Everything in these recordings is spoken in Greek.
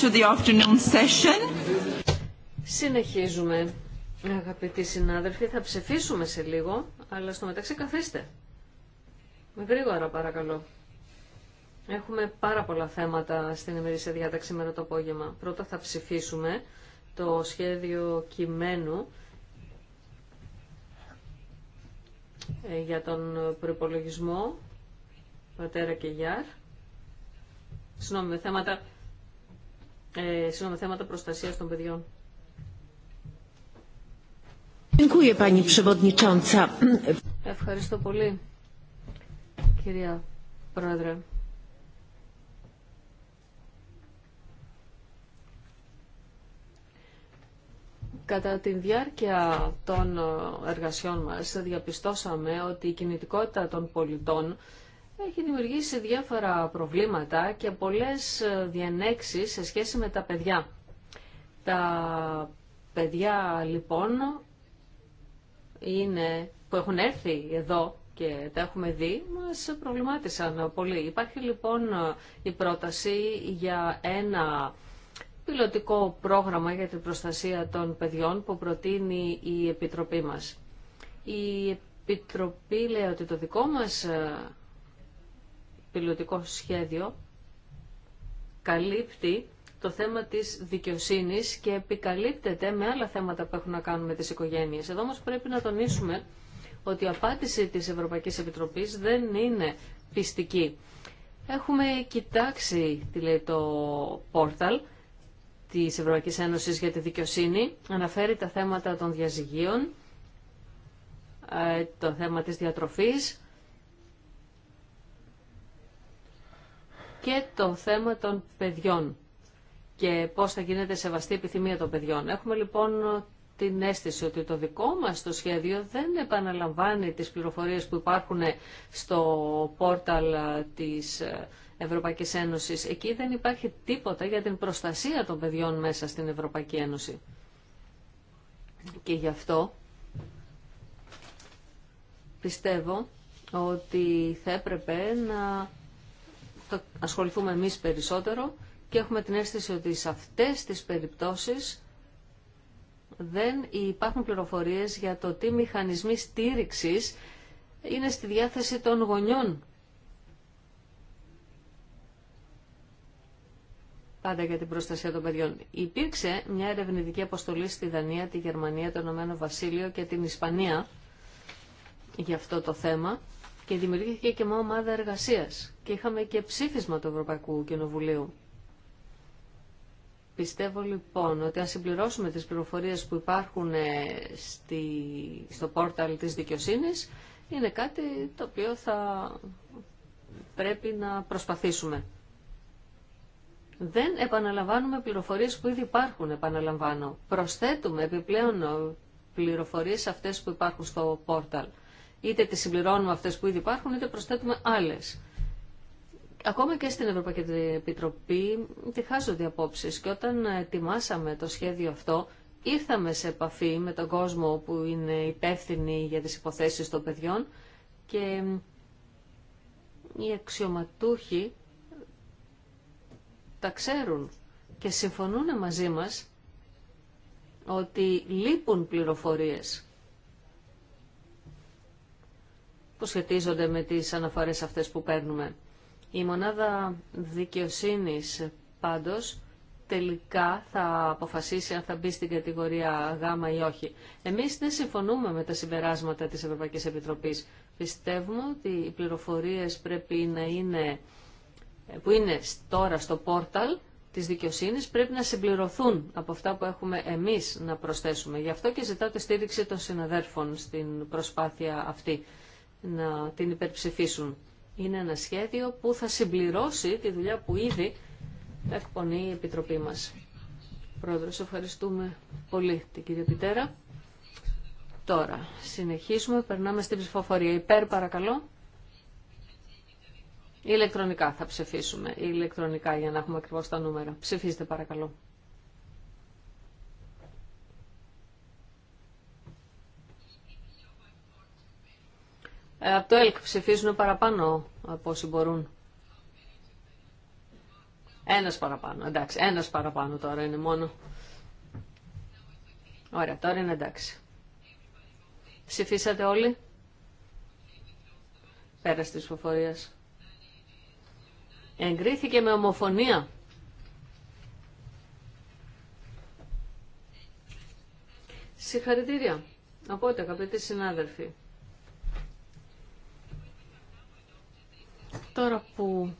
to the afternoon Συνεχίζουμε, αγαπητοί συνάδελφοι. Θα ψηφίσουμε σε λίγο, αλλά στο μεταξύ καθίστε. Με γρήγορα παρακαλώ. Έχουμε πάρα πολλά θέματα στην ημερήσια διάταξη σήμερα το απόγευμα. Πρώτα θα ψηφίσουμε το σχέδιο κειμένου ε, για τον προπολογισμό Πατέρα και Γιάρ. Συγγνώμη, θέματα, ε, θέματα προστασίας των παιδιών. Ευχαριστώ πολύ, κυρία Πρόεδρε. Κατά τη διάρκεια των εργασιών μας διαπιστώσαμε ότι η κινητικότητα των πολιτών έχει δημιουργήσει διάφορα προβλήματα και πολλές ε, διανέξεις σε σχέση με τα παιδιά. Τα παιδιά λοιπόν είναι, που έχουν έρθει εδώ και τα έχουμε δει, μας προβλημάτισαν πολύ. Υπάρχει λοιπόν ε, η πρόταση για ένα πιλωτικό πρόγραμμα για την προστασία των παιδιών που προτείνει η Επιτροπή μας. Η Επιτροπή λέει ότι το δικό μας ε, πιλωτικό σχέδιο καλύπτει το θέμα της δικαιοσύνης και επικαλύπτεται με άλλα θέματα που έχουν να κάνουν με τις οικογένειες. Εδώ όμως πρέπει να τονίσουμε ότι η απάντηση της Ευρωπαϊκής Επιτροπής δεν είναι πιστική. Έχουμε κοιτάξει, τι λέει το πόρταλ, της Ευρωπαϊκής Ένωσης για τη Δικαιοσύνη, αναφέρει τα θέματα των διαζυγίων, ε, το θέμα της διατροφής, και το θέμα των παιδιών και πώς θα γίνεται σεβαστή επιθυμία των παιδιών. Έχουμε λοιπόν την αίσθηση ότι το δικό μας το σχέδιο δεν επαναλαμβάνει τις πληροφορίες που υπάρχουν στο πόρταλ της Ευρωπαϊκής Ένωσης. Εκεί δεν υπάρχει τίποτα για την προστασία των παιδιών μέσα στην Ευρωπαϊκή Ένωση. Και γι' αυτό πιστεύω ότι θα έπρεπε να ασχοληθούμε εμείς περισσότερο και έχουμε την αίσθηση ότι σε αυτές τις περιπτώσεις δεν υπάρχουν πληροφορίες για το τι μηχανισμοί στήριξης είναι στη διάθεση των γονιών. Πάντα για την προστασία των παιδιών. Υπήρξε μια ερευνητική αποστολή στη Δανία, τη Γερμανία, το Ηνωμένο Βασίλειο και την Ισπανία για αυτό το θέμα και δημιουργήθηκε και μια ομάδα εργασίας και είχαμε και ψήφισμα του Ευρωπαϊκού Κοινοβουλίου. Πιστεύω λοιπόν ότι αν συμπληρώσουμε τις πληροφορίες που υπάρχουν ε, στη, στο πόρταλ της δικαιοσύνης, είναι κάτι το οποίο θα πρέπει να προσπαθήσουμε. Δεν επαναλαμβάνουμε πληροφορίες που ήδη υπάρχουν, επαναλαμβάνω. Προσθέτουμε επιπλέον ε, πληροφορίες αυτές που υπάρχουν στο πόρταλ. Είτε τις συμπληρώνουμε αυτές που ήδη υπάρχουν, είτε προσθέτουμε άλλες. Ακόμα και στην Ευρωπαϊκή Επιτροπή διχάζονται απόψεις και όταν ετοιμάσαμε το σχέδιο αυτό ήρθαμε σε επαφή με τον κόσμο που είναι υπεύθυνοι για τις υποθέσεις των παιδιών και οι αξιωματούχοι τα ξέρουν και συμφωνούν μαζί μας ότι λείπουν πληροφορίες που σχετίζονται με τις αναφορές αυτές που παίρνουμε. Η μονάδα δικαιοσύνης πάντως τελικά θα αποφασίσει αν θα μπει στην κατηγορία Γ ή όχι. Εμείς δεν συμφωνούμε με τα συμπεράσματα της Ευρωπαϊκής Επιτροπής. Πιστεύουμε ότι οι πληροφορίες πρέπει να είναι, που είναι τώρα στο πόρταλ της δικαιοσύνης, πρέπει να συμπληρωθούν από αυτά που έχουμε εμείς να προσθέσουμε. Γι' αυτό και ζητάω τη στήριξη των συναδέρφων στην προσπάθεια αυτή να την υπερψηφίσουν. Είναι ένα σχέδιο που θα συμπληρώσει τη δουλειά που ήδη εκπονεί η Επιτροπή μας. Πρόεδρος, ευχαριστούμε πολύ την κυρία Πιτέρα. Τώρα, συνεχίσουμε. περνάμε στην ψηφοφορία. Υπέρ, παρακαλώ. Ηλεκτρονικά θα ψηφίσουμε. Ηλεκτρονικά για να έχουμε ακριβώς τα νούμερα. Ψηφίστε, παρακαλώ. Ε, από το ΕΛΚ ψηφίζουν παραπάνω από όσοι μπορούν. Ένας παραπάνω, εντάξει, ένας παραπάνω τώρα είναι μόνο. Ωραία, τώρα είναι εντάξει. Ψηφίσατε όλοι. Πέρα τη ψηφοφορία. Εγκρίθηκε με ομοφωνία. Συγχαρητήρια. Οπότε, αγαπητοί συνάδελφοι, Τώρα που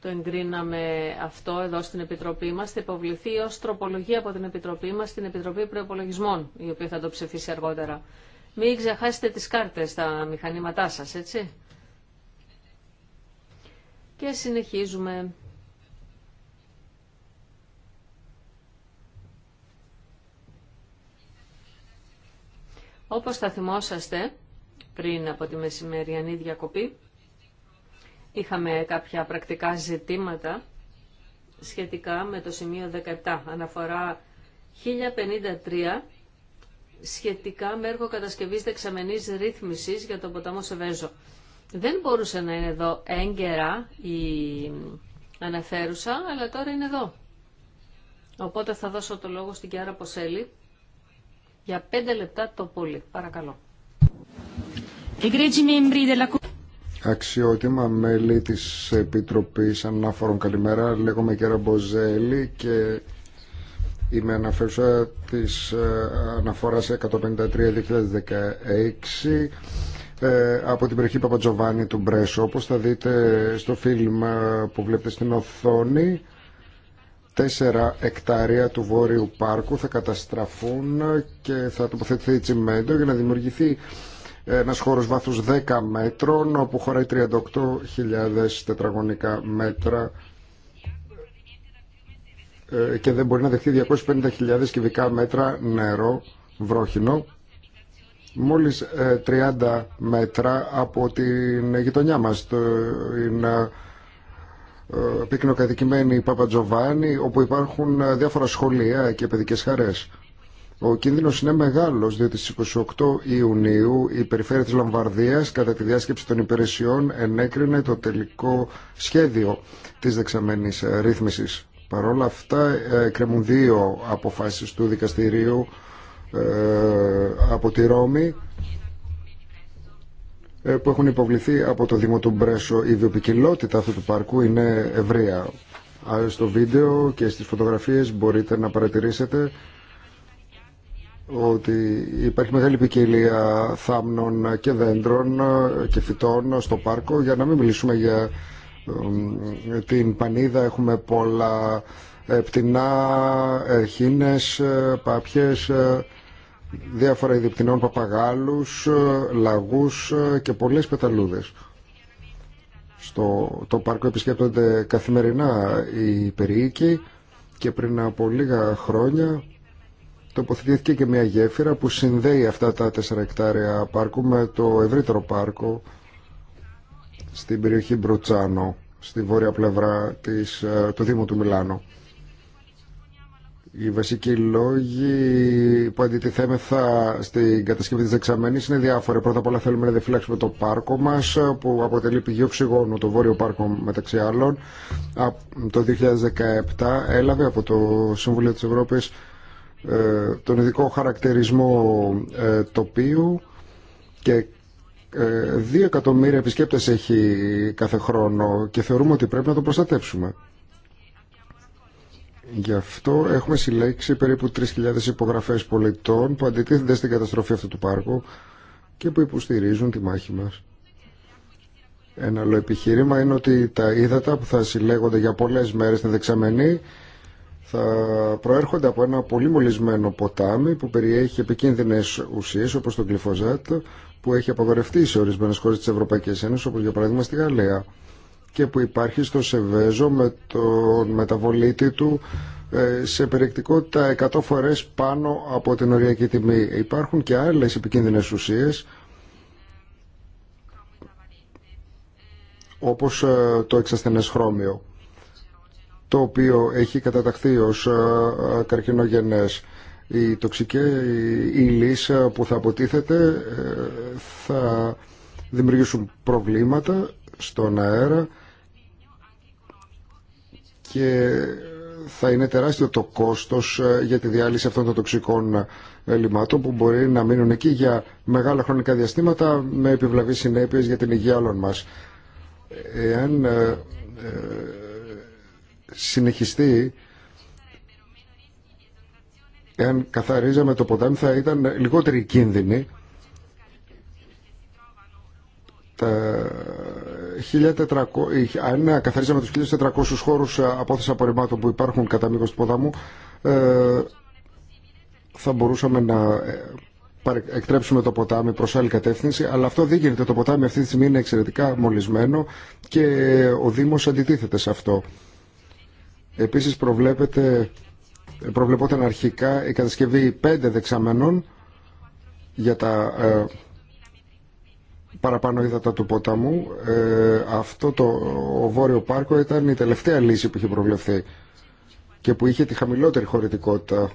το εγκρίναμε αυτό εδώ στην Επιτροπή μας, θα υποβληθεί ως τροπολογία από την Επιτροπή μας στην Επιτροπή Προεπολογισμών, η οποία θα το ψηφίσει αργότερα. Μην ξεχάσετε τις κάρτες, τα μηχανήματά σας, έτσι. Και συνεχίζουμε. Όπως θα θυμόσαστε πριν από τη μεσημεριανή διακοπή, Είχαμε κάποια πρακτικά ζητήματα σχετικά με το σημείο 17, αναφορά 1053 σχετικά με έργο κατασκευής δεξαμενής ρύθμισης για τον ποταμό Σεβέζο. Δεν μπορούσε να είναι εδώ έγκαιρα η αναφέρουσα, αλλά τώρα είναι εδώ. Οπότε θα δώσω το λόγο στην Κιάρα Ποσέλη για πέντε λεπτά το πολύ. Παρακαλώ. Αξιότιμα μέλη της Επιτροπής Ανάφορων Καλημέρα, λέγομαι κ. Μποζέλη και είμαι αναφέρουσα της ε, αναφοράς 153-2016 ε, από την περιοχή Παπατζοβάνη του Μπρέσο. Όπως θα δείτε στο φιλμ ε, που βλέπετε στην οθόνη, τέσσερα εκτάρια του Βόρειου Πάρκου θα καταστραφούν και θα τοποθετηθεί τσιμέντο για να δημιουργηθεί ένα χώρο βάθους 10 μέτρων όπου χωράει 38.000 τετραγωνικά μέτρα ε, και δεν μπορεί να δεχτεί 250.000 κυβικά μέτρα νερό βρόχινο μόλις 30 ε, μέτρα από την γειτονιά μας την ε, πυκνοκατοικημένη Παπατζοβάνη όπου υπάρχουν διάφορα σχολεία και παιδικές χαρές ο κίνδυνος είναι μεγάλος, διότι στις 28 Ιουνίου η Περιφέρεια της Λαμβαρδίας κατά τη διάσκεψη των υπηρεσιών ενέκρινε το τελικό σχέδιο της δεξαμένης ρύθμισης. Παρ' όλα αυτά ε, κρεμούν δύο αποφάσεις του δικαστηρίου ε, από τη Ρώμη ε, που έχουν υποβληθεί από το Δήμο του Μπρέσο. Η βιοπικιλότητα αυτού του πάρκου είναι ευρεία. Στο βίντεο και στις φωτογραφίες μπορείτε να παρατηρήσετε ότι υπάρχει μεγάλη ποικιλία θάμνων και δέντρων και φυτών στο πάρκο για να μην μιλήσουμε για την Πανίδα έχουμε πολλά ε, πτηνά, ε, χίνες, ε, πάπιες, διάφορα είδη πτηνών, παπαγάλους, λαγούς και πολλές πεταλούδες. Στο το πάρκο επισκέπτονται καθημερινά οι περιοίκοι και πριν από λίγα χρόνια τοποθετήθηκε και μια γέφυρα που συνδέει αυτά τα 4 εκτάρια πάρκου με το ευρύτερο πάρκο στην περιοχή Μπρουτσάνο, στη βόρεια πλευρά της, ε, του Δήμου του Μιλάνου. Οι βασικοί λόγοι που αντιτιθέμεθα στην κατασκευή της δεξαμένης είναι διάφοροι. Πρώτα απ' όλα θέλουμε να διαφυλάξουμε το πάρκο μας ε, που αποτελεί πηγή οξυγόνου, το Βόρειο Πάρκο μεταξύ άλλων. Το 2017 έλαβε από το Συμβουλίο της Ευρώπης ε, τον ειδικό χαρακτηρισμό ε, τοπίου και ε, δύο εκατομμύρια επισκέπτες έχει κάθε χρόνο και θεωρούμε ότι πρέπει να το προστατεύσουμε. Γι' αυτό έχουμε συλλέξει περίπου 3.000 υπογραφές πολιτών που αντιτίθενται στην καταστροφή αυτού του πάρκου και που υποστηρίζουν τη μάχη μας. Ένα άλλο επιχείρημα είναι ότι τα ύδατα που θα συλλέγονται για πολλές μέρες στην δεξαμενή θα προέρχονται από ένα πολύ μολυσμένο ποτάμι που περιέχει επικίνδυνες ουσίες όπως το γλυφοζάτ που έχει απαγορευτεί σε ορισμένες χώρες της Ευρωπαϊκής Ένωσης όπως για παράδειγμα στη Γαλλία και που υπάρχει στο Σεβέζο με τον μεταβολίτη του ε, σε περιεκτικότητα 100 φορές πάνω από την οριακή τιμή. Υπάρχουν και άλλες επικίνδυνες ουσίες όπως ε, το εξασθενές χρώμιο το οποίο έχει καταταχθεί ως ε, ε, καρκινογενές. Η τοξική ύλη ε, που θα αποτίθεται θα δημιουργήσουν προβλήματα στον αέρα και θα είναι τεράστιο το κόστος για τη διάλυση αυτών των τοξικών λιμάτων που μπορεί να μείνουν εκεί για μεγάλα χρονικά διαστήματα με επιβλαβή συνέπειες για την υγεία όλων μας. Εάν συνεχιστεί εάν καθαρίζαμε το ποτάμι θα ήταν λιγότεροι κίνδυνοι τα 1400, ε, αν καθαρίζαμε τους 1.400 χώρους ε, απόθεση απορριμμάτων που υπάρχουν κατά μήκος του ποταμού ε, θα μπορούσαμε να εκτρέψουμε το ποτάμι προς άλλη κατεύθυνση αλλά αυτό δεν γίνεται, το ποτάμι αυτή τη στιγμή είναι εξαιρετικά μολυσμένο και ο Δήμος αντιτίθεται σε αυτό Επίσης προβλέπεται, προβλεπόταν αρχικά η κατασκευή πέντε δεξαμενών για τα ε, παραπάνω ύδατα του ποταμού. Ε, αυτό το ο Βόρειο Πάρκο ήταν η τελευταία λύση που είχε προβλεφθεί και που είχε τη χαμηλότερη χωρητικότητα.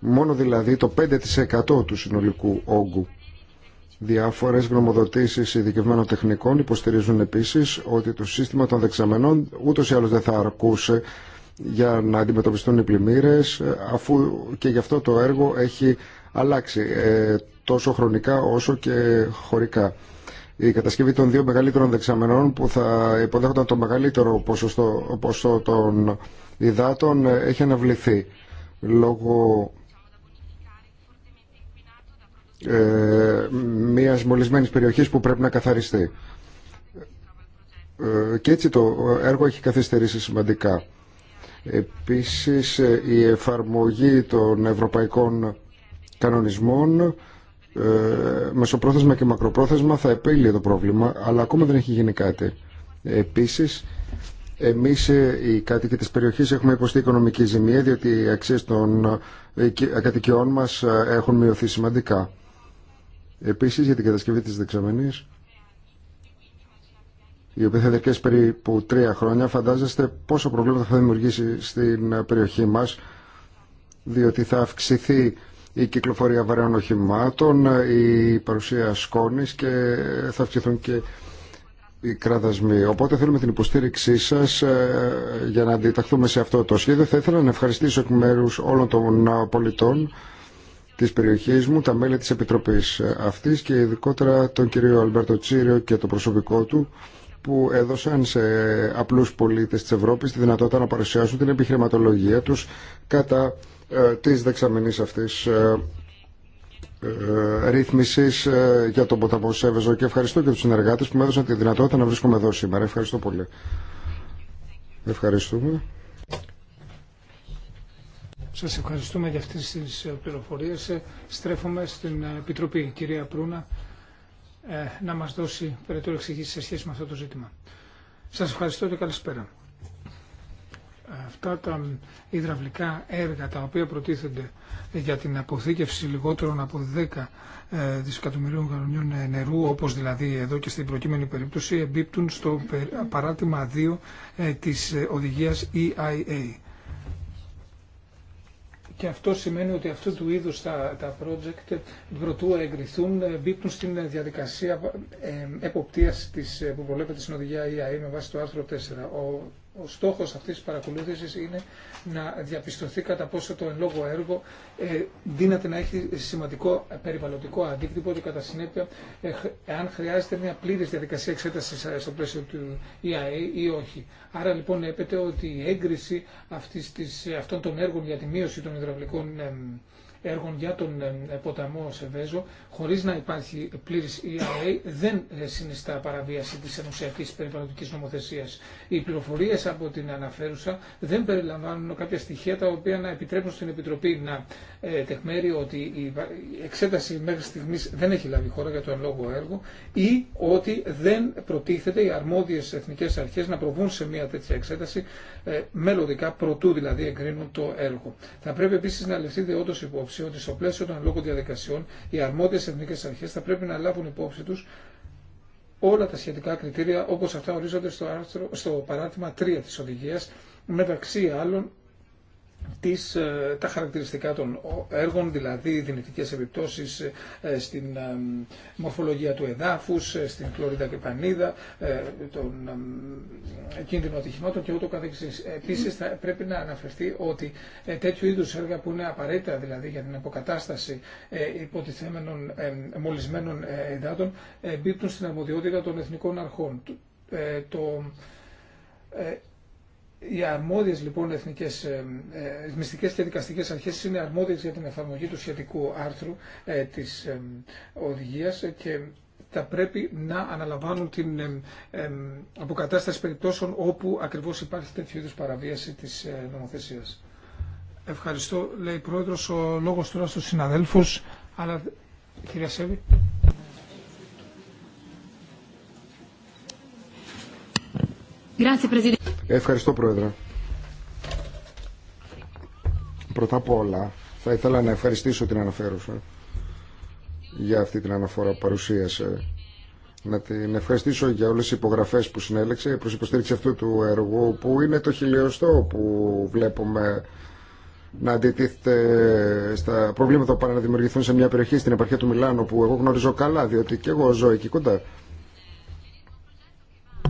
Μόνο δηλαδή το 5% του συνολικού όγκου. Διάφορε γνωμοδοτήσεις ειδικευμένων τεχνικών υποστηρίζουν επίσης ότι το σύστημα των δεξαμενών ούτω ή άλλω δεν θα αρκούσε για να αντιμετωπιστούν οι πλημμύρε, αφού και γι' αυτό το έργο έχει αλλάξει ε, τόσο χρονικά όσο και χωρικά. Η κατασκευή των δύο μεγαλύτερων δεξαμενών που θα υποδέχονταν το μεγαλύτερο ποσοστό, ποσό των υδάτων ε, έχει αναβληθεί λόγω ε, μιας μολυσμένης περιοχής που πρέπει να καθαριστεί. Ε, και έτσι το έργο έχει καθυστερήσει σημαντικά. Επίσης η εφαρμογή των ευρωπαϊκών κανονισμών ε, μεσοπρόθεσμα και μακροπρόθεσμα θα επέλυε το πρόβλημα, αλλά ακόμα δεν έχει γίνει κάτι. Επίσης, εμείς ε, οι κάτοικοι της περιοχής έχουμε υποστεί οικονομική ζημία, διότι οι αξίες των κατοικιών μας έχουν μειωθεί σημαντικά. Επίσης για την κατασκευή της δεξαμενής, η οποία θα διαρκέσει περίπου τρία χρόνια, φαντάζεστε πόσο προβλήματα θα δημιουργήσει στην περιοχή μας, διότι θα αυξηθεί η κυκλοφορία βαρέων οχημάτων, η παρουσία σκόνης και θα αυξηθούν και οι κραδασμοί. Οπότε θέλουμε την υποστήριξή σας ε, για να αντιταχθούμε σε αυτό το σχέδιο. Θα ήθελα να ευχαριστήσω εκ μέρου όλων των πολιτών της περιοχής μου, τα μέλη της Επιτροπής αυτή και ειδικότερα τον κύριο Αλμπέρτο Τσίριο και το προσωπικό του που έδωσαν σε απλούς πολίτες της Ευρώπης τη δυνατότητα να παρουσιάσουν την επιχειρηματολογία τους κατά ε, της δεξαμενής αυτής ε, ε, ρύθμισης ε, για τον ποταμό Σέβεζο και ευχαριστώ και τους συνεργάτες που μου έδωσαν τη δυνατότητα να βρίσκομαι εδώ σήμερα. Ευχαριστώ πολύ. Ευχαριστούμε. Σας ευχαριστούμε για αυτές τις ε, πληροφορίες. Ε, Στρέφουμε στην ε, Επιτροπή, κυρία Προύνα, να μας δώσει περαιτέρω εξηγήσει σε σχέση με αυτό το ζήτημα. Σας ευχαριστώ και καλησπέρα. Αυτά τα υδραυλικά έργα τα οποία προτίθενται για την αποθήκευση λιγότερων από 10 δισεκατομμυρίων γαλονιών νερού, όπως δηλαδή εδώ και στην προκείμενη περίπτωση, εμπίπτουν στο παράτημα 2 της οδηγίας EIA. Και αυτό σημαίνει ότι αυτού του είδους τα, τα project ε, πρωτού εγκριθούν ε, μπήκουν στην διαδικασία ε, εποπτείας της, που προβλέπεται στην οδηγία EIA με βάση το άρθρο 4. Ο ο στόχος αυτής της παρακολούθησης είναι να διαπιστωθεί κατά πόσο το εν λόγω έργο ε, δύναται να έχει σημαντικό περιβαλλοντικό αντίκτυπο και κατά συνέπεια αν ε, χρειάζεται μια πλήρης διαδικασία εξέτασης ε, στο πλαίσιο του EIA ή όχι. Άρα λοιπόν έπεται ότι η έγκριση αυτής της, αυτών των έργων για τη μείωση των υδραυλικών έργων για τον ε, ποταμό Σεβέζο, χωρί να υπάρχει πλήρη ERA, δεν ε, συνιστά παραβίαση τη ενωσιακής περιβαλλοντικής νομοθεσία. Οι πληροφορίε από την αναφέρουσα δεν περιλαμβάνουν κάποια στοιχεία τα οποία να επιτρέπουν στην Επιτροπή να ε, τεχμέρει ότι η εξέταση μέχρι στιγμή δεν έχει λάβει χώρα για το εν λόγω έργο ή ότι δεν προτίθεται οι αρμόδιε εθνικέ αρχέ να προβούν σε μια τέτοια εξέταση μελλοντικά, προτού δηλαδή εγκρίνουν το έργο. Θα πρέπει επίση να ληφθεί υπόψη ότι στο πλαίσιο των λόγων διαδικασιών οι αρμόδιες εθνικέ αρχές θα πρέπει να λάβουν υπόψη τους όλα τα σχετικά κριτήρια όπως αυτά ορίζονται στο, άρθρο, στο παράδειγμα 3 τη οδηγία, μεταξύ άλλων τις, ε, τα χαρακτηριστικά των έργων, δηλαδή δυνητικές επιπτώσεις ε, στην ε, μορφολογία του εδάφους, στην κλωρίδα και πανίδα, τον κίνδυνο ατυχημάτων και ούτω καθεξής. Επίσης θα πρέπει να αναφερθεί ότι τέτοιου είδους έργα που είναι απαραίτητα δηλαδή για την αποκατάσταση υποτιθέμενων μολυσμένων εδάτων μπήκτουν στην αρμοδιότητα των εθνικών αρχών. Το οι αρμόδιες λοιπόν εθνικές ε, ε, μυστικές και δικαστικές αρχές είναι αρμόδιες για την εφαρμογή του σχετικού άρθρου ε, της οδηγίας και θα πρέπει να αναλαμβάνουν την αποκατάσταση περιπτώσεων όπου ακριβώς υπάρχει τέτοιου είδους παραβίαση της νομοθεσίας. Ευχαριστώ, λέει η Πρόεδρος, ο λόγος τώρα στους συναδέλφους, αλλά κυρία Σέβη. Ευχαριστώ Πρόεδρε. Πρώτα απ' όλα θα ήθελα να ευχαριστήσω την αναφέρουσα για αυτή την αναφορά που παρουσίασε. Να την ευχαριστήσω για όλες τις υπογραφές που συνέλεξε προς υποστήριξη αυτού του έργου που είναι το χιλιοστό που βλέπουμε να αντιτίθεται στα προβλήματα που πάνε να δημιουργηθούν σε μια περιοχή στην επαρχία του Μιλάνου που εγώ γνωρίζω καλά διότι και εγώ ζω εκεί κοντά.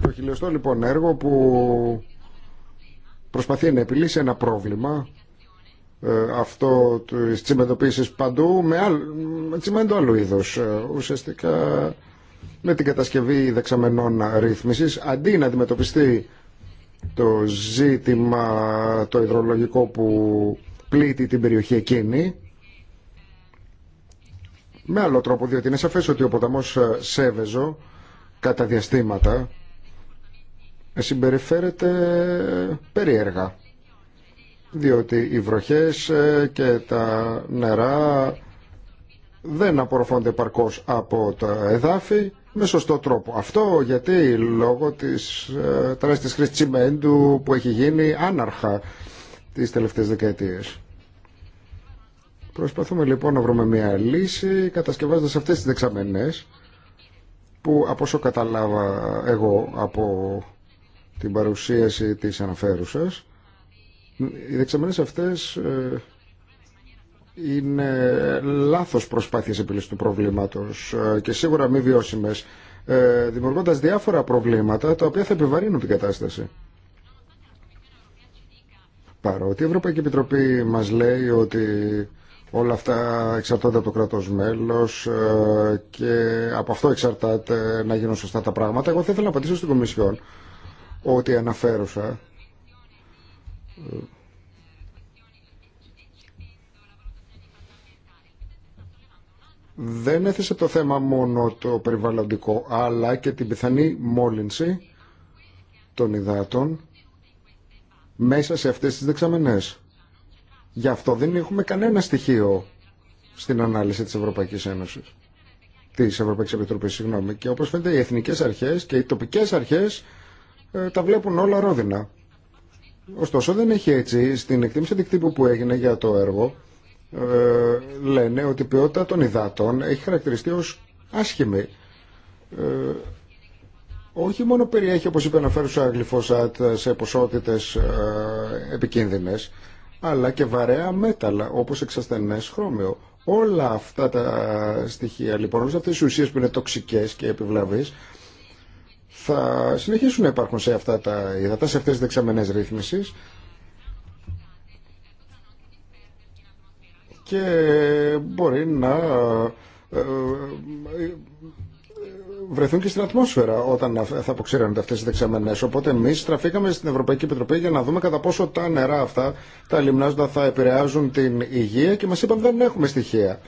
Το χιλιοστό λοιπόν έργο που προσπαθεί να επιλύσει ένα πρόβλημα ε, αυτό της τσιμεντοποίησης παντού με, άλλ, με τσιμέντο άλλου είδους ε, ουσιαστικά με την κατασκευή δεξαμενών ρύθμισης αντί να αντιμετωπιστεί το ζήτημα το υδρολογικό που πλήττει την περιοχή εκείνη με άλλο τρόπο διότι είναι σαφές ότι ο ποταμός ε, Σέβεζο κατά διαστήματα συμπεριφέρεται περίεργα διότι οι βροχές ε, και τα νερά δεν απορροφώνται παρκώς από τα εδάφη με σωστό τρόπο. Αυτό γιατί λόγω της ε, τεράστιας χρήσης τσιμέντου που έχει γίνει άναρχα τις τελευταίες δεκαετίες. Προσπαθούμε λοιπόν να βρούμε μια λύση κατασκευάζοντας αυτές τις δεξαμενές που από όσο καταλάβα εγώ από την παρουσίαση της αναφέρουσας. Οι δεξαμενές αυτές ε, είναι λάθος προσπάθειες επίλυσης του προβλήματος ε, και σίγουρα μη βιώσιμες, ε, δημιουργώντας διάφορα προβλήματα τα οποία θα επιβαρύνουν την κατάσταση. Παρότι η Ευρωπαϊκή Επιτροπή μας λέει ότι όλα αυτά εξαρτώνται από το κράτος μέλος και από αυτό εξαρτάται να γίνουν σωστά τα πράγματα, εγώ θα ήθελα να απαντήσω στην Κομισιόν ό,τι αναφέρωσα. Δεν έθεσε το θέμα μόνο το περιβαλλοντικό, αλλά και την πιθανή μόλυνση των υδάτων μέσα σε αυτές τις δεξαμενές. Γι' αυτό δεν έχουμε κανένα στοιχείο στην ανάλυση της Ευρωπαϊκής Ένωσης, της Ευρωπαϊκής Επιτροπής, συγγνώμη. Και όπως φαίνεται οι εθνικές αρχές και οι τοπικές αρχές ε, τα βλέπουν όλα ρόδινα. Ωστόσο δεν έχει έτσι. Στην εκτίμηση αντικτύπου που έγινε για το έργο ε, λένε ότι η ποιότητα των υδάτων έχει χαρακτηριστεί ως άσχημη. Ε, όχι μόνο περιέχει, όπως είπε αναφέρουσα, γλυφόσατ σε ποσότητες επικίνδυνες, αλλά και βαρέα μέταλλα, όπως εξασθενές χρώμιο. Όλα αυτά τα στοιχεία, λοιπόν, όλες αυτές οι ουσίες που είναι τοξικές και επιβλαβείς, θα συνεχίσουν να υπάρχουν σε αυτά τα υδατά, σε αυτές τις δεξαμενές ρύθμισης και μπορεί να ε, ε, βρεθούν και στην ατμόσφαιρα όταν θα αποξηραίνονται αυτές οι δεξαμενές. Οπότε εμείς στραφήκαμε στην Ευρωπαϊκή Επιτροπή για να δούμε κατά πόσο τα νερά αυτά, τα λιμνάζοντα θα επηρεάζουν την υγεία και μας είπαν δεν έχουμε στοιχεία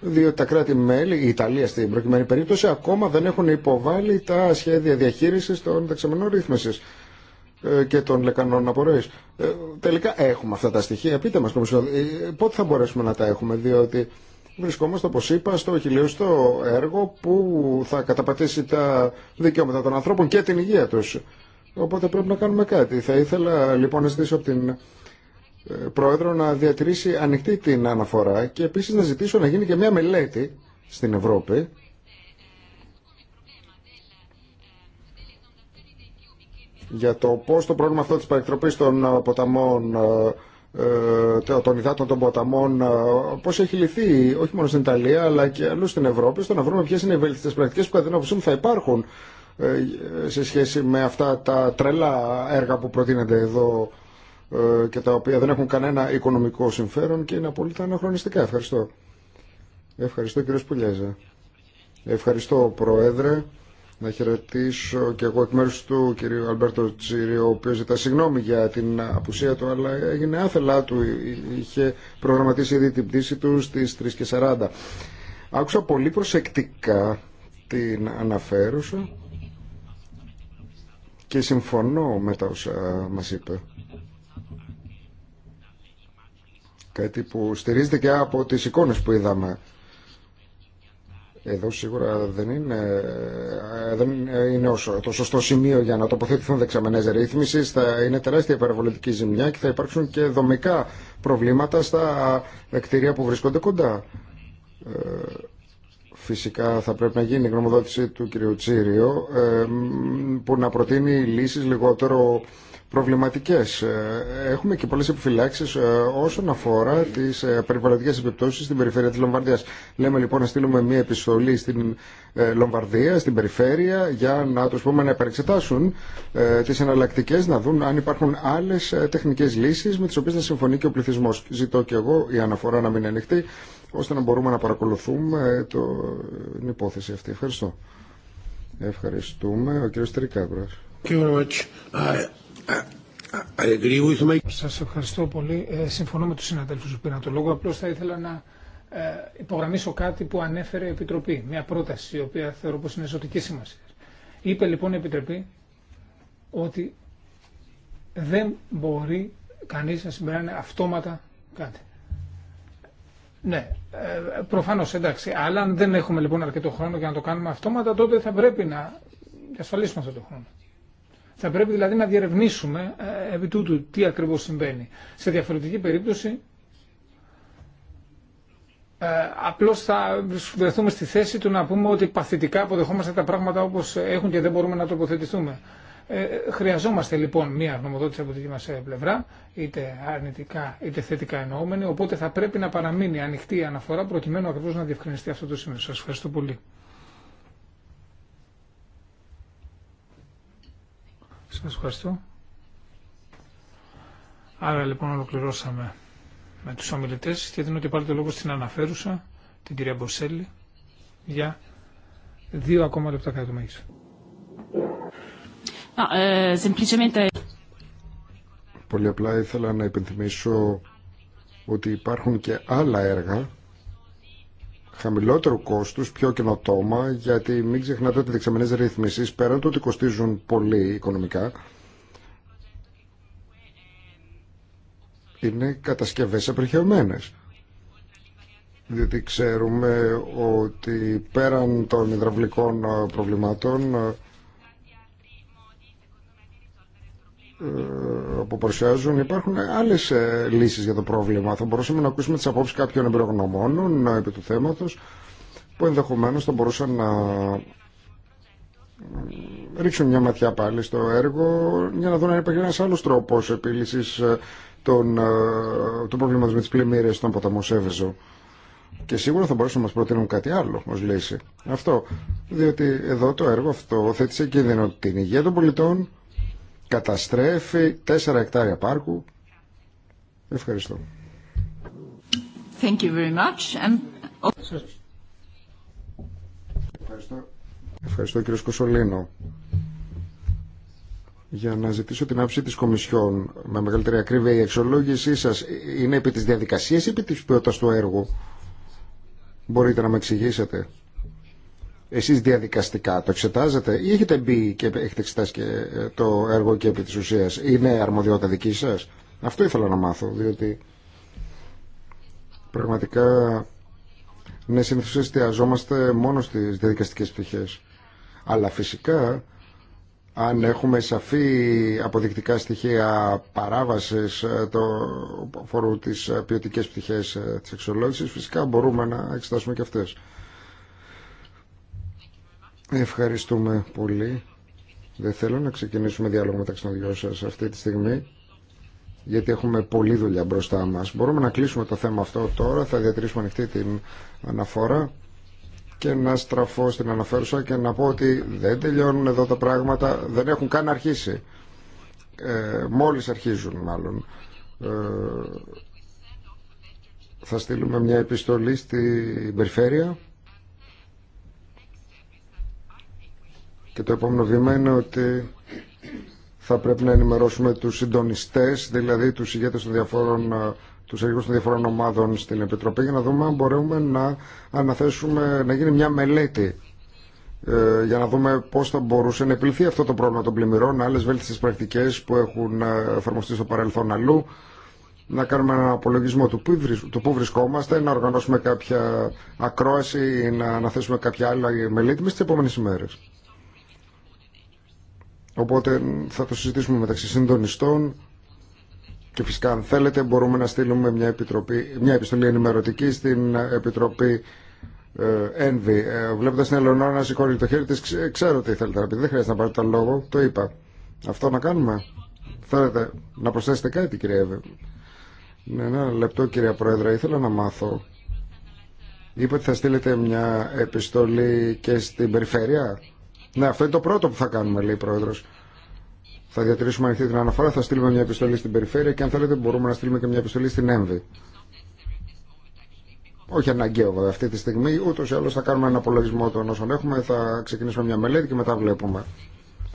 διότι τα κράτη-μέλη, η Ιταλία στην προκειμένη περίπτωση, ακόμα δεν έχουν υποβάλει τα σχέδια διαχείριση των δεξαμενών ρύθμιση ε, και των λεκανών απορροή. Ε, τελικά έχουμε αυτά τα στοιχεία. Πείτε μα, Κομισιόν, ε, πότε θα μπορέσουμε να τα έχουμε, διότι βρισκόμαστε, όπω είπα, στο χιλιοστό έργο που θα καταπατήσει τα δικαιώματα των ανθρώπων και την υγεία του. Οπότε πρέπει να κάνουμε κάτι. Θα ήθελα λοιπόν να ζητήσω από την Πρόεδρο να διατηρήσει ανοιχτή την αναφορά και επίσης να ζητήσω να γίνει και μια μελέτη στην Ευρώπη για το πώς το πρόβλημα αυτό της παρεκτροπής των ποταμών ε, ε, των υδάτων των ποταμών ε, πώς έχει λυθεί όχι μόνο στην Ιταλία αλλά και αλλού στην Ευρώπη στο να βρούμε ποιες είναι οι βελτιστές πρακτικές που κατά την άποψή μου θα υπάρχουν σε σχέση με αυτά τα τρελά έργα που προτείνεται εδώ ε, και τα οποία δεν έχουν κανένα οικονομικό συμφέρον και είναι απολύτω αναχρονιστικά. Ευχαριστώ. Ευχαριστώ κύριε Σπουλιέζα. Ευχαριστώ Πρόεδρε. Να χαιρετήσω και εγώ εκ μέρους του κυρίου Αλμπέρτο Τσίρι, ο οποίος ζητά συγγνώμη για την απουσία του, αλλά έγινε άθελά του. Είχε προγραμματίσει ήδη την πτήση του στις 3.40. Άκουσα πολύ προσεκτικά την αναφέρουσα και συμφωνώ με τα όσα μας είπε. Κάτι που στηρίζεται και από τις εικόνες που είδαμε. Εδώ σίγουρα δεν είναι, δεν το σωστό σημείο για να τοποθετηθούν δεξαμενέ ρύθμιση. Θα είναι τεράστια υπεραβολητική ζημιά και θα υπάρξουν και δομικά προβλήματα στα κτίρια που βρίσκονται κοντά. Ε, φυσικά θα πρέπει να γίνει η γνωμοδότηση του κ. Τσίριο ε, που να προτείνει λύσεις λιγότερο προβληματικές. Ε, έχουμε και πολλές επιφυλάξεις ε, όσον αφορά τις ε, περιβαλλοντικές επιπτώσεις στην περιφέρεια της Λομβαρδίας. Λέμε λοιπόν να στείλουμε μια επιστολή στην Λομβαρδία, στην περιφέρεια, για να τους πούμε να επεξετάσουν τις εναλλακτικές, να δουν αν υπάρχουν άλλες τεχνικές λύσεις με τις οποίες θα συμφωνεί και ο πληθυσμό. Ζητώ και εγώ η αναφορά να μην είναι ανοιχτή, ώστε να μπορούμε να παρακολουθούμε το... την υπόθεση αυτή. Ευχαριστώ. Ευχαριστούμε. Ο κύριος Uh... Σας ευχαριστώ πολύ. Ε, συμφωνώ με τους συναδέλφους που πήραν το λόγο. Απλώς θα ήθελα να ε, υπογραμμίσω κάτι που ανέφερε η Επιτροπή. Μια πρόταση, η οποία θεωρώ πως είναι ζωτική σημασία. Είπε λοιπόν η Επιτροπή ότι δεν μπορεί κανείς να συμπεράνει αυτόματα κάτι. Ναι, ε, προφανώ εντάξει. Αλλά αν δεν έχουμε λοιπόν αρκετό χρόνο για να το κάνουμε αυτόματα, τότε θα πρέπει να διασφαλίσουμε αυτό το χρόνο. Θα πρέπει δηλαδή να διερευνήσουμε ε, επί τούτου τι ακριβώς συμβαίνει. Σε διαφορετική περίπτωση ε, απλώς θα βρεθούμε στη θέση του να πούμε ότι παθητικά αποδεχόμαστε τα πράγματα όπως έχουν και δεν μπορούμε να τοποθετηθούμε. Ε, χρειαζόμαστε λοιπόν μία γνωμοδότηση από τη δική μας ε, πλευρά, είτε αρνητικά είτε θετικά εννοούμενη, οπότε θα πρέπει να παραμείνει ανοιχτή η αναφορά προκειμένου ακριβώς να διευκρινιστεί αυτό το σημείο. Σας ευχαριστώ πολύ. Σας ευχαριστώ. Άρα λοιπόν ολοκληρώσαμε με τους ομιλητές και δίνω και πάλι το λόγο στην αναφέρουσα, την κυρία Μποσέλη, για δύο ακόμα λεπτά κατά το μέγιστο. Ε, Πολύ απλά ήθελα να υπενθυμίσω ότι υπάρχουν και άλλα έργα χαμηλότερου κόστου, πιο καινοτόμα, γιατί μην ξεχνάτε ότι οι δεξαμενέ ρυθμίσεις, πέραν του ότι κοστίζουν πολύ οικονομικά, είναι κατασκευέ απερχαιωμένε. Διότι ξέρουμε ότι πέραν των υδραυλικών προβλημάτων Ε, που παρουσιάζουν υπάρχουν άλλες ε, λύσεις για το πρόβλημα. Θα μπορούσαμε να ακούσουμε τις απόψεις κάποιων εμπειρογνωμόνων ε, επί του θέματος που ενδεχομένως θα μπορούσαν να ρίξουν μια ματιά πάλι στο έργο για να δουν αν υπάρχει ένας άλλος τρόπος επίλυσης του προβλήματο με τις πλημμύρες στον ποταμό Σέβεζο. Και σίγουρα θα μπορούσαν να μας προτείνουν κάτι άλλο ως λύση. Αυτό, διότι εδώ το έργο αυτό θέτει σε κίνδυνο την υγεία των πολιτών, καταστρέφει 4 εκτάρια πάρκου. Ευχαριστώ. Thank you very much. And... Ευχαριστώ. Ευχαριστώ κύριο Για να ζητήσω την άψη της Κομισιόν με μεγαλύτερη ακρίβεια η εξολόγησή σας είναι επί της διαδικασίας ή επί της ποιότητας του έργου. Μπορείτε να με εξηγήσετε εσείς διαδικαστικά το εξετάζετε ή έχετε μπει και έχετε εξετάσει και ε, το έργο και επί της ουσίας είναι αρμοδιότητα δική σας αυτό ήθελα να μάθω διότι πραγματικά ναι συνήθως εστιαζόμαστε μόνο στις διαδικαστικές πτυχές αλλά φυσικά αν έχουμε σαφή αποδεικτικά στοιχεία παράβασης ε, το αφορούν της ποιοτικές πτυχές ε, της εξολόγησης φυσικά μπορούμε να εξετάσουμε και αυτές Ευχαριστούμε πολύ. Δεν θέλω να ξεκινήσουμε διάλογο μεταξύ των δυο σας αυτή τη στιγμή, γιατί έχουμε πολλή δουλειά μπροστά μας. Μπορούμε να κλείσουμε το θέμα αυτό τώρα, θα διατηρήσουμε ανοιχτή την αναφορά και να στραφώ στην αναφέρουσα και να πω ότι δεν τελειώνουν εδώ τα πράγματα, δεν έχουν καν αρχίσει. Ε, μόλις αρχίζουν μάλλον. Ε, θα στείλουμε μια επιστολή στην περιφέρεια Και το επόμενο βήμα είναι ότι θα πρέπει να ενημερώσουμε τους συντονιστές, δηλαδή τους ηγέτες των διαφόρων ε, τους εργούς των διαφορών ομάδων στην Επιτροπή για να δούμε αν μπορούμε να αναθέσουμε, να γίνει μια μελέτη ε, για να δούμε πώς θα μπορούσε να επιληθεί αυτό το πρόβλημα των πλημμυρών, άλλες βέλτιστες πρακτικές που έχουν ε, εφαρμοστεί στο παρελθόν αλλού, να κάνουμε έναν απολογισμό του πού, βρισκόμαστε, να οργανώσουμε κάποια ακρόαση, ή να αναθέσουμε κάποια άλλη μελέτη μες στις επόμενες ημέρες. Οπότε θα το συζητήσουμε μεταξύ συντονιστών και φυσικά αν θέλετε μπορούμε να στείλουμε μια, επιτροπή, μια επιστολή ενημερωτική στην Επιτροπή Ένβη. Ε, ε, Βλέποντα την Ελεονόρα να σηκώνει το χέρι τη, ξέρω τι θέλετε να Δεν χρειάζεται να πάρετε τον λόγο. Το είπα. Αυτό να κάνουμε. Θέλετε να προσθέσετε κάτι, κύριε Εύε. Ναι, ένα λεπτό, κυρία Πρόεδρε. Ήθελα να μάθω. Είπατε θα στείλετε μια επιστολή και στην περιφέρεια. Ναι, αυτό είναι το πρώτο που θα κάνουμε, λέει η Πρόεδρο. Θα διατηρήσουμε ανοιχτή την αναφορά, θα στείλουμε μια επιστολή στην περιφέρεια και αν θέλετε μπορούμε να στείλουμε και μια επιστολή στην ΕΜΒΗ. Όχι αναγκαίο βέβαια αυτή τη στιγμή, ούτω ή άλλω θα κάνουμε ένα απολογισμό των όσων έχουμε, θα ξεκινήσουμε μια μελέτη και μετά βλέπουμε.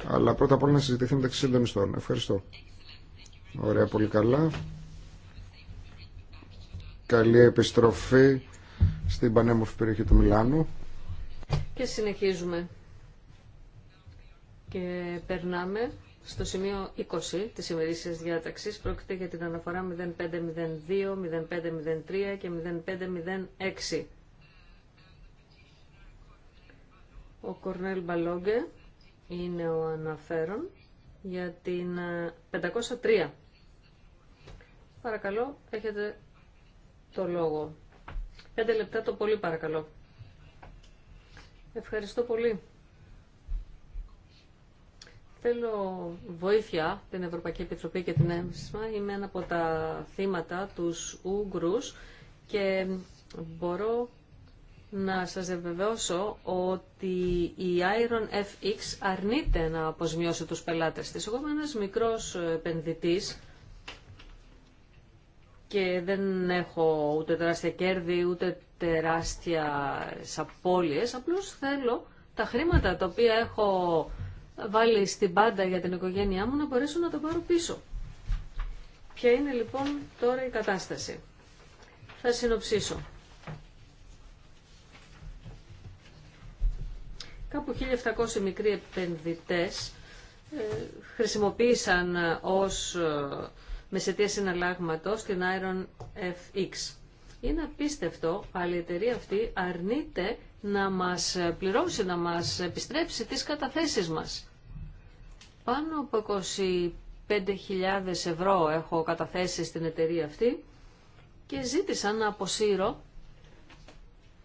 Αλλά πρώτα απ' όλα να συζητηθεί μεταξύ συντονιστών. Ευχαριστώ. Ωραία, πολύ καλά. Καλή επιστροφή στην πανέμορφη περιοχή του Μιλάνου. Και συνεχίζουμε. Και περνάμε στο σημείο 20 της ημερήσιας διάταξης. Πρόκειται για την αναφορά 0502, 0503 και 0506. Ο Κορνέλ Μπαλόγκε είναι ο αναφέρον για την 503. Ε, παρακαλώ, έχετε το λόγο. Πέντε λεπτά το πολύ παρακαλώ. Ευχαριστώ πολύ. Θέλω βοήθεια την Ευρωπαϊκή Επιτροπή και την ΕΜΣΜΑ. Είμαι ένα από τα θύματα τους Ούγκρους και μπορώ να σας βεβαιώσω ότι η Iron FX αρνείται να αποσμιώσει τους πελάτες της. Εγώ είμαι ένας μικρός επενδυτής και δεν έχω ούτε τεράστια κέρδη, ούτε τεράστια απώλειες. Απλώς θέλω τα χρήματα τα οποία έχω βάλει στην πάντα για την οικογένειά μου να μπορέσω να το πάρω πίσω. Ποια είναι λοιπόν τώρα η κατάσταση. Θα συνοψίσω. Κάπου 1.700 μικροί επενδυτές ε, χρησιμοποίησαν ως ε, μεσαιτία συναλλάγματος την Iron FX. Είναι απίστευτο, αλλά η εταιρεία αυτή αρνείται να μας πληρώσει, να μας επιστρέψει τις καταθέσεις μας. Πάνω από 25.000 ευρώ έχω καταθέσει στην εταιρεία αυτή και ζήτησα να αποσύρω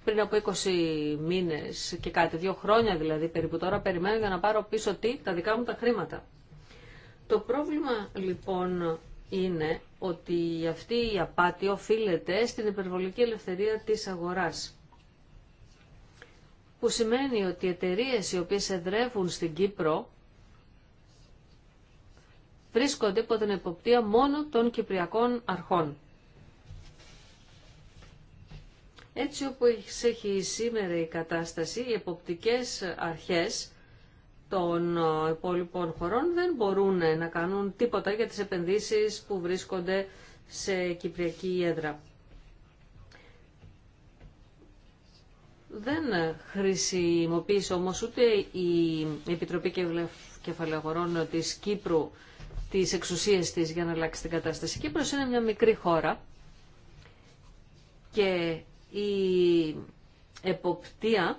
πριν από 20 μήνες και κάτι, δύο χρόνια δηλαδή περίπου τώρα, περιμένω για να πάρω πίσω τι, τα δικά μου τα χρήματα. Το πρόβλημα λοιπόν είναι ότι αυτή η απάτη οφείλεται στην υπερβολική ελευθερία της αγοράς. Που σημαίνει ότι οι εταιρείες οι οποίες εδρεύουν στην Κύπρο βρίσκονται υπό την εποπτεία μόνο των Κυπριακών αρχών. Έτσι όπως έχει σήμερα η κατάσταση, οι εποπτικές αρχές των ε, υπόλοιπων χωρών δεν μπορούν να κάνουν τίποτα για τις επενδύσεις που βρίσκονται σε Κυπριακή έδρα. Δεν χρησιμοποίησε όμως ούτε η Επιτροπή Κεφαλαιογορών της Κύπρου τις εξουσίες της για να αλλάξει την κατάσταση. Η Κύπρος είναι μια μικρή χώρα και η εποπτεία,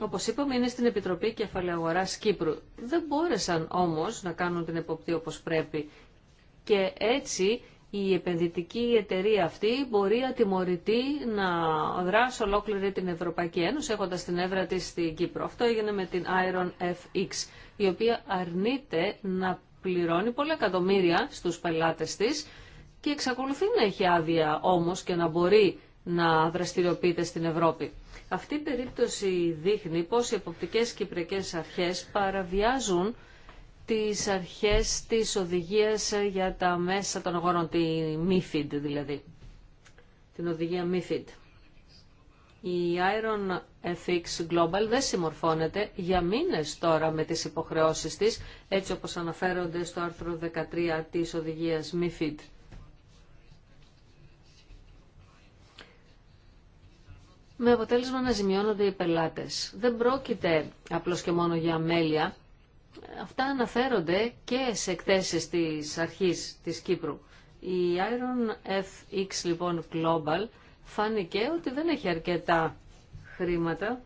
όπως είπαμε, είναι στην Επιτροπή αγορά Κύπρου. Δεν μπόρεσαν όμως να κάνουν την εποπτεία όπως πρέπει και έτσι η επενδυτική εταιρεία αυτή μπορεί ατιμωρητή να δράσει ολόκληρη την Ευρωπαϊκή Ένωση έχοντας την έδρα της στην Κύπρο. Αυτό έγινε με την Iron FX, η οποία αρνείται να πληρώνει πολλά εκατομμύρια στους πελάτες της και εξακολουθεί να έχει άδεια όμως και να μπορεί να δραστηριοποιείται στην Ευρώπη. Αυτή η περίπτωση δείχνει πως οι εποπτικές κυπριακές αρχές παραβιάζουν τις αρχές της οδηγίας για τα μέσα των αγορών, τη MIFID δηλαδή, την οδηγία MIFID. Η Iron FX Global δεν συμμορφώνεται για μήνες τώρα με τις υποχρεώσεις της, έτσι όπως αναφέρονται στο άρθρο 13 της οδηγίας MIFID. Με αποτέλεσμα να ζημιώνονται οι πελάτες. Δεν πρόκειται απλώς και μόνο για αμέλεια. Αυτά αναφέρονται και σε εκθέσεις της αρχής της Κύπρου. Η Iron FX λοιπόν Global φάνηκε ότι δεν έχει αρκετά χρήματα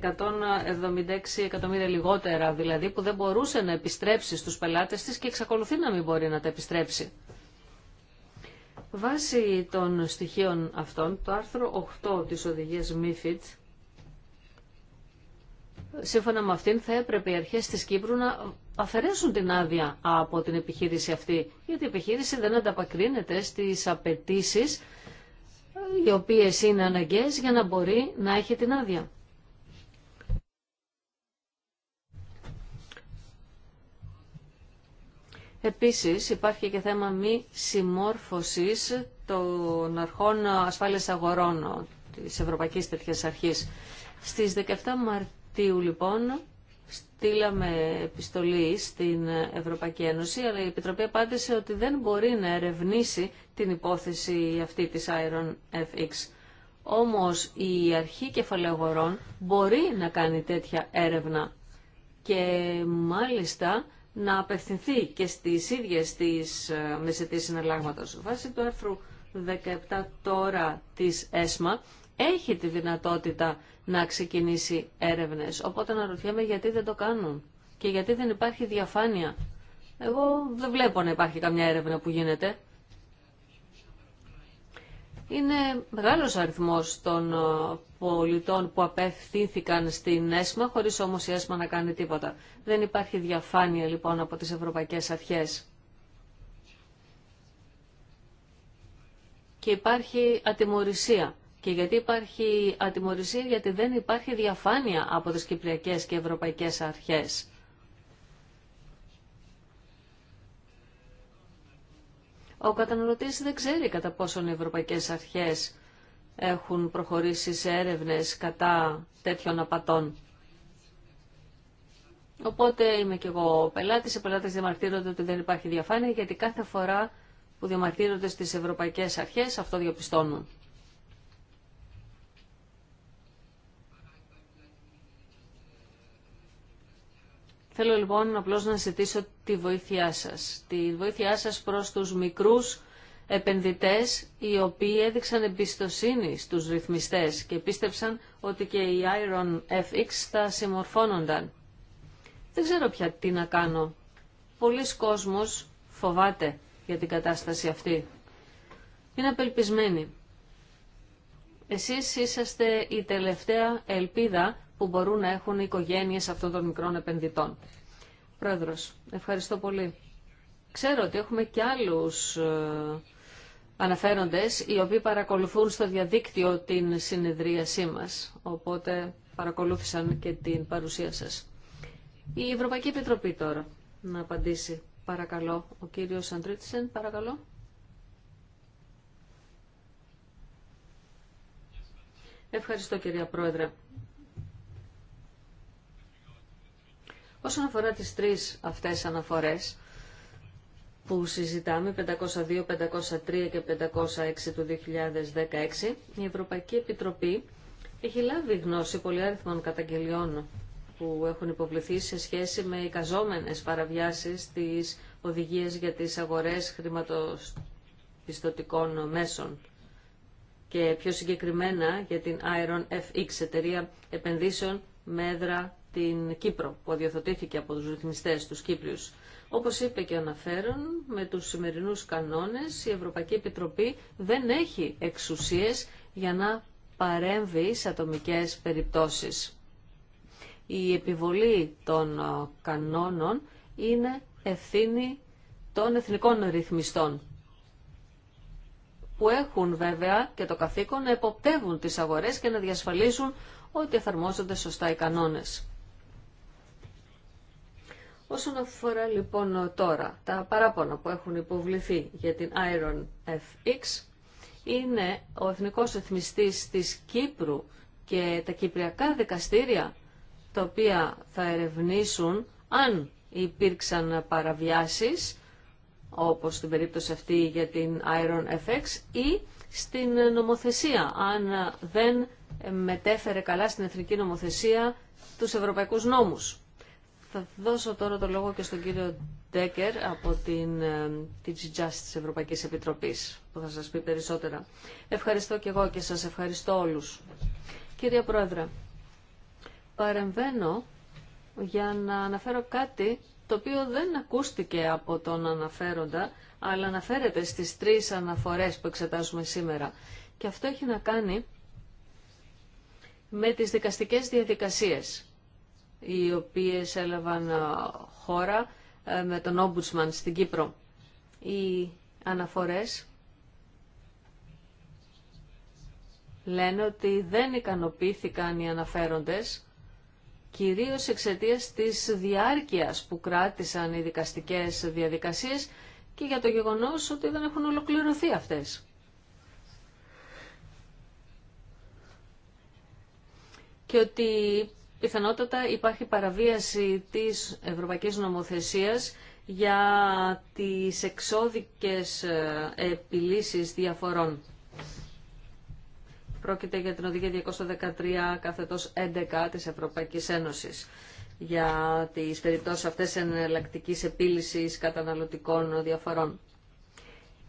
176 εκατομμύρια λιγότερα δηλαδή που δεν μπορούσε να επιστρέψει στους πελάτες της και εξακολουθεί να μην μπορεί να τα επιστρέψει. Βάσει των στοιχείων αυτών, το άρθρο 8 της οδηγίας MIFID σύμφωνα με αυτήν θα έπρεπε οι αρχές της Κύπρου να αφαιρέσουν την άδεια από την επιχείρηση αυτή, γιατί η επιχείρηση δεν ανταπακρίνεται στις απαιτήσει οι οποίες είναι αναγκαίες για να μπορεί να έχει την άδεια. Επίσης υπάρχει και θέμα μη συμμόρφωσης των αρχών ασφάλειας αγορών της Ευρωπαϊκής Τέτοιας Αρχής. Στις 17 Μαρτίου Μαρτίου λοιπόν στείλαμε επιστολή στην Ευρωπαϊκή Ένωση, αλλά η Επιτροπή απάντησε ότι δεν μπορεί να ερευνήσει την υπόθεση αυτή της Iron FX. Όμως η αρχή κεφαλαίου μπορεί να κάνει τέτοια έρευνα και μάλιστα να απευθυνθεί και στις ίδιες τις ε, μεσαιτήσεις συναλλάγματος. Βάσει του άρθρου 17 τώρα της ΕΣΜΑ, έχει τη δυνατότητα να ξεκινήσει έρευνες. Οπότε αναρωτιέμαι γιατί δεν το κάνουν και γιατί δεν υπάρχει διαφάνεια. Εγώ δεν βλέπω να υπάρχει καμιά έρευνα που γίνεται. Είναι μεγάλος αριθμός των ε, πολιτών που απευθύνθηκαν στην ΕΣΜΑ, χωρίς όμως η ΕΣΜΑ να κάνει τίποτα. Δεν υπάρχει διαφάνεια λοιπόν από τις ευρωπαϊκές αρχές. Και υπάρχει ατιμορρησία και γιατί υπάρχει ατιμορρησία, γιατί δεν υπάρχει διαφάνεια από τις κυπριακές και ευρωπαϊκές αρχές. Ο καταναλωτή δεν ξέρει κατά πόσον οι ευρωπαϊκές αρχές έχουν προχωρήσει σε έρευνες κατά τέτοιων απατών. Οπότε είμαι και εγώ πελάτης, οι πελάτες διαμαρτύρονται ότι δεν υπάρχει διαφάνεια γιατί κάθε φορά που διαμαρτύρονται στις ευρωπαϊκές αρχές αυτό διαπιστώνουν. Θέλω λοιπόν απλώς να ζητήσω τη βοήθειά σας. Τη βοήθειά σας προς τους μικρούς επενδυτές οι οποίοι έδειξαν εμπιστοσύνη στους ρυθμιστές και πίστεψαν ότι και οι Iron FX θα συμμορφώνονταν. Δεν ξέρω πια τι να κάνω. Πολλοί κόσμος φοβάται για την κατάσταση αυτή. Είναι απελπισμένοι. Εσείς είσαστε η τελευταία ελπίδα που μπορούν να έχουν οι οικογένειες αυτών των μικρών επενδυτών. Πρόεδρος, ευχαριστώ πολύ. Ξέρω ότι έχουμε και άλλους ε, αναφέροντες οι οποίοι παρακολουθούν στο διαδίκτυο την συνεδρίασή μας, οπότε παρακολούθησαν και την παρουσία σας. Η Ευρωπαϊκή Επιτροπή τώρα να απαντήσει. Παρακαλώ, ο κύριος Αντρίτσεν, παρακαλώ. Ευχαριστώ κυρία Πρόεδρε. Όσον αφορά τις τρεις αυτές αναφορές που συζητάμε, 502, 503 και 506 του 2016, η Ευρωπαϊκή Επιτροπή έχει λάβει γνώση πολυάριθμων καταγγελιών που έχουν υποβληθεί σε σχέση με εικαζόμενες παραβιάσεις της οδηγίας για τις αγορές χρηματοπιστωτικών μέσων και πιο συγκεκριμένα για την Iron FX εταιρεία επενδύσεων με έδρα την Κύπρο που από τους ρυθμιστές, του Κύπριους. Όπως είπε και ο με τους σημερινούς κανόνες η Ευρωπαϊκή Επιτροπή δεν έχει εξουσίες για να παρέμβει σε ατομικές περιπτώσεις. Η επιβολή των ε, κανόνων είναι ευθύνη των εθνικών ρυθμιστών που έχουν βέβαια και το καθήκον να εποπτεύουν τις αγορές και να διασφαλίσουν ότι εφαρμόζονται σωστά οι κανόνες. Όσον αφορά λοιπόν τώρα τα παράπονα που έχουν υποβληθεί για την Iron FX, είναι ο Εθνικός Εθμιστής της Κύπρου και τα Κυπριακά Δικαστήρια, τα οποία θα ερευνήσουν αν υπήρξαν παραβιάσεις, όπως στην περίπτωση αυτή για την Iron FX, ή στην νομοθεσία, αν δεν μετέφερε καλά στην εθνική νομοθεσία τους ευρωπαϊκούς νόμους. Θα δώσω τώρα το λόγο και στον κύριο Ντέκερ από την ε, Τιτζιτζάς Just της Ευρωπαϊκής Επιτροπής που θα σας πει περισσότερα. Ευχαριστώ και εγώ και σας ευχαριστώ όλους. Κύριε Πρόεδρε, παρεμβαίνω για να αναφέρω κάτι το οποίο δεν ακούστηκε από τον αναφέροντα, αλλά αναφέρεται στις τρεις αναφορές που εξετάζουμε σήμερα. Και αυτό έχει να κάνει με τις δικαστικές διαδικασίες οι οποίες έλαβαν ε, χώρα ε, με τον Ombudsman στην Κύπρο. Οι αναφορές λένε ότι δεν ικανοποιήθηκαν οι αναφέροντες κυρίως εξαιτίας της διάρκειας που κράτησαν οι δικαστικές διαδικασίες και για το γεγονός ότι δεν έχουν ολοκληρωθεί αυτές. Και ότι πιθανότατα υπάρχει παραβίαση της ευρωπαϊκής νομοθεσίας για τις εξώδικες ε, επιλύσεις διαφορών. Πρόκειται για την οδηγία 213 καθετός 11 της Ευρωπαϊκής Ένωσης για τις περιπτώσεις αυτές εναλλακτική επίλυσης καταναλωτικών διαφορών.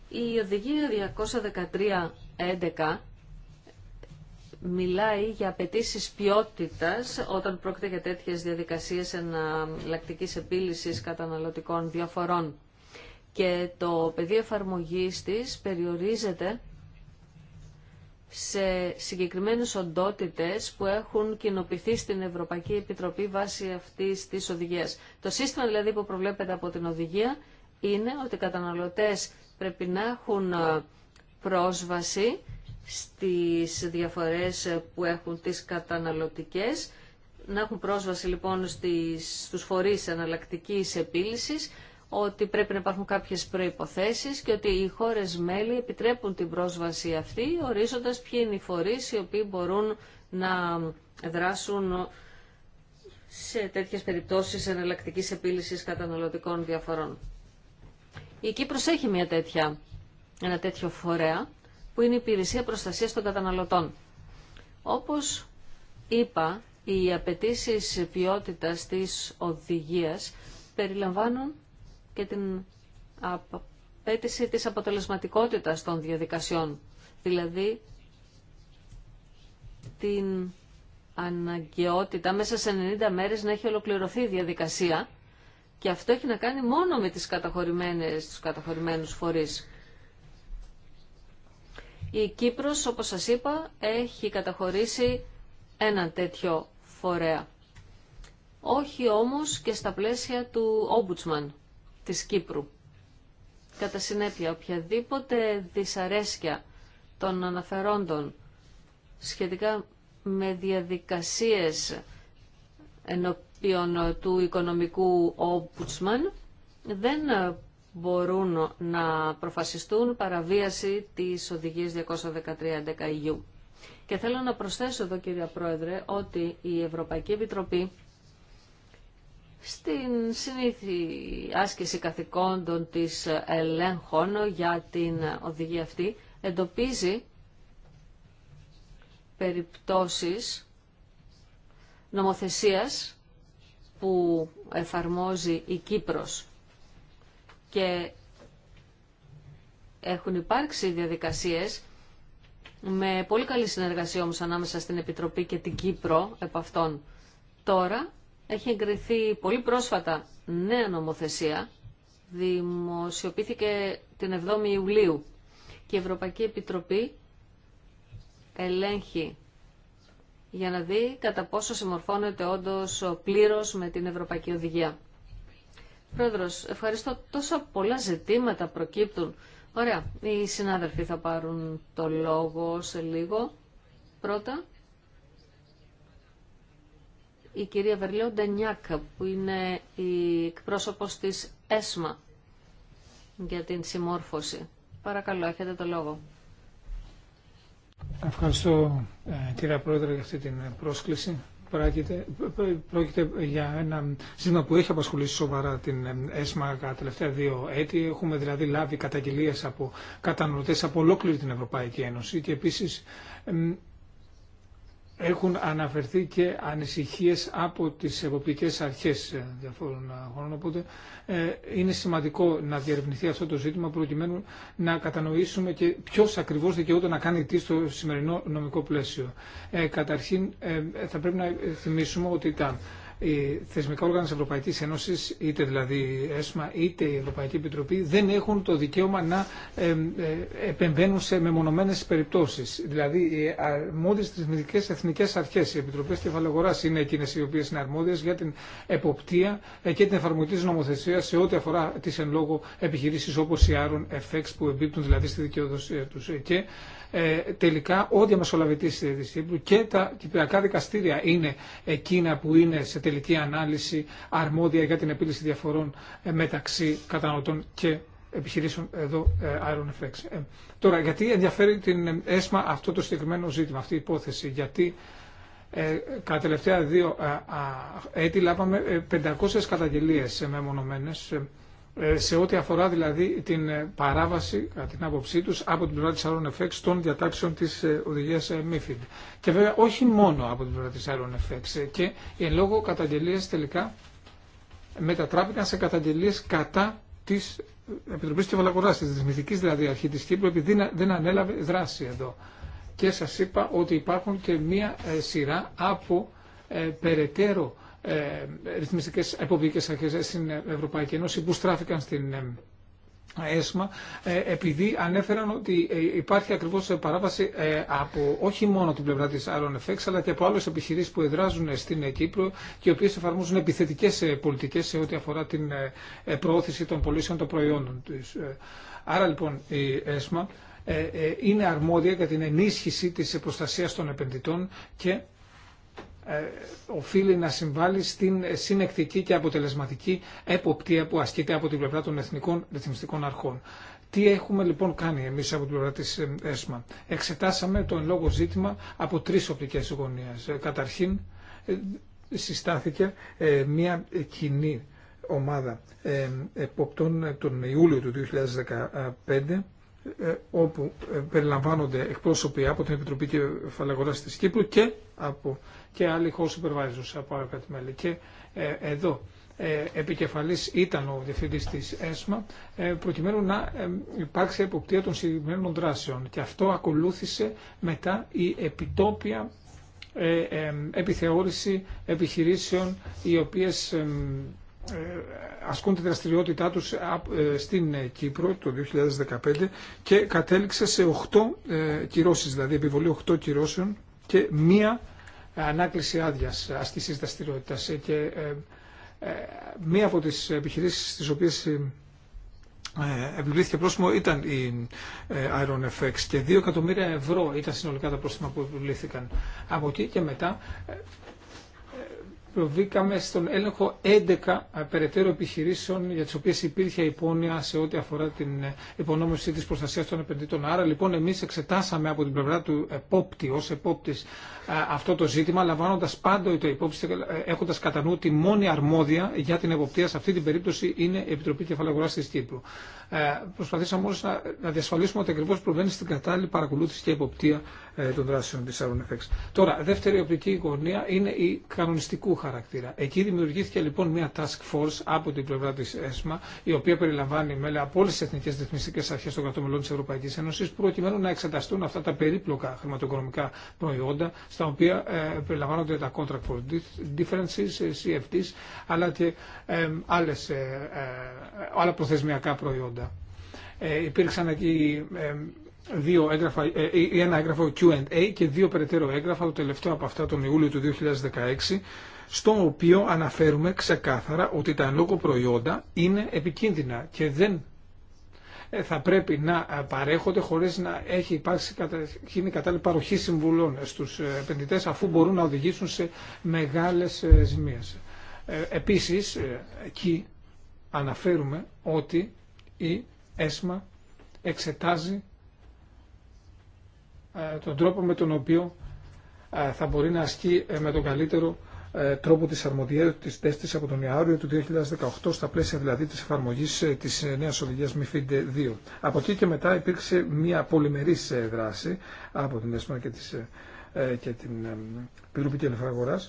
Η οδηγία 213-11 μιλάει για απαιτήσει ποιότητα όταν πρόκειται για τέτοιε διαδικασίε εναλλακτική επίλυση καταναλωτικών διαφορών. Και το πεδίο εφαρμογή τη περιορίζεται σε συγκεκριμένους οντότητες που έχουν κοινοποιηθεί στην Ευρωπαϊκή Επιτροπή βάσει αυτής της οδηγίας. Το σύστημα δηλαδή που προβλέπεται από την οδηγία είναι ότι οι καταναλωτές πρέπει να έχουν ε, πρόσβαση στις διαφορές που έχουν τις καταναλωτικές, να έχουν πρόσβαση λοιπόν στις, στους φορείς εναλλακτική επίλυσης, ότι πρέπει να υπάρχουν κάποιες προϋποθέσεις και ότι οι χώρες μέλη επιτρέπουν την πρόσβαση αυτή, ορίζοντας ποιοι είναι οι φορείς οι οποίοι μπορούν να δράσουν σε τέτοιες περιπτώσεις εναλλακτική επίλυσης καταναλωτικών διαφορών. Η Κύπρος έχει μια τέτοια, ένα τέτοιο φορέα που είναι η υπηρεσία προστασίας των καταναλωτών. Όπως είπα, οι απαιτήσει ποιότητας της οδηγίας περιλαμβάνουν και την απέτηση της αποτελεσματικότητας των διαδικασιών, δηλαδή την αναγκαιότητα μέσα σε 90 μέρες να έχει ολοκληρωθεί η διαδικασία και αυτό έχει να κάνει μόνο με τις καταχωρημένες, τους καταχωρημένους φορείς. Η Κύπρος, όπως σας είπα, έχει καταχωρήσει ένα τέτοιο φορέα. Όχι όμως και στα πλαίσια του Ombudsman της Κύπρου. Κατά συνέπεια, οποιαδήποτε δυσαρέσκεια των αναφερόντων σχετικά με διαδικασίες ενώπιον του οικονομικού Ombudsman δεν μπορούν να προφασιστούν παραβίαση της οδηγίας 213 EU. Και θέλω να προσθέσω εδώ κυρία Πρόεδρε ότι η Ευρωπαϊκή Επιτροπή στην συνήθη άσκηση καθηκόντων της ελέγχων για την οδηγία αυτή εντοπίζει περιπτώσεις νομοθεσίας που εφαρμόζει η Κύπρος και έχουν υπάρξει διαδικασίες με πολύ καλή συνεργασία όμως ανάμεσα στην Επιτροπή και την Κύπρο επ' αυτών. Τώρα έχει εγκριθεί πολύ πρόσφατα νέα νομοθεσία, δημοσιοποιήθηκε την 7η Ιουλίου και η Ευρωπαϊκή Επιτροπή ελέγχει για να δει κατά πόσο συμμορφώνεται όντως πλήρως με την Ευρωπαϊκή Οδηγία. Πρόεδρος, ευχαριστώ. Τόσα πολλά ζητήματα προκύπτουν. Ωραία. Οι συνάδελφοι θα πάρουν το λόγο σε λίγο. Πρώτα, η κυρία Βερλέο Ντανιάκ, που είναι η εκπρόσωπος της ΕΣΜΑ για την συμμόρφωση. Παρακαλώ, έχετε το λόγο. Ευχαριστώ, κύριε Πρόεδρε, για αυτή την πρόσκληση. Πρόκειται για ένα ζήτημα που έχει απασχολήσει σοβαρά την ΕΣΜΑ τα τελευταία δύο έτη. Έχουμε δηλαδή λάβει καταγγελίες από κατανοητές από ολόκληρη την Ευρωπαϊκή Ένωση και επίσης έχουν αναφερθεί και ανησυχίες από τις εποπτικές αρχές διαφόρων χρόνων, Οπότε ε, είναι σημαντικό να διερευνηθεί αυτό το ζήτημα προκειμένου να κατανοήσουμε και ποιος ακριβώς δικαιούται να κάνει τι στο σημερινό νομικό πλαίσιο. Ε, καταρχήν ε, θα πρέπει να θυμίσουμε ότι ήταν οι θεσμικά όργανα της Ευρωπαϊκής Ένωσης, είτε δηλαδή η ΕΣΜΑ είτε η Ευρωπαϊκή Επιτροπή, δεν έχουν το δικαίωμα να ε, επεμβαίνουν σε μεμονωμένες περιπτώσεις. Δηλαδή οι αρμόδιες θεσμικές εθνικές αρχές, οι Επιτροπές Κεφαλαγοράς είναι εκείνες οι οποίες είναι αρμόδιες για την εποπτεία ε, και την εφαρμογή τη νομοθεσία σε ό,τι αφορά τις εν λόγω επιχειρήσεις όπως οι Άρων FX που εμπίπτουν δηλαδή στη δικαιοδοσία τους. Ε, και ε, τελικά ο διαμεσολαβητής της Κύπρου και τα κυπριακά δικαστήρια είναι εκείνα που είναι σε τελική ανάλυση αρμόδια για την επίλυση διαφορών ε, μεταξύ καταναλωτών και επιχειρήσεων εδώ ε, Iron FX. Τώρα, γιατί ενδιαφέρει την ΕΣΜΑ αυτό το συγκεκριμένο ζήτημα, αυτή η υπόθεση, γιατί ε, κατά τελευταία δύο έτη λάβαμε 500 καταγγελίες μεμονωμένες ε, σε ό,τι αφορά δηλαδή την ε, παράβαση, την άποψή του από την πλευρά τη Iron FX των διατάξεων τη ε, οδηγία MIFID. Και βέβαια όχι μόνο από την πλευρά τη Iron FX και εν λόγω καταγγελίε τελικά μετατράπηκαν σε καταγγελίε κατά της Επιτροπής Κεφαλακοράς, τη δυσμηθική δηλαδή αρχή της Κύπρου, επειδή δεν ανέλαβε δράση εδώ. Και σα είπα ότι υπάρχουν και μία σειρά από περαιτέρω ε, ρυθμιστικές εποπτικές αρχές στην Ευρωπαϊκή Ένωση που στράφηκαν στην ε, ΕΣΜΑ ε, επειδή ανέφεραν ότι υπάρχει ακριβώς παράβαση από όχι μόνο την πλευρά της Iron FX αλλά και από άλλες επιχειρήσεις που εδράζουν στην Κύπρο και οι οποίες εφαρμόζουν επιθετικές πολιτικές σε ό,τι αφορά την προώθηση των πωλήσεων των προϊόντων της. Άρα λοιπόν η ΕΣΜΑ είναι αρμόδια για την ενίσχυση της προστασίας των επενδυτών και ε, οφείλει να συμβάλλει στην συνεκτική και αποτελεσματική εποπτεία που ασκείται από την πλευρά των εθνικών ρυθμιστικών αρχών. Τι έχουμε λοιπόν κάνει εμείς από την πλευρά τη ε, ΕΣΜΑ. Εξετάσαμε το εν λόγω ζήτημα από τρεις οπτικέ γωνίε. Ε, καταρχήν συστάθηκε μια κοινή ομάδα εποπτών τον Ιούλιο του 2015 όπου περιλαμβάνονται εκπρόσωποι από την Επιτροπή Κεφαλαγοράς της Κύπρου και από και άλλοι host supervisors από κράτη-μέλη. Και ε, εδώ ε, επικεφαλής ήταν ο διευθυντής της ΕΣΜΑ ε, προκειμένου να ε, υπάρξει εποπτεία των συγκεκριμένων δράσεων. Και αυτό ακολούθησε μετά η επιτόπια ε, ε, επιθεώρηση επιχειρήσεων οι οποίες ασκούν τη δραστηριότητά τους στην Κύπρο το 2015 και κατέληξε σε 8 κυρώσεις, δηλαδή επιβολή 8 κυρώσεων και μία ανάκληση άδεια ε, ασκησή δραστηριότητα. Ε, και ε, μία από τι επιχειρήσει στι οποίε επιβλήθηκε πρόστιμο ήταν η Iron FX και 2 εκατομμύρια ευρώ ήταν συνολικά τα πρόστιμα που επιβλήθηκαν. Από εκεί και μετά προβήκαμε στον έλεγχο 11 περαιτέρω επιχειρήσεων για τις οποίες υπήρχε υπόνοια σε ό,τι αφορά την ε, υπονόμευση της προστασίας των επενδυτών. Άρα λοιπόν εμείς εξετάσαμε από την πλευρά του επόπτη ως επόπτης ε, αυτό το ζήτημα λαμβάνοντας πάντοτε υπόψη ε, έχοντας κατά νου τη μόνη αρμόδια για την εποπτεία σε αυτή την περίπτωση είναι η Επιτροπή Κεφαλαγοράς της Κύπρου. Ε, προσπαθήσαμε όμως να, να διασφαλίσουμε ότι ακριβώ προβαίνει στην κατάλληλη παρακολούθηση και υποπτία ε, των δράσεων της Aronefex. Τώρα, δεύτερη οπτική γωνία είναι η κανονιστικού χαρακτήρα. Εκεί δημιουργήθηκε λοιπόν μια task force από την πλευρά τη ΕΣΜΑ, η οποία περιλαμβάνει μέλη από όλε τις εθνικές ρυθμιστικές αρχές των κρατομελών τη της Ευρωπαϊκής προκειμένου να εξεταστούν αυτά τα περίπλοκα χρηματοοικονομικά προϊόντα, στα οποία ε, περιλαμβάνονται τα contract for differences, CFTs, αλλά και ε, ε, άλλα προθεσμιακά προϊόντα. Ε, υπήρξαν εκεί ε, δύο έγγραφα, ε, ένα έγγραφο Q&A και δύο περαιτέρω έγγραφα, το τελευταίο από αυτά τον Ιούλιο του 2016, στο οποίο αναφέρουμε ξεκάθαρα ότι τα λόγο προϊόντα είναι επικίνδυνα και δεν θα πρέπει να παρέχονται χωρίς να έχει υπάρξει κατάλληλη παροχή συμβουλών στους επενδυτές αφού μπορούν να οδηγήσουν σε μεγάλες ζημίες. Επίσης, εκεί αναφέρουμε ότι η ΕΣΜΑ εξετάζει ε, τον τρόπο με τον οποίο ε, θα μπορεί να ασκεί ε, με τον καλύτερο τρόπο της αρμοδιότητας της από τον Ιανουάριο του 2018 στα πλαίσια δηλαδή της εφαρμογής της νέας οδηγίας MIFID 2. Από εκεί και μετά υπήρξε μια πολυμερής δράση από την ΕΣΜΑ και, της, και την και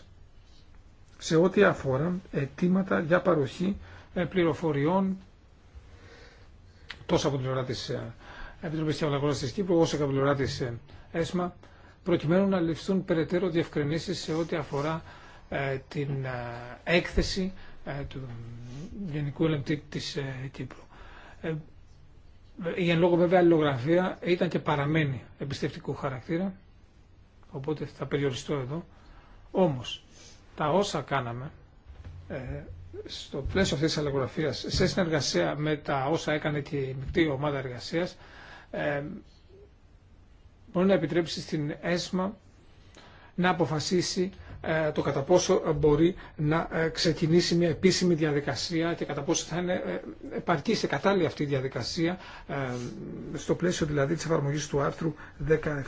σε ό,τι αφορά αιτήματα για παροχή πληροφοριών τόσο από την πλευρά τη ε, Επιτροπή και τη Κύπρου, όσο και από την πλευρά τη ε, ΕΣΜΑ, προκειμένου να ληφθούν περαιτέρω διευκρινήσει σε ό,τι αφορά ε, την έκθεση του Γενικού Ελεγκτή τη Κύπρου. Η εν λόγω βέβαια αλληλογραφία ήταν και παραμένει εμπιστευτικού χαρακτήρα, οπότε θα περιοριστώ εδώ. Όμως, τα όσα κάναμε στο πλαίσιο αυτής της αλλαγογραφίας σε συνεργασία με τα όσα έκανε και η μικρή ομάδα εργασίας ε, μπορεί να επιτρέψει στην ΕΣΜΑ να αποφασίσει ε, το κατά πόσο μπορεί να ε, ξεκινήσει μια επίσημη διαδικασία και κατά πόσο θα είναι ε, επαρκή σε κατάλληλη αυτή η διαδικασία στο πλαίσιο δηλαδή της εφαρμογής του άρθρου 17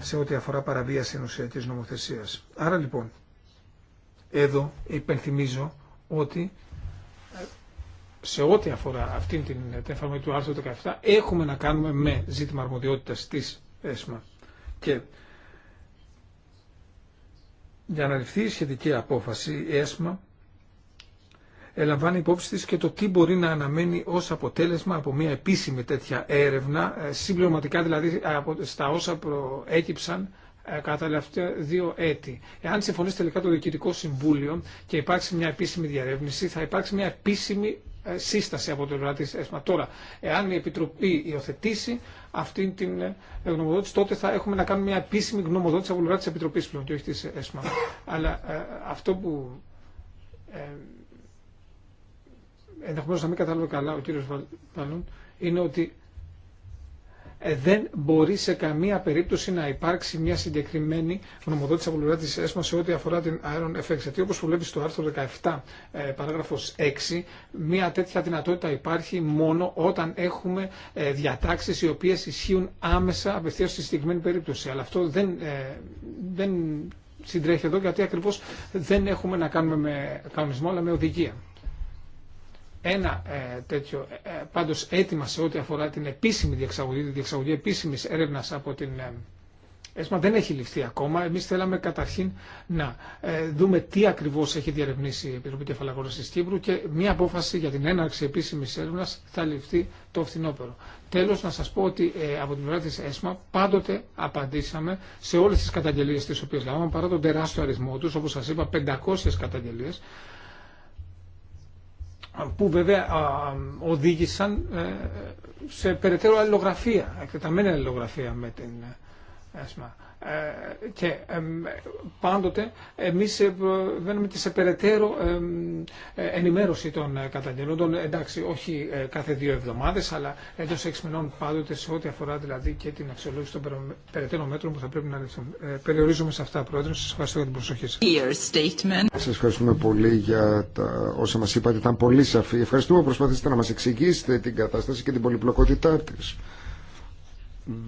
σε ό,τι αφορά παραβίαση ενωσιακής νομοθεσίας. Άρα λοιπόν, εδώ υπενθυμίζω ότι ε, σε ό,τι αφορά αυτήν την, ε, την εφαρμογή του άρθρου 17 έχουμε να κάνουμε με ζήτημα αρμοδιότητας της ΕΣΜΑ. Και για να ληφθεί η σχετική απόφαση η ΕΣΜΑ ελαμβάνει υπόψη της και το τι μπορεί να αναμένει ως αποτέλεσμα από μια επίσημη τέτοια έρευνα, ε, συμπληρωματικά δηλαδή στα όσα προέκυψαν ε, κατά τα τελευταία δύο έτη. Εάν συμφωνήσει τελικά το Διοικητικό Συμβούλιο και υπάρξει μια επίσημη διαρεύνηση, θα υπάρξει μια επίσημη ε, σύσταση από το τη ΕΣΜΑ. Τώρα, εάν η Επιτροπή υιοθετήσει αυτή την ε, γνωμοδότηση, τότε θα έχουμε να κάνουμε μια επίσημη γνωμοδότηση από πλευρά τη Επιτροπή πλέον και όχι τη ΕΣΜΑ. Αλλά αυτό που. Ε, ενδεχομένω να μην κατάλαβε καλά ο κύριο Βαλούν, είναι ότι ε, δεν μπορεί σε καμία περίπτωση να υπάρξει μια συγκεκριμένη γνωμοδότηση από πλευρά τη ΕΣΜΑ σε ό,τι αφορά την Iron FX. Γιατί όπω βλέπει στο άρθρο 17, ε, παράγραφο 6, μια τέτοια δυνατότητα υπάρχει μόνο όταν έχουμε ε, διατάξει οι οποίε ισχύουν άμεσα απευθεία στη συγκεκριμένη περίπτωση. Αλλά αυτό δεν, δεν συντρέχει εδώ γιατί ακριβώ δεν έχουμε να κάνουμε με κανονισμό αλλά με οδηγία ένα ε, τέτοιο ε, πάντως αίτημα σε ό,τι αφορά την επίσημη διεξαγωγή, τη διεξαγωγή επίσημης έρευνας από την ε, ΕΣΜΑ δεν έχει ληφθεί ακόμα. Εμείς θέλαμε καταρχήν να ε, δούμε τι ακριβώς έχει διερευνήσει η Επιτροπή Κεφαλαγόρας της Κύπρου και μια απόφαση για την έναρξη επίσημης έρευνας θα ληφθεί το φθινόπωρο. Τέλος να σας πω ότι ε, από την πλευρά της ΕΣΜΑ πάντοτε απαντήσαμε σε όλες τις καταγγελίες τις οποίες λάβαμε παρά τον τεράστιο αριθμό τους, όπως σας είπα 500 καταγγελίες που βέβαια οδήγησαν ε, σε περαιτέρω αλληλογραφία, εκτεταμένη αλληλογραφία με την ε, ΕΣΜΑ. Ε, και πάντοτε εμείς ε, βαίνουμε και σε περαιτέρω ε, ενημέρωση των καταγγελόντων, εντάξει όχι κάθε δύο εβδομάδες, αλλά εντός έξι μηνών πάντοτε σε ό,τι αφορά δηλαδή και την αξιολόγηση των περαιτέρω μέτρων που θα πρέπει να ληφθούν. Περιορίζομαι σε αυτά, Πρόεδρε. Σας ευχαριστώ για την προσοχή σας. Σας ευχαριστούμε πολύ για τα όσα μας είπατε. Ήταν πολύ σαφή. Ευχαριστούμε που προσπαθήσατε να μας εξηγήσετε την κατάσταση και την πολυπλοκότητά της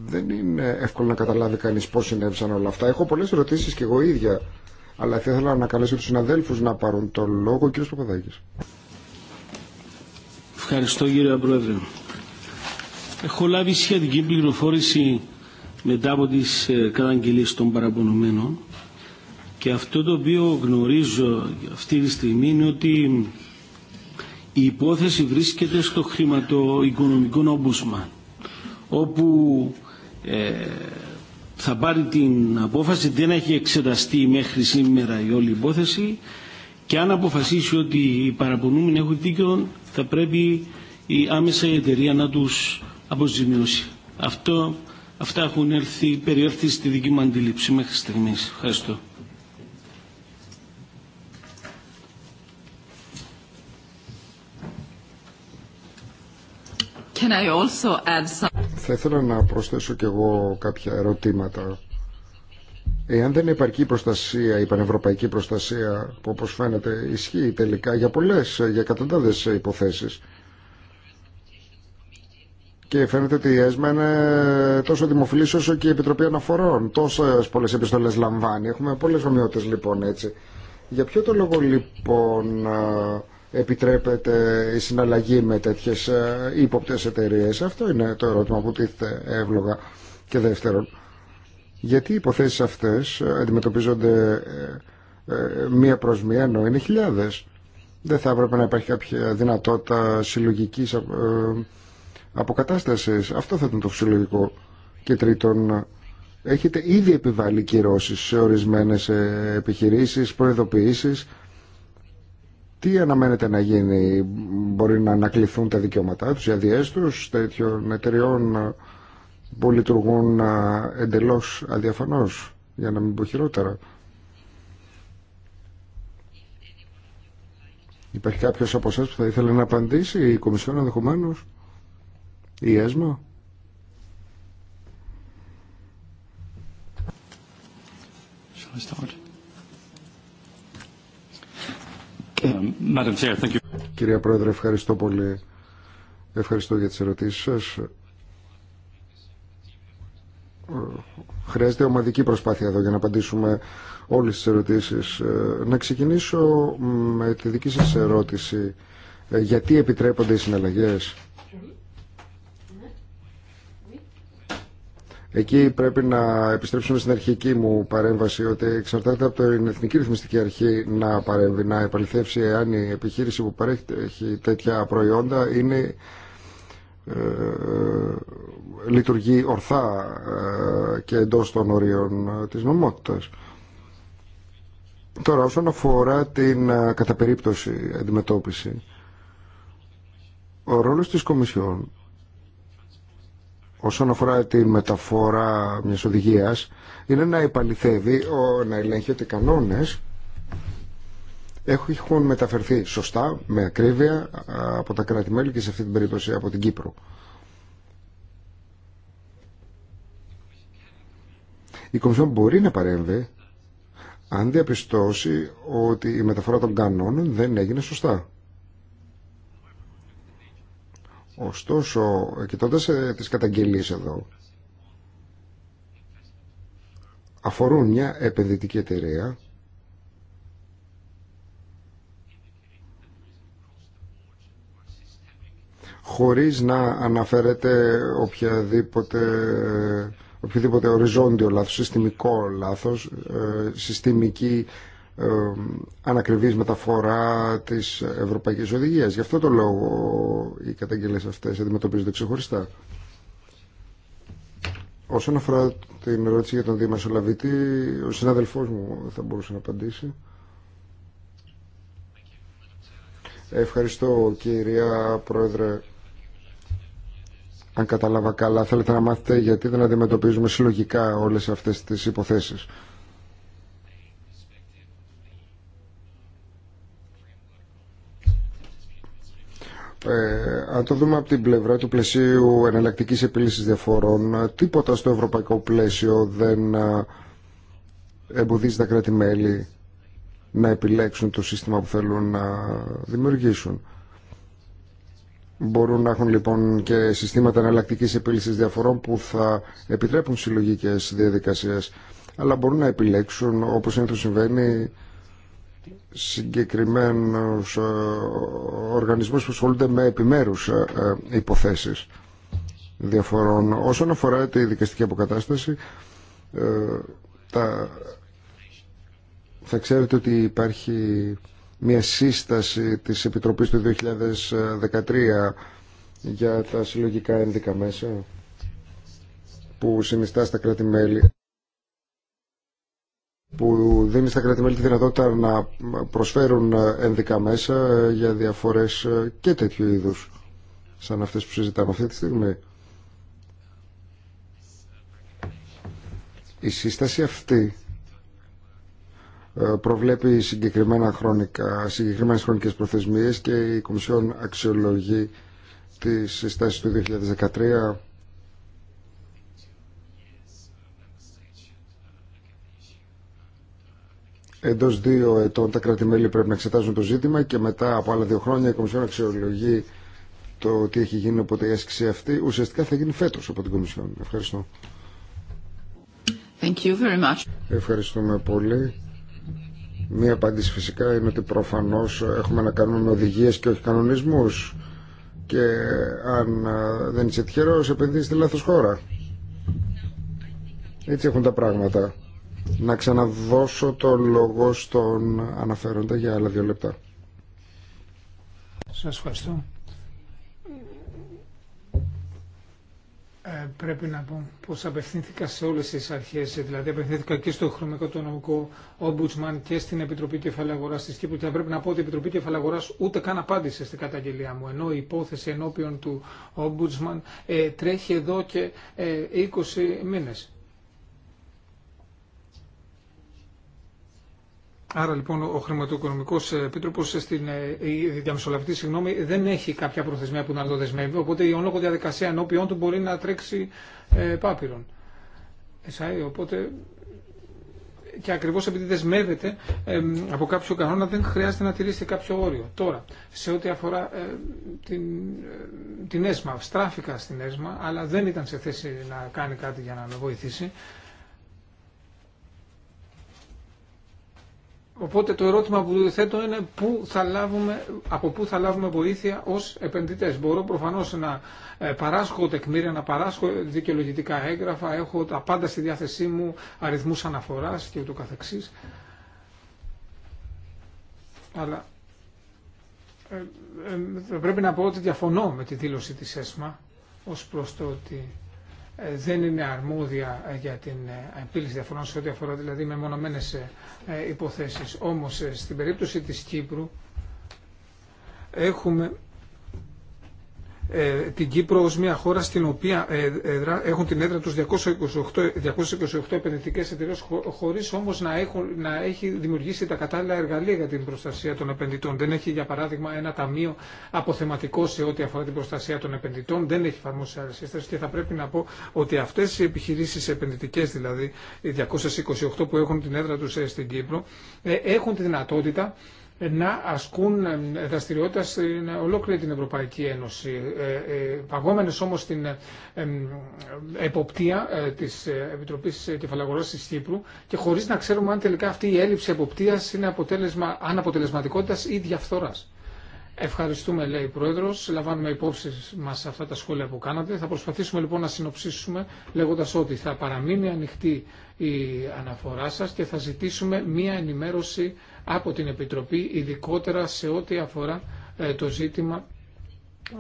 δεν είναι εύκολο να καταλάβει κανείς πώς συνέβησαν όλα αυτά. Έχω πολλές ερωτήσεις και εγώ ίδια, αλλά θα ήθελα να καλέσω τους συναδέλφους να πάρουν το λόγο. Ο κύριος Παπαδάκης. Ευχαριστώ κύριε Πρόεδρε. Έχω λάβει σχετική πληροφόρηση μετά από τις ε, καταγγελίες των παραπονωμένων και αυτό το οποίο γνωρίζω αυτή τη στιγμή είναι ότι η υπόθεση βρίσκεται στο χρηματοοικονομικό νόμπουσμα όπου ε, θα πάρει την απόφαση, δεν έχει εξεταστεί μέχρι σήμερα η όλη υπόθεση και αν αποφασίσει ότι οι παραπονούμενοι έχουν δίκιο θα πρέπει η άμεσα η εταιρεία να τους αποζημιώσει. Αυτό, αυτά έχουν έρθει, περιέρθει στη δική μου αντίληψη μέχρι στιγμής. Ευχαριστώ. Can also add some... Θα ήθελα να προσθέσω κι εγώ κάποια ερωτήματα. Εάν δεν υπάρχει προστασία, η πανευρωπαϊκή προστασία που όπως φαίνεται ισχύει τελικά για πολλές, για εκατοντάδες υποθέσεις και φαίνεται ότι η ΕΣΜΑ είναι τόσο δημοφιλής όσο και η Επιτροπή Αναφορών. Τόσες πολλές επιστολές λαμβάνει. Έχουμε πολλές ομοιότητες λοιπόν έτσι. Για ποιο το λόγο λοιπόν επιτρέπεται η συναλλαγή με τέτοιες ε, ύποπτες εταιρείε. Αυτό είναι το ερώτημα που τίθεται εύλογα. Και δεύτερον, γιατί οι υποθέσεις αυτές ε, αντιμετωπίζονται ε, μία προς μία, ενώ είναι χιλιάδες. Δεν θα έπρεπε να υπάρχει κάποια δυνατότητα συλλογικής αποκατάστασης. Αυτό θα ήταν το φυσιολογικό. Και τρίτον, έχετε ήδη επιβάλει κυρώσεις σε ορισμένες επιχειρήσεις, προειδοποιήσεις τι αναμένεται να γίνει, μπορεί να ανακληθούν τα δικαιώματά τους, οι αδειές τους τέτοιων εταιριών που λειτουργούν εντελώς αδιαφανώς, για να μην πω χειρότερα. Υπάρχει κάποιος από εσάς που θα ήθελε να απαντήσει, η Κομισιόν ενδεχομένω, η ΕΣΜΑ. Shall I start? Um, Κυρία Πρόεδρε, ευχαριστώ πολύ. Ευχαριστώ για τις ερωτήσεις σας. Ε, χρειάζεται ομαδική προσπάθεια εδώ για να απαντήσουμε όλες τις ερωτήσεις. Ε, να ξεκινήσω με τη δική σας ερώτηση. Ε, γιατί επιτρέπονται οι συναλλαγές Εκεί πρέπει να επιστρέψουμε στην αρχική μου παρέμβαση ότι εξαρτάται από την Εθνική Ρυθμιστική Αρχή να παρέμβει, να επαληθεύσει εάν η επιχείρηση που παρέχει τέτοια προϊόντα είναι ε, λειτουργεί ορθά ε, και εντός των ορίων ε, της νομότητας. Τώρα, όσον αφορά την κατά περίπτωση αντιμετώπιση, ο ρόλος της Κομισιόν όσον αφορά τη μεταφορά μιας οδηγίας είναι να ο να ελέγχει ότι οι κανόνες έχουν μεταφερθεί σωστά, με ακρίβεια από τα κράτη-μέλη και σε αυτή την περίπτωση από την Κύπρο. Η Κομισιόν μπορεί να παρέμβει αν διαπιστώσει ότι η μεταφορά των κανόνων δεν έγινε σωστά. Ωστόσο, κοιτώντας ε, τις καταγγελίες εδώ, αφορούν μια επενδυτική εταιρεία χωρίς να αναφέρεται οποιαδήποτε, οποιοδήποτε οριζόντιο λάθος, συστημικό λάθος, ε, συστημική ανακριβής μεταφορά της Ευρωπαϊκής Οδηγίας. Γι' αυτό το λόγο οι καταγγελίες αυτές αντιμετωπίζονται ξεχωριστά. Όσον αφορά την ερώτηση για τον Σολαβήτη, ο συνάδελφός μου θα μπορούσε να απαντήσει. Ευχαριστώ κυρία Πρόεδρε. Αν κατάλαβα καλά, θέλετε να μάθετε γιατί δεν αντιμετωπίζουμε συλλογικά όλες αυτές τις υποθέσεις. Ε, αν το δούμε από την πλευρά του πλαισίου εναλλακτική επίλυση διαφορών, τίποτα στο ευρωπαϊκό πλαίσιο δεν ε, εμποδίζει τα κράτη-μέλη να επιλέξουν το σύστημα που θέλουν να δημιουργήσουν. Μπορούν να έχουν λοιπόν και συστήματα εναλλακτική επίλυση διαφορών που θα επιτρέπουν συλλογικέ διαδικασίε, αλλά μπορούν να επιλέξουν, όπω είναι συμβαίνει, συγκεκριμένους ε, οργανισμούς που ασχολούνται με επιμέρους ε, ε, υποθέσεις διαφορών. Όσον αφορά τη δικαστική αποκατάσταση, τα... θα ξέρετε ότι υπάρχει μια σύσταση της Επιτροπής του 2013 για τα συλλογικά ένδικα μέσα που συνιστά στα κράτη-μέλη που δίνει στα κράτη-μέλη τη δυνατότητα να προσφέρουν ενδικά μέσα για διαφορές και τέτοιου είδους σαν αυτές που συζητάμε αυτή τη στιγμή. Η σύσταση αυτή ε, προβλέπει συγκεκριμένα χρονικά, συγκεκριμένες χρονικές προθεσμίες και η Κομισιόν αξιολογεί της συστάσεις του 2013 Εντό δύο ετών τα κράτη-μέλη πρέπει να εξετάζουν το ζήτημα και μετά από άλλα δύο χρόνια η Κομισιόν αξιολογεί το τι έχει γίνει οπότε η άσκηση αυτή ουσιαστικά θα γίνει φέτος από την Κομισιόν. Ευχαριστώ. Thank you very much. Ευχαριστούμε πολύ. Μία απάντηση φυσικά είναι ότι προφανώς έχουμε να κάνουμε με οδηγίες και όχι κανονισμούς και αν ε, δεν είσαι τυχερός επενδύεις στη λάθος χώρα. Έτσι έχουν τα πράγματα να ξαναδώσω το λόγο στον αναφέροντα για άλλα δύο λεπτά. Σας ευχαριστώ. Ε, πρέπει να πω πως απευθύνθηκα σε όλες τις αρχές, δηλαδή απευθύνθηκα και στο νομικό ομπουτσμαν και στην Επιτροπή Κεφαλαγοράς της Κύπρου και θα πρέπει να πω ότι η Επιτροπή Κεφαλαγοράς ούτε καν απάντησε στην καταγγελία μου, ενώ η υπόθεση ενώπιον του ομπουτσμαν ε, τρέχει εδώ και ε, 20 μήνες. Άρα λοιπόν ο χρηματοοικονομικό επίτροπο στην ε, διαμεσολαβητή συγγνώμη δεν έχει κάποια προθεσμία που να το δεσμεύει, οπότε η ολόκληρη διαδικασία ενώπιον του μπορεί να τρέξει ε, πάπυρον. οπότε και ακριβώ επειδή δεσμεύεται από κάποιο κανόνα δεν χρειάζεται να τηρήσει κάποιο όριο. Τώρα, σε ό,τι αφορά ε, την, ε, την ΕΣΜΑ, στράφηκα στην ΕΣΜΑ, αλλά δεν ήταν σε θέση να κάνει κάτι για να με βοηθήσει. Οπότε το ερώτημα που θέτω είναι πού θα λάβουμε, από πού θα λάβουμε βοήθεια ως επενδυτές. Μπορώ προφανώς να ε, παράσχω τεκμήρια, να παράσχω δικαιολογητικά έγγραφα, έχω τα πάντα στη διάθεσή μου, αριθμούς αναφοράς και ούτω καθεξής. Αλλά ε, ε, πρέπει να πω ότι διαφωνώ με τη δήλωση της ΕΣΜΑ ως προς το ότι ε, δεν είναι αρμόδια ε, για την ε, επίλυση διαφορών σε ό,τι αφορά δηλαδή μονομένες υποθέσεις. Όμως στην περίπτωση της Κύπρου έχουμε ε, την Κύπρο ως μια χώρα στην οποία ε, έχουν την έδρα τους 228, 228 ε, επενδυτικές εταιρείες χωρίς όμως να, έχουν, να έχει δημιουργήσει τα κατάλληλα εργαλεία για την προστασία των επενδυτών. Δεν έχει για παράδειγμα ένα ταμείο αποθεματικό σε ό,τι αφορά την προστασία των επενδυτών, δεν έχει εφαρμόσει άλλες και θα πρέπει να πω ότι αυτές οι επιχειρήσεις επενδυτικές δηλαδή, οι 228 που έχουν την έδρα τους στην Κύπρο, έχουν τη δυνατότητα να ασκούν δραστηριότητα στην ολόκληρη την Ευρωπαϊκή Ένωση. Ε, ε, παγόμενες όμως την εποπτεία ε, της Επιτροπής Κεφαλαγοράς της Κύπρου και χωρίς να ξέρουμε αν τελικά αυτή η έλλειψη εποπτείας είναι αποτέλεσμα αναποτελεσματικότητας ή διαφθοράς. Ευχαριστούμε, λέει η Πρόεδρο. Λαμβάνουμε υπόψη μα αυτά τα σχόλια που κάνατε. Θα προσπαθήσουμε λοιπόν να συνοψίσουμε λέγοντα ότι θα παραμείνει ανοιχτή η αναφορά σα και θα ζητήσουμε μία ενημέρωση από την Επιτροπή, ειδικότερα σε ό,τι αφορά ε, το ζήτημα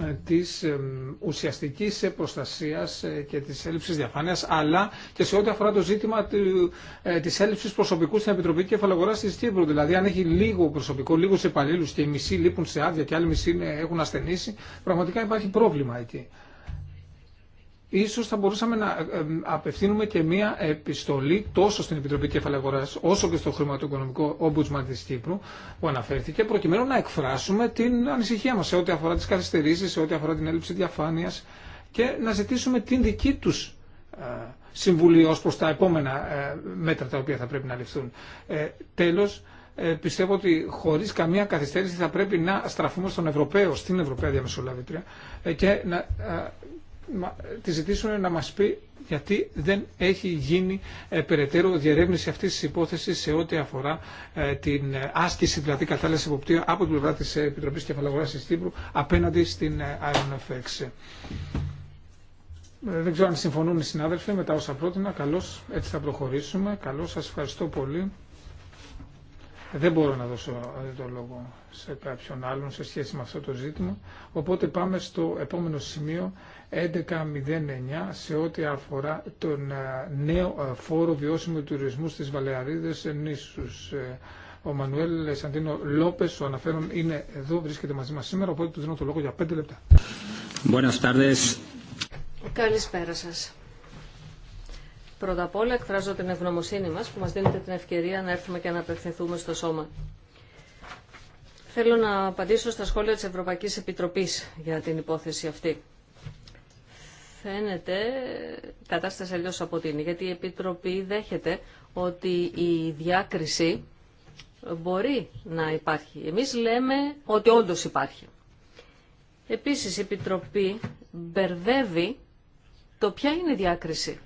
ε, της ε, ουσιαστικής προστασίας ε, και της έλλειψης διαφάνειας, αλλά και σε ό,τι αφορά το ζήτημα της έλλειψης προσωπικού στην Επιτροπή Κεφαλαγορά της Κύπρου. Δηλαδή, αν έχει λίγο προσωπικό, λίγους υπαλλήλους και οι μισοί λείπουν σε άδεια και άλλοι μισοί έχουν ασθενήσει, πραγματικά υπάρχει πρόβλημα εκεί ίσως θα μπορούσαμε να ε, ε, απευθύνουμε και μία επιστολή τόσο στην Επιτροπή Αγοράς όσο και στο χρηματοοικονομικό ομπουτσμαν της Κύπρου που αναφέρθηκε προκειμένου να εκφράσουμε την ανησυχία μας σε ό,τι αφορά τις καθυστερήσεις, σε ό,τι αφορά την έλλειψη διαφάνειας και να ζητήσουμε την δική τους ε, συμβουλή ως προς τα επόμενα μέτρα τα οποία θα πρέπει να ληφθούν. Τέλος, πιστεύω ότι χωρί καμία καθυστέρηση θα πρέπει να στραφούμε στον Ευρωπαίο, στην Ευρωπαία Διαμεσολαβήτρια και να τη ζητήσουν να μας πει γιατί δεν έχει γίνει ε, περαιτέρω διερεύνηση αυτής της υπόθεσης σε ό,τι αφορά ε, την ε, άσκηση, δηλαδή κατάλληλα υποπτήρια από την πλευρά της Επιτροπής Κεφαλαγοράς της Κύπρου απέναντι στην Ε, Δεν ξέρω αν συμφωνούν οι συνάδελφοι με τα όσα πρότεινα. Καλώς, έτσι θα προχωρήσουμε. Καλώς, σας ευχαριστώ πολύ. Δεν μπορώ να δώσω το λόγο σε κάποιον άλλον σε σχέση με αυτό το ζήτημα. Οπότε πάμε στο επόμενο σημείο 1109 σε ό,τι αφορά τον ε, νέο ε, φόρο βιώσιμου τουρισμού στις Βαλεαρίδες νήσους. Ε, ο Μανουέλ Σαντίνο Λόπες, ο αναφέρον, είναι εδώ, βρίσκεται μαζί μας σήμερα, οπότε του δίνω το λόγο για 5 λεπτά. Καλησπέρα σας. Πρώτα απ' όλα εκφράζω την ευγνωμοσύνη μας που μας δίνετε την ευκαιρία να έρθουμε και να απευθυνθούμε στο σώμα. Θέλω να απαντήσω στα σχόλια της Ευρωπαϊκής Επιτροπής για την υπόθεση αυτή φαίνεται κατάσταση αλλιώ από την, γιατί η Επιτροπή δέχεται ότι η διάκριση μπορεί να υπάρχει. Εμείς λέμε ότι όντως υπάρχει. Επίσης η Επιτροπή μπερδεύει το ποια είναι η διάκριση.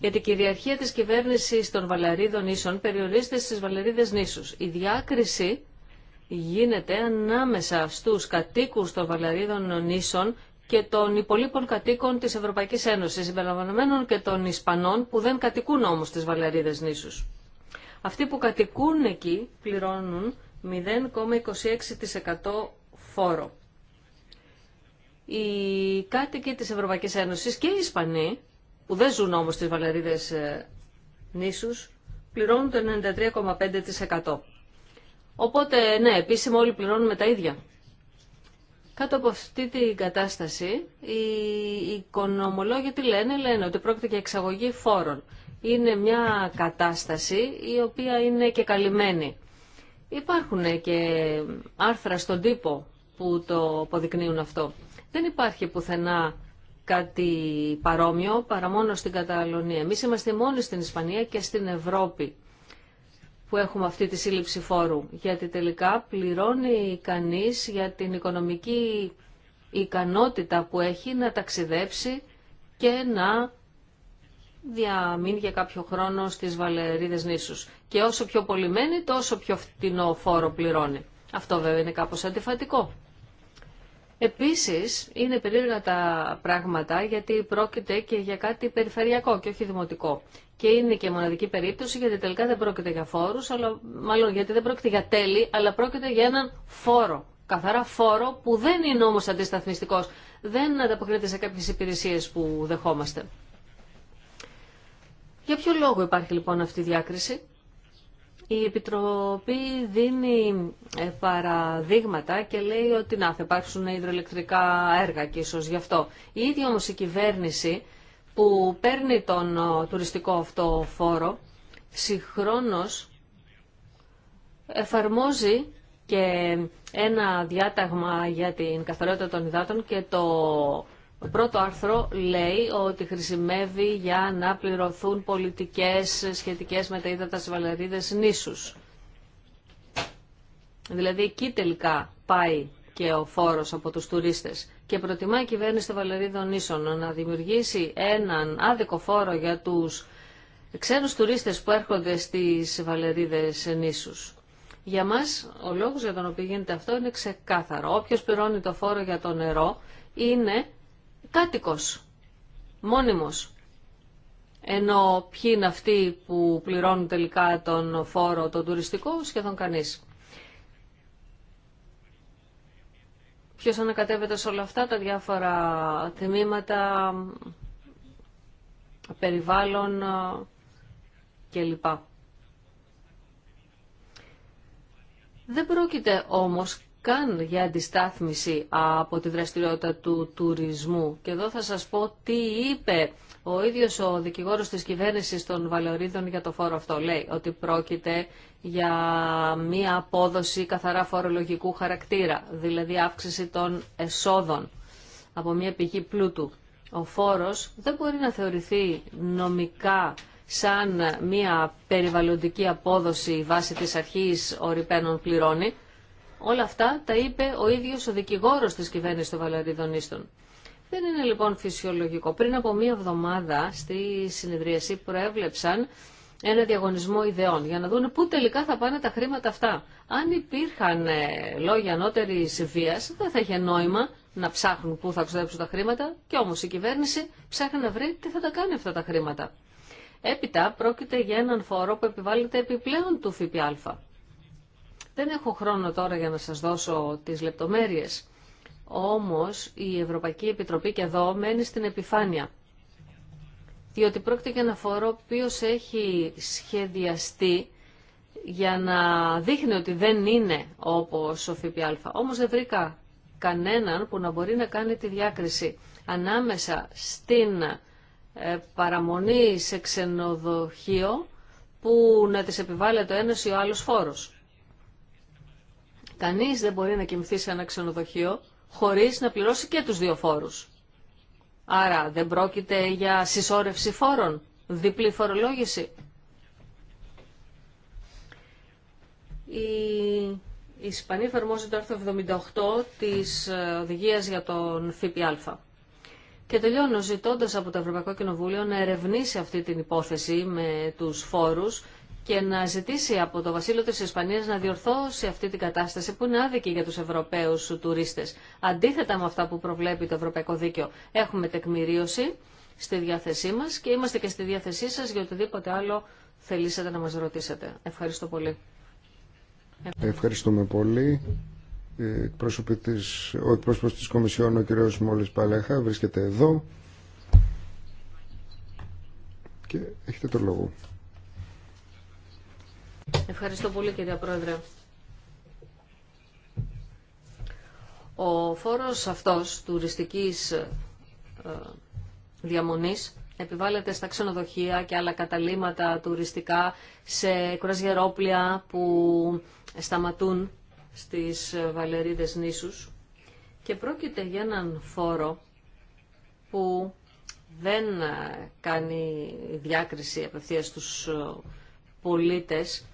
Γιατί η κυριαρχία της κυβέρνησης των Βαλαρίδων Ίσων περιορίζεται στις Βαλαρίδες Νήσους. Η διάκριση γίνεται ανάμεσα στους κατοίκους των Βαλαρίδων Νήσων και των υπολείπων κατοίκων της Ευρωπαϊκής Ένωσης, συμπεριλαμβανομένων και των Ισπανών που δεν κατοικούν όμως στις Βαλερίδες νήσους. Αυτοί που κατοικούν εκεί πληρώνουν 0,26% φόρο. Οι κάτοικοι της Ευρωπαϊκής Ένωσης και οι Ισπανοί, που δεν ζουν όμως στις Βαλερίδες ε, νήσους, πληρώνουν το 93,5%. Οπότε, ναι, επίσημα όλοι πληρώνουμε τα ίδια. Κάτω από αυτή την κατάσταση, οι οικονομολόγοι τι λένε, λένε ότι πρόκειται για εξαγωγή φόρων. Είναι μια κατάσταση η οποία είναι και καλυμμένη. Υπάρχουν και άρθρα στον τύπο που το αποδεικνύουν αυτό. Δεν υπάρχει πουθενά κάτι παρόμοιο παρά μόνο στην Καταλωνία. Εμείς είμαστε μόνοι στην Ισπανία και στην Ευρώπη που έχουμε αυτή τη σύλληψη φόρου. Γιατί τελικά πληρώνει κανεί για την οικονομική ικανότητα που έχει να ταξιδέψει και να διαμείνει για κάποιο χρόνο στις Βαλερίδες νήσους. Και όσο πιο πολύ μένει, τόσο πιο φτηνό φόρο πληρώνει. Αυτό βέβαια είναι κάπως αντιφατικό. Επίσης, είναι περίεργα τα πράγματα γιατί πρόκειται και για κάτι περιφερειακό και όχι δημοτικό. Και είναι και μοναδική περίπτωση γιατί τελικά δεν πρόκειται για φόρους, αλλά μάλλον γιατί δεν πρόκειται για τέλη, αλλά πρόκειται για έναν φόρο. Καθαρά φόρο που δεν είναι όμως αντισταθμιστικός. Δεν ανταποκρίνεται σε κάποιες υπηρεσίες που δεχόμαστε. Για ποιο λόγο υπάρχει λοιπόν αυτή η διάκριση. Η Επιτροπή δίνει ε, παραδείγματα και λέει ότι να θα υπάρξουν υδροελεκτρικά έργα και ίσως γι' αυτό. Η ίδια όμως η κυβέρνηση που παίρνει τον τουριστικό αυτό φόρο συγχρόνως εφαρμόζει και ένα διάταγμα για την καθαρότητα των υδάτων και το πρώτο άρθρο λέει ότι χρησιμεύει για να πληρωθούν πολιτικές σχετικές με τα ύδατα στις βαλαρίδες νήσους. Δηλαδή εκεί τελικά πάει και ο φόρος από τους τουρίστες και προτιμά η κυβέρνηση των Βαλερίδων Ίσων να δημιουργήσει έναν άδικο φόρο για τους ξένους τουρίστες που έρχονται στις Βαλερίδες νήσους. Για μας ο λόγος για τον οποίο γίνεται αυτό είναι ξεκάθαρο. Όποιος πληρώνει το φόρο για το νερό είναι κάτοικος, μόνιμος. Ενώ ποιοι είναι αυτοί που πληρώνουν τελικά τον φόρο, τον τουριστικό, σχεδόν κανείς. ποιος ανακατεύεται σε όλα αυτά τα διάφορα τμήματα, περιβάλλον ε, κλπ. Δεν πρόκειται όμως καν για αντιστάθμιση από τη δραστηριότητα του τουρισμού. Και εδώ θα σας πω τι είπε ο ίδιος ο δικηγόρος της κυβέρνησης των Βαλαιορίδων για το φόρο αυτό. Λέει ότι πρόκειται για μία απόδοση καθαρά φορολογικού χαρακτήρα, δηλαδή αύξηση των εσόδων από μία πηγή πλούτου. Ο φόρος δεν μπορεί να θεωρηθεί νομικά σαν μία περιβαλλοντική απόδοση βάσει της αρχής οριπένων πληρώνει. Όλα αυτά τα είπε ο ίδιος ο δικηγόρος της κυβέρνησης των Βαλαριδονίστων. Δεν είναι λοιπόν φυσιολογικό. Πριν από μία εβδομάδα στη συνεδρίαση προέβλεψαν ένα διαγωνισμό ιδεών για να δουν πού τελικά θα πάνε τα χρήματα αυτά. Αν υπήρχαν ε, λόγια ανώτερη βία, δεν θα είχε νόημα να ψάχνουν πού θα ξοδέψουν τα χρήματα και όμως η κυβέρνηση ψάχνει να βρει τι θα τα κάνει αυτά τα χρήματα. Έπειτα πρόκειται για έναν φόρο που επιβάλλεται επιπλέον του ΦΠΑ. Δεν έχω χρόνο τώρα για να σας δώσω τις λεπτομέρειες. Όμως η Ευρωπαϊκή Επιτροπή και εδώ μένει στην επιφάνεια διότι πρόκειται για ένα φόρο ο έχει σχεδιαστεί για να δείχνει ότι δεν είναι όπως ο ΦΠΑ. Όμως δεν βρήκα κανέναν που να μπορεί να κάνει τη διάκριση ανάμεσα στην ε, παραμονή σε ξενοδοχείο που να τις επιβάλλει το ένας ή ο άλλος φόρος. Κανείς δεν μπορεί να κοιμηθεί σε ένα ξενοδοχείο χωρίς να πληρώσει και τους δύο φόρους. Άρα δεν πρόκειται για συσσόρευση φόρων, διπλή φορολόγηση. Η Ισπανία εφαρμόζει το άρθρο 78 της ε, οδηγίας για τον ΦΠΑ. Και τελειώνω ζητώντα από το Ευρωπαϊκό Κοινοβούλιο να ερευνήσει αυτή την υπόθεση με τους φόρους και να ζητήσει από το Βασίλειο της Ισπανίας να διορθώσει αυτή την κατάσταση που είναι άδικη για τους Ευρωπαίους τουρίστες. Αντίθετα με αυτά που προβλέπει το Ευρωπαϊκό Δίκαιο έχουμε τεκμηρίωση στη διάθεσή μας και είμαστε και στη διάθεσή σας για οτιδήποτε άλλο θελήσετε να μας ρωτήσετε. Ευχαριστώ πολύ. Ευχαριστούμε πολύ. Ε, ο εκπρόσωπο της Κομισιόν, ο κ. Μόλις Παλέχα, βρίσκεται εδώ και έχετε το λόγο. Ευχαριστώ πολύ κύριε Πρόεδρε. Ο φόρος αυτός τουριστικής ε, διαμονής επιβάλλεται στα ξενοδοχεία και άλλα καταλήματα τουριστικά σε κρουαζιερόπλια που σταματούν στις βαλερίδες νήσους και πρόκειται για έναν φόρο που δεν ε, κάνει διάκριση απευθείας στους ε, πολίτες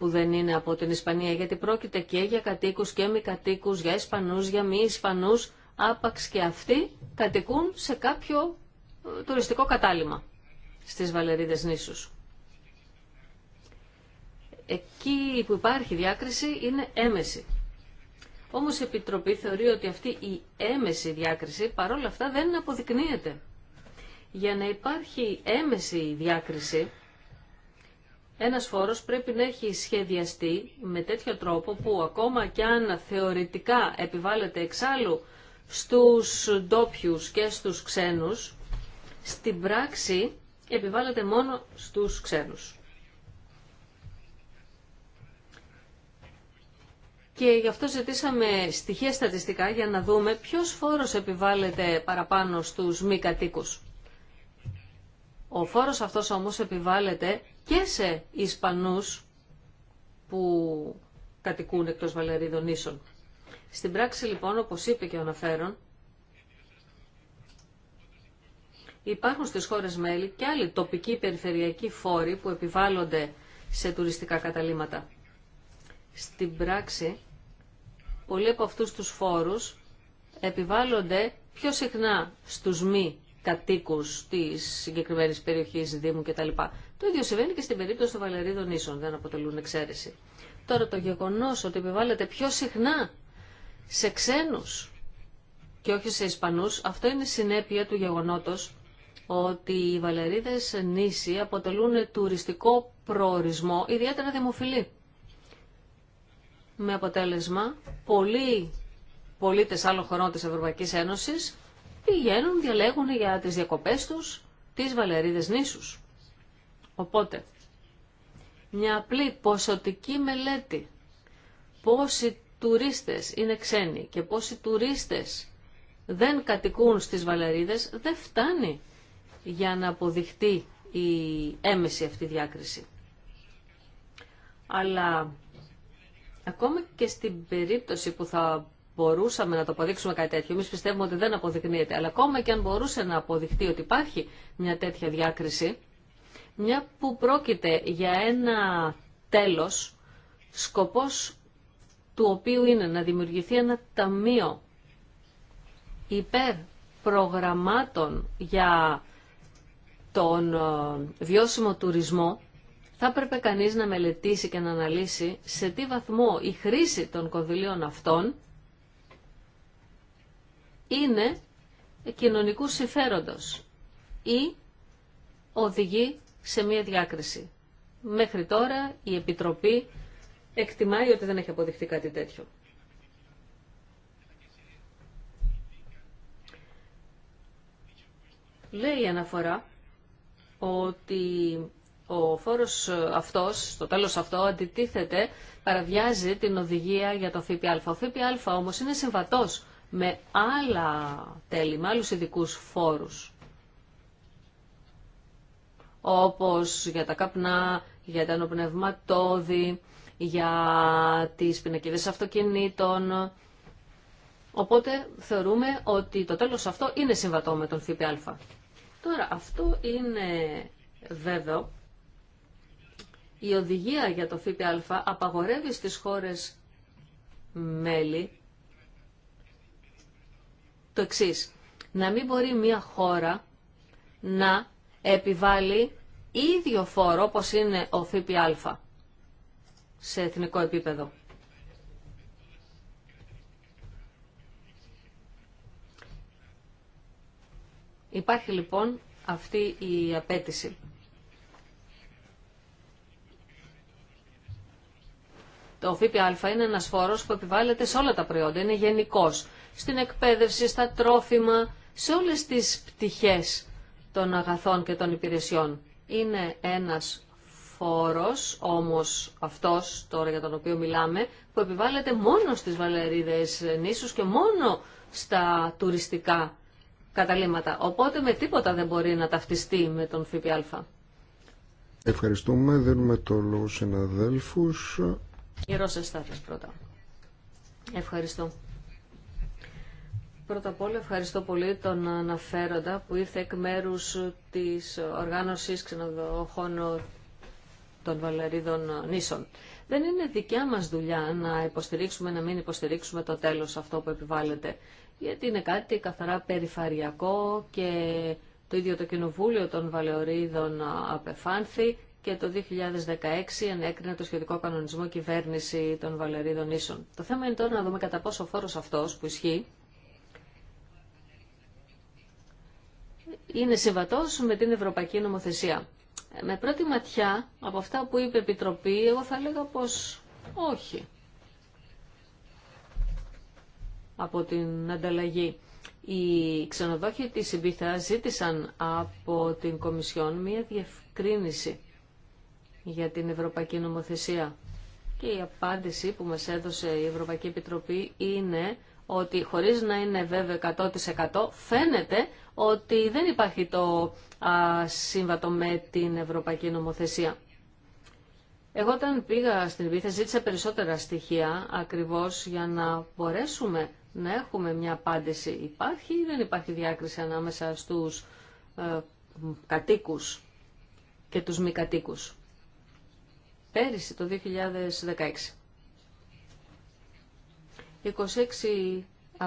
που δεν είναι από την Ισπανία, γιατί πρόκειται και για κατοίκους και μη κατοίκου, για Ισπανούς, για μη Ισπανούς, άπαξ και αυτοί κατοικούν σε κάποιο ε, τουριστικό κατάλημα στις Βαλερίδες νήσους. Εκεί που υπάρχει διάκριση είναι έμεση. Όμως η Επιτροπή θεωρεί ότι αυτή η έμεση διάκριση παρόλα αυτά δεν αποδεικνύεται. Για να υπάρχει έμεση διάκριση ένας φόρος πρέπει να έχει σχεδιαστεί με τέτοιο τρόπο που ακόμα και αν θεωρητικά επιβάλλεται εξάλλου στους ντόπιου και στους ξένους, στην πράξη επιβάλλεται μόνο στους ξένους. Και γι' αυτό ζητήσαμε στοιχεία στατιστικά για να δούμε ποιος φόρος επιβάλλεται παραπάνω στους μη κατοίκους. Ο φόρος αυτός όμως επιβάλλεται και σε Ισπανούς που κατοικούν εκτός Βαλερίδων ίσων. Στην πράξη λοιπόν, όπως είπε και ο αναφέρον, υπάρχουν στις χώρες μέλη και άλλοι τοπικοί περιφερειακοί φόροι που επιβάλλονται σε τουριστικά καταλήματα. Στην πράξη, πολλοί από αυτούς τους φόρους επιβάλλονται πιο συχνά στους μη κατοίκους τη συγκεκριμένη περιοχή Δήμου κτλ. Το ίδιο συμβαίνει και στην περίπτωση των Βαλερίδων Ίσων, δεν αποτελούν εξαίρεση. Τώρα το γεγονός ότι επιβάλλεται πιο συχνά σε ξένους και όχι σε Ισπανούς, αυτό είναι συνέπεια του γεγονότος ότι οι Βαλερίδες νήσοι αποτελούν τουριστικό προορισμό, ιδιαίτερα δημοφιλή. Με αποτέλεσμα, πολλοί πολίτες άλλων χωρών της Ευρωπαϊκής Ένωσης πηγαίνουν, διαλέγουν για τις διακοπές τους τις βαλερίδες νήσους. Οπότε, μια απλή ποσοτική μελέτη πόσοι τουρίστες είναι ξένοι και πόσοι τουρίστες δεν κατοικούν στις βαλερίδες δεν φτάνει για να αποδειχτεί η έμεση αυτή διάκριση. Αλλά ακόμη και στην περίπτωση που θα μπορούσαμε να το αποδείξουμε κάτι τέτοιο. Εμεί πιστεύουμε ότι δεν αποδεικνύεται. Αλλά ακόμα και αν μπορούσε να αποδειχτεί ότι υπάρχει μια τέτοια διάκριση, μια που πρόκειται για ένα τέλος, σκοπός του οποίου είναι να δημιουργηθεί ένα ταμείο υπέρ προγραμμάτων για τον ε, βιώσιμο τουρισμό, θα έπρεπε κανείς να μελετήσει και να αναλύσει σε τι βαθμό η χρήση των κονδυλίων αυτών είναι κοινωνικού συμφέροντος ή οδηγεί σε μία διάκριση. Μέχρι τώρα η Επιτροπή εκτιμάει ότι δεν έχει αποδειχθεί κάτι τέτοιο. Λέει η αναφορά ότι ο φόρος αυτός, το τέλος αυτό, αντιτίθεται, παραβιάζει την οδηγία για το ΦΠΑ. Ο ΦΠΑ όμως είναι συμβατός με άλλα τέλη, με άλλους ειδικούς φόρους. Όπως για τα καπνά, για τα νοπνευματόδη, για τις πινακίδες αυτοκινήτων. Οπότε θεωρούμε ότι το τέλος αυτό είναι συμβατό με τον ΦΠΑ. Τώρα αυτό είναι βέβαιο. Η οδηγία για το ΦΠΑ απαγορεύει στις χώρες μέλη το εξή. Να μην μπορεί μια χώρα να επιβάλλει ίδιο φόρο όπως είναι ο ΦΠΑ σε εθνικό επίπεδο. Υπάρχει λοιπόν αυτή η απέτηση. Το ΦΠΑ είναι ένας φόρος που επιβάλλεται σε όλα τα προϊόντα, είναι γενικός στην εκπαίδευση, στα τρόφιμα, σε όλες τις πτυχές των αγαθών και των υπηρεσιών. Είναι ένας φόρος, όμως αυτός τώρα για τον οποίο μιλάμε, που επιβάλλεται μόνο στις βαλερίδες νήσους και μόνο στα τουριστικά καταλήματα. Οπότε με τίποτα δεν μπορεί να ταυτιστεί με τον ΦΠΑ. Ευχαριστούμε. Δίνουμε το λόγο σε συναδέλφους. Η πρώτα. Ευχαριστώ. Πρώτα απ' όλα ευχαριστώ πολύ τον αναφέροντα που ήρθε εκ μέρους της οργάνωσης ξενοδοχών των Βαλερίδων Νήσων. Δεν είναι δικιά μας δουλειά να υποστηρίξουμε, να μην υποστηρίξουμε το τέλος αυτό που επιβάλλεται. Γιατί είναι κάτι καθαρά περιφαριακό και το ίδιο το Κοινοβούλιο των Βαλαιορίδων απεφάνθη και το 2016 ενέκρινε το σχετικό κανονισμό κυβέρνηση των Βαλαιορίδων Ίσων. Το θέμα είναι τώρα να δούμε κατά πόσο φόρος αυτός που ισχύει είναι συμβατός με την Ευρωπαϊκή Νομοθεσία. Με πρώτη ματιά, από αυτά που είπε η Επιτροπή, εγώ θα έλεγα πως όχι. Από την ανταλλαγή. Οι ξενοδόχοι της Συμπίθα ζήτησαν από την Κομισιόν μία διευκρίνηση για την Ευρωπαϊκή Νομοθεσία. Και η απάντηση που μας έδωσε η Ευρωπαϊκή Επιτροπή είναι ότι χωρίς να είναι βέβαιο 100% φαίνεται ότι δεν υπάρχει το σύμβατο με την Ευρωπαϊκή Νομοθεσία. Εγώ όταν πήγα στην Βήθα ζήτησα περισσότερα στοιχεία ακριβώς για να μπορέσουμε να έχουμε μια απάντηση. Υπάρχει ή δεν υπάρχει διάκριση ανάμεσα στους ε, κατοίκους και τους μη κατοίκους. Πέρυσι το 2016.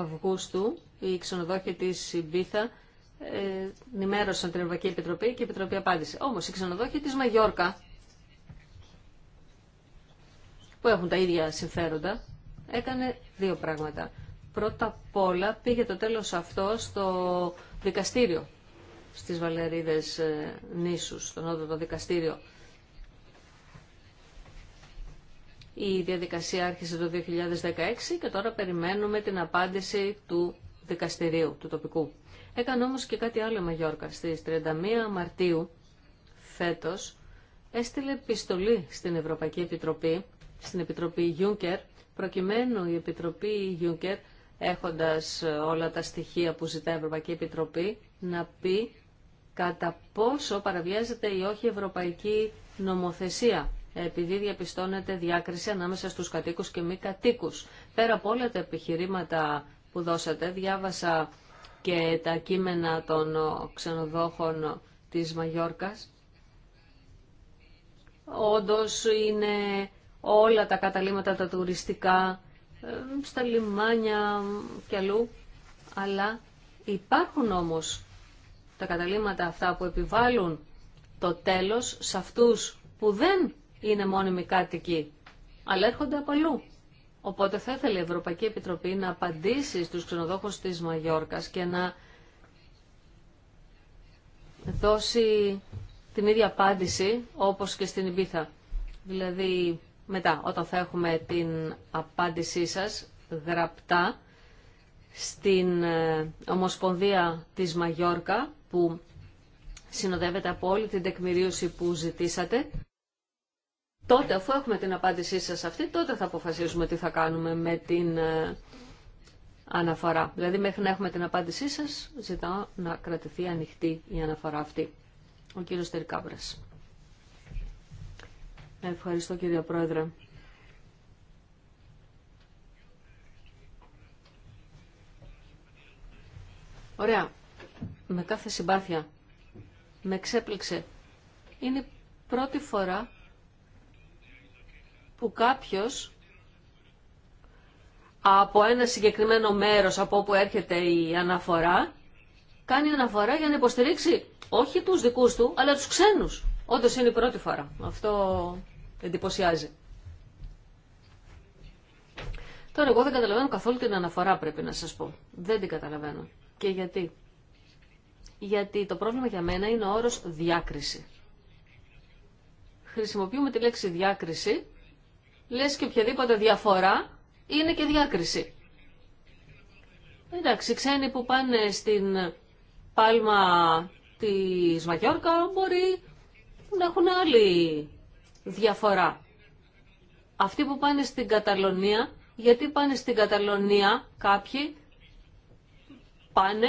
26 Αυγούστου η ξενοδόχη της Βήθα ε, ενημέρωσαν την Ευρωπαϊκή Επιτροπή και η Επιτροπή απάντησε. Όμω η ξενοδόχοι τη Μαγιόρκα που έχουν τα ίδια συμφέροντα έκανε δύο πράγματα. Πρώτα απ' όλα πήγε το τέλος αυτό στο δικαστήριο στις Βαλερίδες ε, νήσους, στο νότο δικαστήριο. Η διαδικασία άρχισε το 2016 και τώρα περιμένουμε την απάντηση του δικαστηρίου, του τοπικού. Έκανε όμω και κάτι άλλο η Μαγιόρκα. Στι 31 Μαρτίου φέτος έστειλε επιστολή στην Ευρωπαϊκή Επιτροπή, στην Επιτροπή Juncker, προκειμένου η Επιτροπή Juncker, έχοντας όλα τα στοιχεία που ζητά η Ευρωπαϊκή Επιτροπή, να πει κατά πόσο παραβιάζεται ή όχι η ευρωπαϊκή νομοθεσία επειδή διαπιστώνεται διάκριση ανάμεσα στους κατοίκους και μη κατοίκους. Πέρα από όλα τα επιχειρήματα που δώσατε, διάβασα και τα κείμενα των ε, ξενοδόχων ε, της Μαγιόρκας. Όντως είναι όλα τα καταλήμματα τα τουριστικά ε, στα λιμάνια και αλλού, αλλά υπάρχουν όμως τα καταλήματα αυτά που επιβάλλουν το τέλος σε αυτούς που δεν είναι μόνιμοι κάτοικοι, αλλά έρχονται από αλλού. Οπότε θα ήθελε η Ευρωπαϊκή Επιτροπή να απαντήσει στους ξενοδόχους της Μαγιόρκας και να δώσει την ίδια απάντηση όπως και στην Ιμπίθα. Δηλαδή μετά όταν θα έχουμε την απάντησή σας γραπτά στην ε, Ομοσπονδία της Μαγιόρκα που συνοδεύεται από όλη την τεκμηρίωση που ζητήσατε τότε αφού έχουμε την απάντησή σας αυτή, τότε θα αποφασίσουμε τι θα κάνουμε με την ε, αναφορά. Δηλαδή μέχρι να έχουμε την απάντησή σας, ζητάω να κρατηθεί ανοιχτή η αναφορά αυτή. Ο κύριος Τερικάβρας. Ευχαριστώ κύριε Πρόεδρε. Ωραία. Με κάθε συμπάθεια. Με ξέπληξε. Είναι πρώτη φορά που κάποιος από ένα συγκεκριμένο μέρος από όπου έρχεται η αναφορά, κάνει αναφορά για να υποστηρίξει όχι τους δικούς του, αλλά τους ξένους. Όντω είναι η πρώτη φορά. Αυτό εντυπωσιάζει. Τώρα εγώ δεν καταλαβαίνω καθόλου την αναφορά πρέπει να σας πω. Δεν την καταλαβαίνω. Και γιατί. Γιατί το πρόβλημα για μένα είναι ο όρος διάκριση. Χρησιμοποιούμε τη λέξη διάκριση λες και οποιαδήποτε διαφορά είναι και διάκριση. Εντάξει, ξένοι που πάνε στην πάλμα της Μαγιόρκα μπορεί να έχουν άλλη διαφορά. Αυτοί που πάνε στην Καταλωνία, γιατί πάνε στην Καταλωνία κάποιοι, πάνε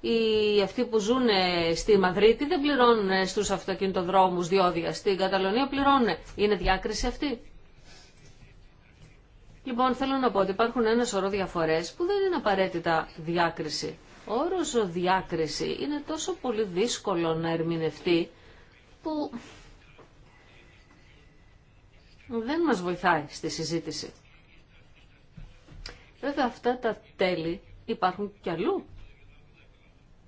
ή αυτοί που ζουν στη Μαδρίτη δεν πληρώνουν στους αυτοκινητοδρόμους διόδια. Στην Καταλωνία πληρώνουν. Είναι διάκριση αυτή. Λοιπόν, θέλω να πω ότι υπάρχουν ένα σωρό διαφορέ που δεν είναι απαραίτητα διάκριση. Ο όρος διάκριση είναι τόσο πολύ δύσκολο να ερμηνευτεί που δεν μας βοηθάει στη συζήτηση. Βέβαια αυτά τα τέλη υπάρχουν κι αλλού.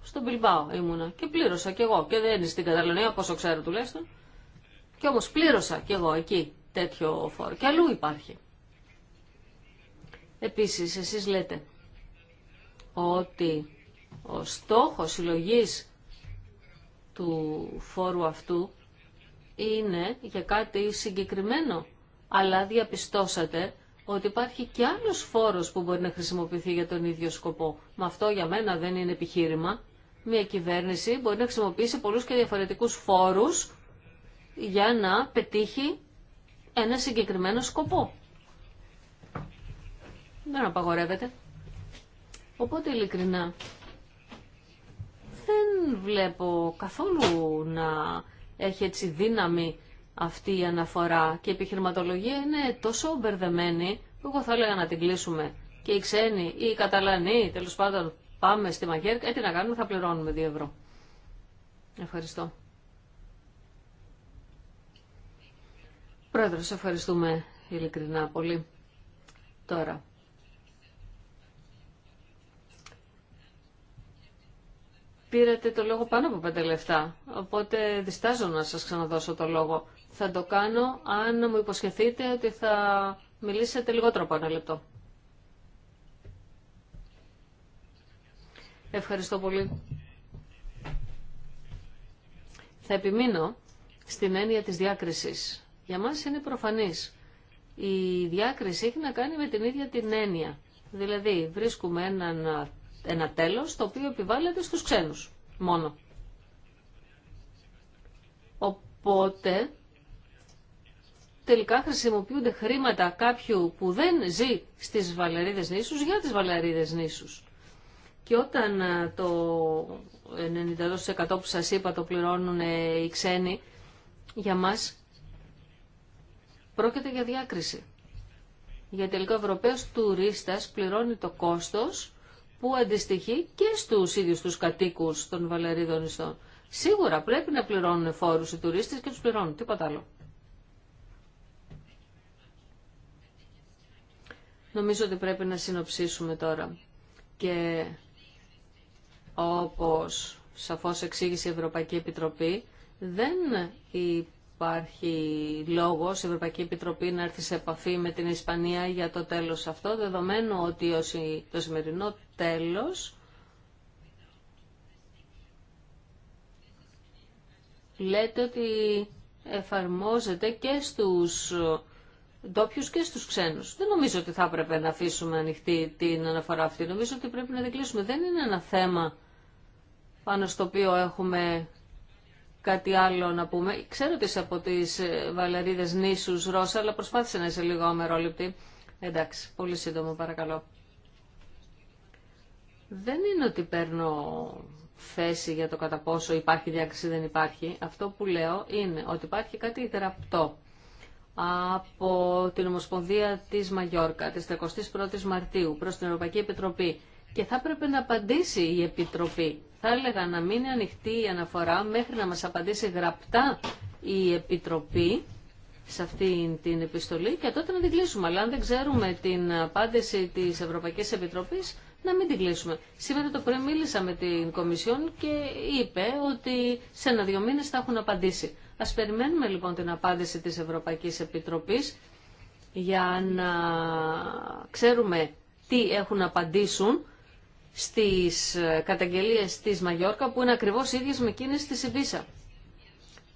Στον Μπιλμπάο ήμουνα και πλήρωσα κι εγώ και δεν είναι στην Καταλωνία, πόσο ξέρω τουλάχιστον. Κι όμως πλήρωσα κι εγώ εκεί τέτοιο φόρο. Κι αλλού υπάρχει. Επίσης, εσείς λέτε ότι ο στόχος συλλογή του φόρου αυτού είναι για κάτι συγκεκριμένο, αλλά διαπιστώσατε ότι υπάρχει και άλλος φόρος που μπορεί να χρησιμοποιηθεί για τον ίδιο σκοπό. Με αυτό για μένα δεν είναι επιχείρημα. Μια κυβέρνηση μπορεί να χρησιμοποιήσει πολλούς και διαφορετικούς φόρους για να πετύχει ένα συγκεκριμένο σκοπό δεν απαγορεύεται. Οπότε ειλικρινά δεν βλέπω καθόλου να έχει έτσι δύναμη αυτή η αναφορά και η επιχειρηματολογία είναι τόσο μπερδεμένη που εγώ θα έλεγα να την κλείσουμε. Και οι ξένοι ή οι Καταλανοί, τέλος πάντων, πάμε στη μαγέρκα, ε, να κάνουμε, θα πληρώνουμε 2 ευρώ. Ευχαριστώ. Πρόεδρος, ευχαριστούμε ειλικρινά πολύ. Τώρα, Πήρατε το λόγο πάνω από πέντε λεφτά, οπότε διστάζω να σας ξαναδώσω το λόγο. Θα το κάνω αν μου υποσχεθείτε ότι θα μιλήσετε λιγότερο από ένα λεπτό. Ευχαριστώ πολύ. Θα επιμείνω στην έννοια της διάκρισης. Για μας είναι προφανής. Η διάκριση έχει να κάνει με την ίδια την έννοια. Δηλαδή βρίσκουμε έναν ένα τέλος το οποίο επιβάλλεται στους ξένους μόνο. Οπότε τελικά χρησιμοποιούνται χρήματα κάποιου που δεν ζει στις Βαλερίδες νήσους για τις Βαλερίδες νήσους. Και όταν ε, το 90% που σας είπα το πληρώνουν ε, οι ξένοι, για μας πρόκειται για διάκριση. Γιατί τελικά ο Ευρωπαίος τουρίστας πληρώνει το κόστος που αντιστοιχεί και στους ίδιους τους κατοίκους των Βαλερίδων Ιστών. Σίγουρα πρέπει να πληρώνουν φόρους οι τουρίστες και τους πληρώνουν, τίποτα άλλο. Νομίζω ότι πρέπει να συνοψίσουμε τώρα και όπως σαφώς εξήγησε η Ευρωπαϊκή Επιτροπή, δεν υπάρχει λόγος η Ευρωπαϊκή Επιτροπή να έρθει σε επαφή με την Ισπανία για το τέλος αυτό, δεδομένου ότι το σημερινό τέλος λέτε ότι εφαρμόζεται και στους ντόπιου και στους ξένους. Δεν νομίζω ότι θα έπρεπε να αφήσουμε ανοιχτή την αναφορά αυτή. Νομίζω ότι πρέπει να την κλείσουμε. Δεν είναι ένα θέμα πάνω στο οποίο έχουμε κάτι άλλο να πούμε. Ξέρω ότι είσαι από τις ε, βαλερίδες νήσους Ρώσα, αλλά προσπάθησε να είσαι λίγο αμερόληπτη. Εντάξει, πολύ σύντομο παρακαλώ. Δεν είναι ότι παίρνω θέση για το κατά πόσο υπάρχει διάκριση δεν υπάρχει. Αυτό που λέω είναι ότι υπάρχει κάτι γραπτό από την Ομοσπονδία της Μαγιόρκα της 31ης Μαρτίου προς την Ευρωπαϊκή Επιτροπή και θα έπρεπε να απαντήσει η Επιτροπή θα έλεγα να μην είναι ανοιχτή η αναφορά μέχρι να μας απαντήσει γραπτά η Επιτροπή σε αυτή την επιστολή και τότε να την κλείσουμε. Αλλά αν δεν ξέρουμε την απάντηση της Ευρωπαϊκής Επιτροπής, να μην την κλείσουμε. Σήμερα το πρωί μίλησα με την Κομισιόν και είπε ότι σε ένα-δύο μήνες θα έχουν απαντήσει. Ας περιμένουμε λοιπόν την απάντηση της Ευρωπαϊκής Επιτροπής για να ξέρουμε τι έχουν απαντήσουν στις ε, καταγγελίες της Μαγιόρκα που είναι ακριβώς ίδιες με εκείνες της Ιμπίσα.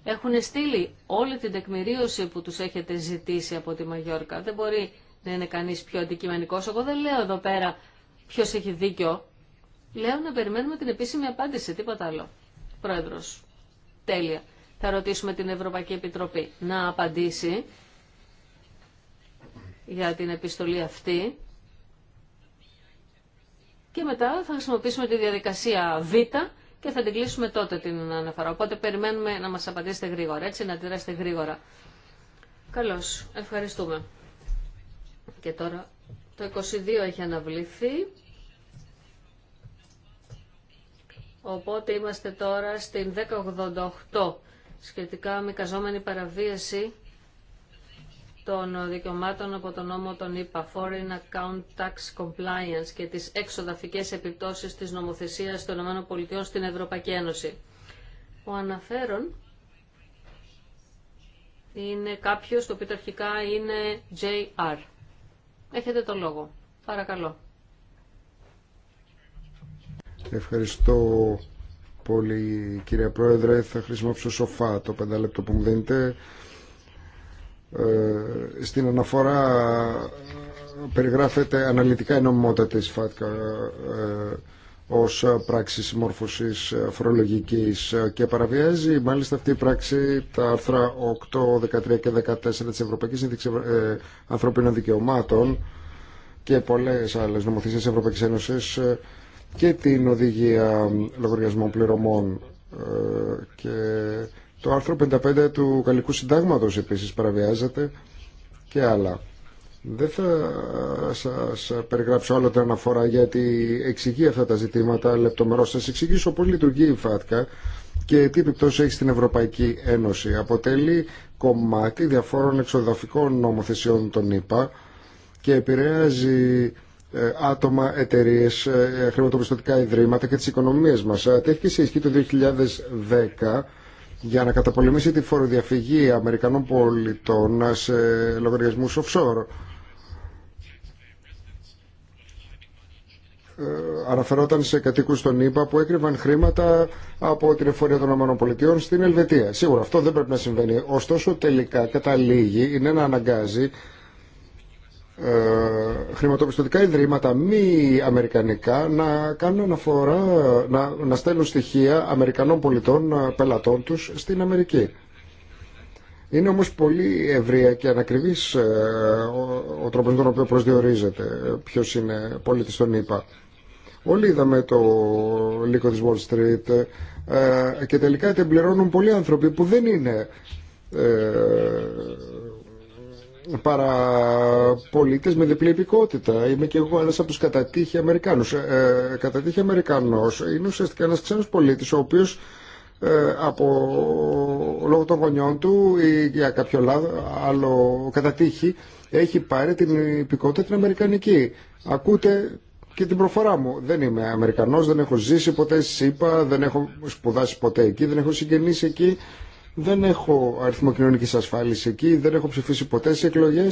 Έχουν στείλει όλη την τεκμηρίωση που τους έχετε ζητήσει από τη Μαγιόρκα. Δεν μπορεί να είναι κανείς πιο αντικειμενικός. Εγώ δεν λέω εδώ πέρα ποιος έχει δίκιο. Λέω να περιμένουμε την επίσημη απάντηση, τίποτα άλλο. Πρόεδρος, τέλεια. Θα ρωτήσουμε την Ευρωπαϊκή Επιτροπή να απαντήσει για την επιστολή αυτή και μετά θα χρησιμοποιήσουμε τη διαδικασία Β και θα την κλείσουμε τότε την αναφορά. Οπότε περιμένουμε να μας απαντήσετε γρήγορα, έτσι, να αντιδράσετε γρήγορα. Καλώς, ευχαριστούμε. Και τώρα το 22 έχει αναβληθεί. Οπότε είμαστε τώρα στην 1088 σχετικά με καζόμενη παραβίαση των δικαιωμάτων από τον νόμο των ΗΠΑ, Foreign Account Tax Compliance και τις εξοδαφικές επιπτώσεις της νομοθεσίας των ΗΠΑ στην Ευρωπαϊκή Ένωση. Ο αναφέρον είναι κάποιος, το οποίο αρχικά είναι JR. Έχετε το λόγο. Παρακαλώ. Ευχαριστώ πολύ κύριε Πρόεδρε. Θα χρησιμοποιήσω σοφά το πεντάλεπτο που μου δίνετε ε, στην αναφορά περιγράφεται αναλυτικά η νομιμότητα της ΦΑΤΚΑ ε, ως πράξη συμμόρφωσης φορολογικής και παραβιάζει μάλιστα αυτή η πράξη τα άρθρα 8, 13 και 14 της Ευρωπαϊκής Σύνδεξης ε, Ανθρωπίνων Δικαιωμάτων και πολλές άλλες νομοθεσίες της Ευρωπαϊκής Ένωσης και την οδηγία λογαριασμών πληρωμών και το άρθρο 55 του Γαλλικού Συντάγματος επίσης παραβιάζεται και άλλα. Δεν θα σας περιγράψω άλλο την αναφορά γιατί εξηγεί αυτά τα ζητήματα λεπτομερώς. Σας εξηγήσω πώς λειτουργεί η ΦΑΤΚΑ και τι επιπτώσει έχει στην Ευρωπαϊκή Ένωση. Αποτελεί κομμάτι διαφόρων εξοδαφικών νομοθεσιών των ΗΠΑ και επηρεάζει ε, άτομα, εταιρείε, ε, χρηματοπιστωτικά ιδρύματα και τι οικονομίε μα. Ε, τέθηκε σε ισχύ το 2010 για να καταπολεμήσει τη φοροδιαφυγή Αμερικανών πολιτών σε λογαριασμού offshore. Ε, αναφερόταν σε κατοίκους των ΗΠΑ που έκρυβαν χρήματα από την εφορία των ΗΠΑ στην Ελβετία. Σίγουρα αυτό δεν πρέπει να συμβαίνει. Ωστόσο τελικά καταλήγει, είναι να αναγκάζει ε, χρηματοπιστωτικά ιδρύματα μη αμερικανικά να κάνουν αναφορά, να, να στέλνουν στοιχεία Αμερικανών πολιτών, ε, πελατών τους στην Αμερική. Είναι όμως πολύ ευρία και ανακριβής ε, ο, ο τρόπος με τον οποίο προσδιορίζεται ποιος είναι πολίτης των ΗΠΑ. Όλοι είδαμε το λύκο της Wall Street και τελικά την πληρώνουν πολλοί άνθρωποι που δεν είναι παρα πολίτε με διπλή υπηκότητα. Είμαι και εγώ ένα από του κατατύχει Αμερικάνου. Ε, ε, κατατύχει Αμερικανό, είναι ουσιαστικά ένα ξένο πολίτη ο οποίο ε, από λόγω των γονιών του ή για κάποιο άλλο κατατύχει έχει πάρει την υπηκότητα την Αμερικανική. Ακούτε και την προφορά μου. Δεν είμαι Αμερικανός, δεν έχω ζήσει ποτέ στη ΣΥΠΑ, δεν έχω σπουδάσει ποτέ εκεί, δεν έχω συγγενείς εκεί. Δεν έχω αριθμό κοινωνική ασφάλιση εκεί, δεν έχω ψηφίσει ποτέ σε εκλογέ.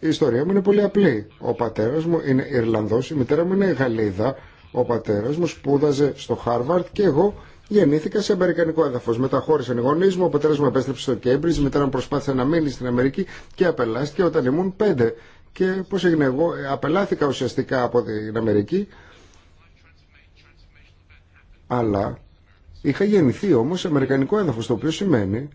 Η ιστορία μου είναι πολύ απλή. Ο πατέρα μου είναι Ιρλανδό, η μητέρα μου είναι Γαλλίδα. Ο πατέρα μου σπούδαζε στο Χάρβαρτ και εγώ γεννήθηκα σε αμερικανικό έδαφο. Μεταχώρησαν οι γονεί μου, ο πατέρα μου επέστρεψε στο Κέμπριτζ, η μητέρα μου προσπάθησε να μείνει στην Αμερική και απελάστηκε όταν ήμουν πέντε. Και πώ έγινε εγώ, απελάθηκα ουσιαστικά από την Αμερική. Αλλά Είχα γεννηθεί όμω σε αμερικανικό έδαφο το οποίο σημαίνει,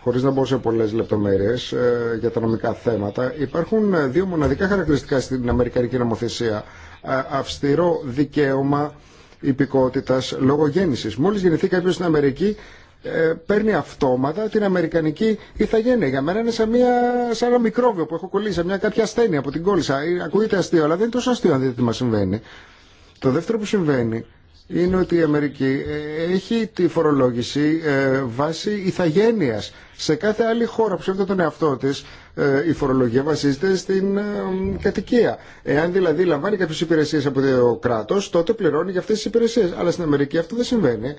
χωρί να μπω σε πολλές λεπτομέρειες ε, για τα νομικά θέματα, υπάρχουν δύο μοναδικά χαρακτηριστικά στην αμερικανική νομοθεσία. Ε, αυστηρό δικαίωμα υπηκότητα λόγω γέννηση. Μόλι γεννηθεί κάποιος στην Αμερική, ε, παίρνει αυτόματα την αμερικανική ηθαγένεια. Για μένα είναι σαν, μια, σαν ένα μικρόβιο που έχω κολλήσει, μια κάποια ασθένεια από την κόλλησα. Ακούγεται αστείο, αλλά δεν είναι τόσο αστείο αν δείτε τι μα συμβαίνει. Το δεύτερο που συμβαίνει είναι ότι η Αμερική ε, έχει τη φορολόγηση ε, βάσει ηθαγένειας. Σε κάθε άλλη χώρα που σκέφτεται τον εαυτό της ε, η φορολογία βασίζεται στην κατοικία. Εάν δηλαδή λαμβάνει κάποιες υπηρεσίες από το κράτος τότε πληρώνει για αυτές τις υπηρεσίες. Αλλά στην Αμερική αυτό δεν συμβαίνει.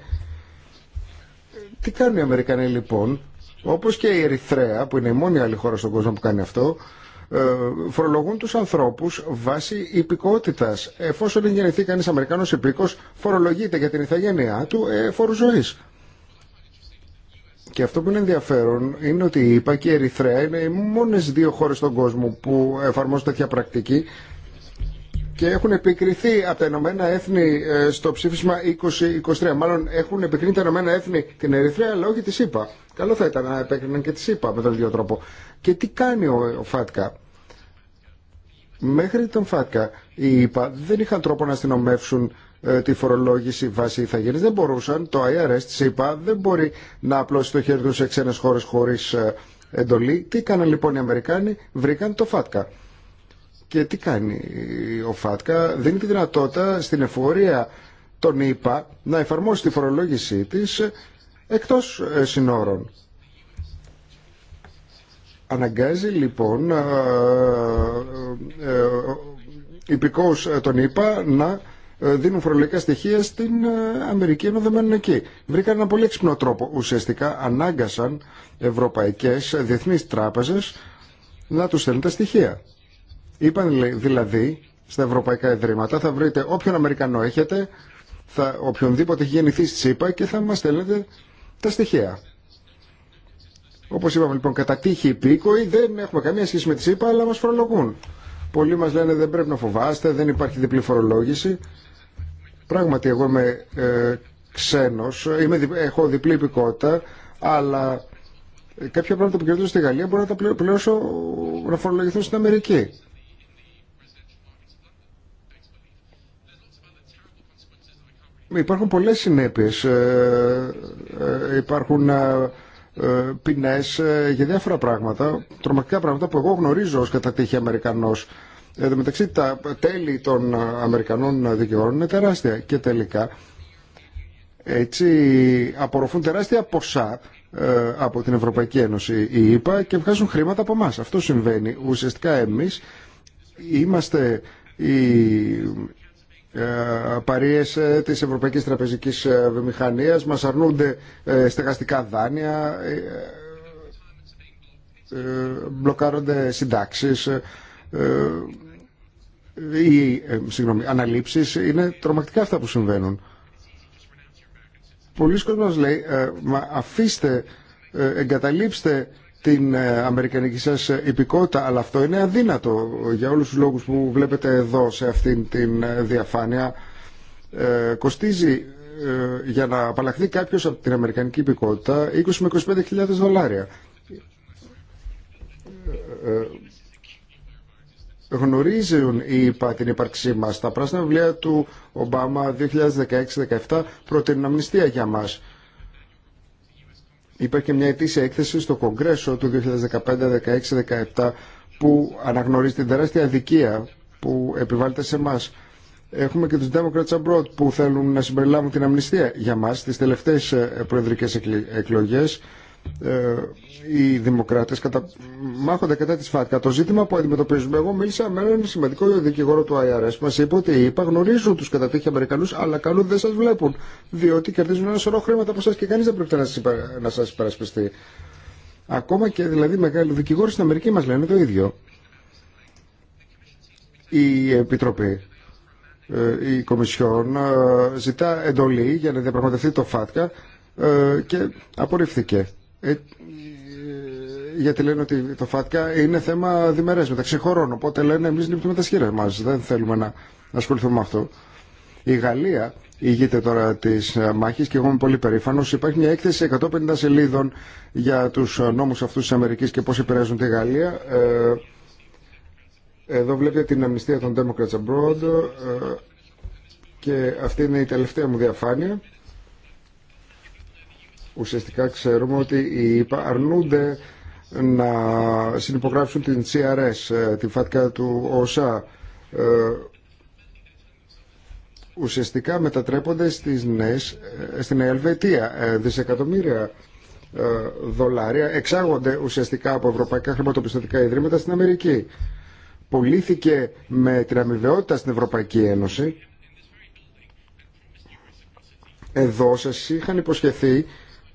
Τι κάνουν οι Αμερικανοί λοιπόν όπως και η Ερυθρέα που είναι η μόνη άλλη χώρα στον κόσμο που κάνει αυτό ε, φορολογούν τους ανθρώπους βάσει υπηκότητας. Εφόσον γεννηθεί κανείς Αμερικάνος υπήκος, φορολογείται για την ηθαγένειά του ε, φόρου ζωή. Και αυτό που είναι ενδιαφέρον είναι ότι η ΙΠΑ και η Ερυθρέα είναι οι μόνες δύο χώρες στον κόσμο που εφαρμόζουν τέτοια πρακτική και έχουν επικριθεί από τα Ηνωμένα Έθνη ε, στο ψήφισμα 2023. Μάλλον έχουν επικρίνει τα Ηνωμένα Έθνη την Ερυθρέα, αλλά όχι τη ΣΥΠΑ. Καλό θα ήταν να επέκριναν και τη ΣΥΠΑ με τον ίδιο τρόπο. Και τι κάνει ο ΦΑΤΚΑ. Μέχρι τον ΦΑΤΚΑ οι ΙΠΑ δεν είχαν τρόπο να αστυνομεύσουν ε, τη φορολόγηση βάση ηθαγένειας. Δεν μπορούσαν. Το IRS τη ΣΥΠΑ, δεν μπορεί να απλώσει το χέρι του σε ξένες χώρες χωρίς ε, εντολή. Τι έκαναν λοιπόν οι Αμερικάνοι. Βρήκαν το ΦΑΤΚΑ. Και τι κάνει ο ΦΑΤΚΑ, δίνει τη δυνατότητα στην εφορία των ΗΠΑ να εφαρμόσει τη φορολόγησή της εκτός ε, συνόρων. Αναγκάζει λοιπόν ε, ε, υπηκόους των ΗΠΑ να δίνουν φορολογικά στοιχεία στην Αμερική ενώ εκεί. Βρήκαν ένα πολύ έξυπνο τρόπο. Ουσιαστικά ανάγκασαν ευρωπαϊκές διεθνείς τράπεζες να τους στέλνουν τα στοιχεία. Είπαν δηλαδή στα ευρωπαϊκά ιδρύματα θα βρείτε όποιον Αμερικανό έχετε, θα, οποιονδήποτε έχει γεννηθεί στη ΣΥΠΑ και θα μας στέλνετε τα στοιχεία. Όπως είπαμε λοιπόν, κατά τύχη υπήκοοι δεν έχουμε καμία σχέση με τη ΣΥΠΑ αλλά μας φορολογούν. Πολλοί μας λένε δεν πρέπει να φοβάστε, δεν υπάρχει διπλή φορολόγηση. Πράγματι εγώ είμαι ε, ξένος, έχω διπλή υπηκότητα, αλλά ε, κάποια πράγματα που κερδίζω στη Γαλλία μπορώ να τα πληρώσω να φορολογηθούν στην Αμερική. Υπάρχουν πολλές συνέπειες. Ε, ε, υπάρχουν ε, ποινές για διάφορα πράγματα, τρομακτικά πράγματα που εγώ γνωρίζω ως κατά τύχη Αμερικανός. Εν μεταξύ τα τέλη των Αμερικανών δικαιών είναι τεράστια και τελικά έτσι απορροφούν τεράστια ποσά από την Ευρωπαϊκή Ένωση η ΕΠΑ και βγάζουν χρήματα από εμά. Αυτό συμβαίνει. Ουσιαστικά εμείς είμαστε οι ε, παρείες ε, της Ευρωπαϊκής Τραπεζικής ε, Μηχανίας, μας αρνούνται στεγαστικά δάνεια, μπλοκάρονται συντάξεις, ή συγγνώμη, αναλήψεις. Είναι τρομακτικά αυτά που συμβαίνουν. Πολλοί κόσμοι μας λέει, μα αφήστε, εγκαταλείψτε την ε, αμερικανική σας υπηκότητα, αλλά αυτό είναι αδύνατο για όλους τους λόγους που βλέπετε εδώ σε αυτήν την ε, διαφάνεια. Ε, κοστίζει ε, για να απαλλαχθεί κάποιος από την αμερικανική υπηκότητα 20 με 25 δολάρια. Ε, γνωρίζουν οι την ύπαρξή μας. Τα πράσινα βιβλία του Ομπάμα 2016-2017 προτείνουν αμνηστία για μας. Υπάρχει και μια ετήσια έκθεση στο Κογκρέσο του 2015, 16, 17 που αναγνωρίζει την τεράστια αδικία που επιβάλλεται σε εμά. Έχουμε και τους Democrats Abroad που θέλουν να συμπεριλάβουν την αμνηστία για μας στι τελευταίες ε, προεδρικές εκλογές ε, οι δημοκράτε κατα... μάχονται κατά τη ΦΑΤΚΑ. Το ζήτημα που αντιμετωπίζουμε, εγώ μίλησα με έναν σημαντικό δικηγόρο του IRS, μα είπε ότι οι γνωρίζουν του κατατύχει Αμερικανού, αλλά καλούν δεν σα βλέπουν, διότι κερδίζουν ένα σωρό χρήματα από εσά και κανεί δεν πρέπει να σα υπερασπιστεί. Ακόμα και δηλαδή μεγάλοι δικηγόροι στην Αμερική μα λένε το ίδιο. Η Επιτροπή ε, η Κομισιόν ε, ζητά εντολή για να διαπραγματευτεί το ΦΑΤΚΑ και απορρίφθηκε. Ε, γιατί λένε ότι το ΦΑΤΚΑ είναι θέμα διμερές μεταξύ χωρών. Οπότε λένε εμείς νύπτουμε τα σχήρα μας. Δεν θέλουμε να ασχοληθούμε με αυτό. Η Γαλλία ηγείται τώρα τη ε, μάχη και εγώ είμαι πολύ περήφανο. Υπάρχει μια έκθεση 150 σελίδων για του ε, νόμου αυτού τη Αμερική και πώ επηρεάζουν τη Γαλλία. Εδώ βλέπετε την αμνηστία των Democrats Abroad και αυτή είναι η τελευταία μου διαφάνεια. Ουσιαστικά ξέρουμε ότι οι ΙΠΑ αρνούνται να συνυπογράψουν την CRS, ε, την φάτκα του ΟΣΑ. Ε, ουσιαστικά μετατρέπονται στις νες, ε, στην Ελβετία. Δισεκατομμύρια δολάρια εξάγονται ουσιαστικά από ευρωπαϊκά χρηματοπιστωτικά ιδρύματα στην Αμερική. Πολύθηκε με την αμοιβαιότητα στην Ευρωπαϊκή Ένωση. Εδώ σας είχαν υποσχεθεί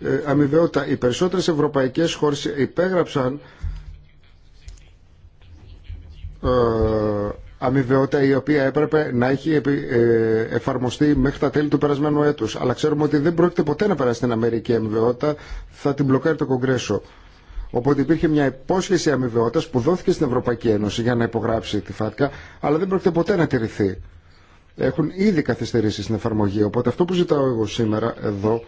ε, αμοιβαιότητα. Οι περισσότερες ευρωπαϊκές χώρες υπέγραψαν ε, αμοιβαιότητα η οποία έπρεπε να έχει ε, εφαρμοστεί μέχρι τα τέλη του περασμένου έτους. Αλλά ξέρουμε ότι δεν πρόκειται ποτέ να περάσει την Αμερική αμοιβαιότητα, θα την μπλοκάρει το Κογκρέσο. Οπότε υπήρχε μια υπόσχεση αμοιβαιότητα που δόθηκε στην Ευρωπαϊκή Ένωση για να υπογράψει τη ΦΑΤΚΑ, αλλά δεν πρόκειται ποτέ να τηρηθεί. Έχουν ήδη καθυστερήσει στην εφαρμογή. Οπότε αυτό που ζητάω εγώ σήμερα εδώ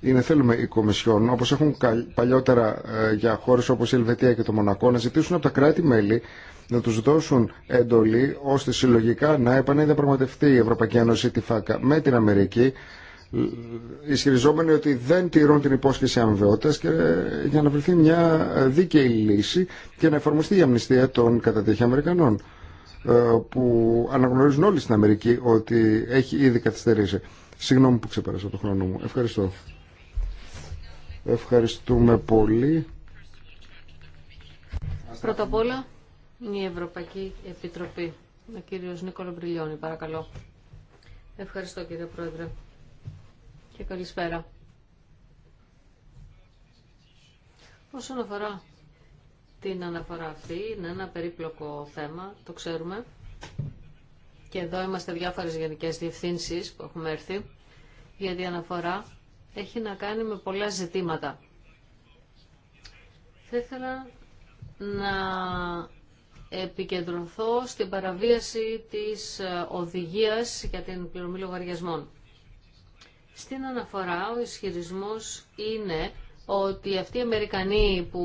είναι θέλουμε οι Κομισιόν, όπω έχουν παλιότερα ε, για χώρε όπω η Ελβετία και το Μονακό, να ζητήσουν από τα κράτη-μέλη να του δώσουν εντολή ώστε συλλογικά να επανεδιαπραγματευτεί η Ευρωπαϊκή Ένωση τη ΦΑΚΑ με την Αμερική ε, ισχυριζόμενοι ότι δεν τηρούν την υπόσχεση αμοιβαιότητα και ε, για να βρεθεί μια δίκαιη λύση και να εφαρμοστεί η αμνηστία των κατατέχει Αμερικανών που αναγνωρίζουν όλοι στην Αμερική ότι έχει ήδη καθυστερήσει. Συγγνώμη που ξεπέρασα το χρόνο μου. Ευχαριστώ. Ευχαριστούμε πολύ. Πρώτα απ' όλα, η Ευρωπαϊκή Επιτροπή. Ο κύριος Νίκολο Μπριλιώνη, παρακαλώ. Ευχαριστώ κύριε Πρόεδρε. Και καλησπέρα. Όσον αφορά την αναφορά αυτή, είναι ένα περίπλοκο θέμα, το ξέρουμε. Και εδώ είμαστε διάφορες γενικές διευθύνσεις που έχουμε έρθει για την αναφορά έχει να κάνει με πολλά ζητήματα. Θα ήθελα να επικεντρωθώ στην παραβίαση της ε, οδηγίας για την πληρωμή λογαριασμών. Στην αναφορά ο ισχυρισμός είναι ότι αυτοί οι Αμερικανοί που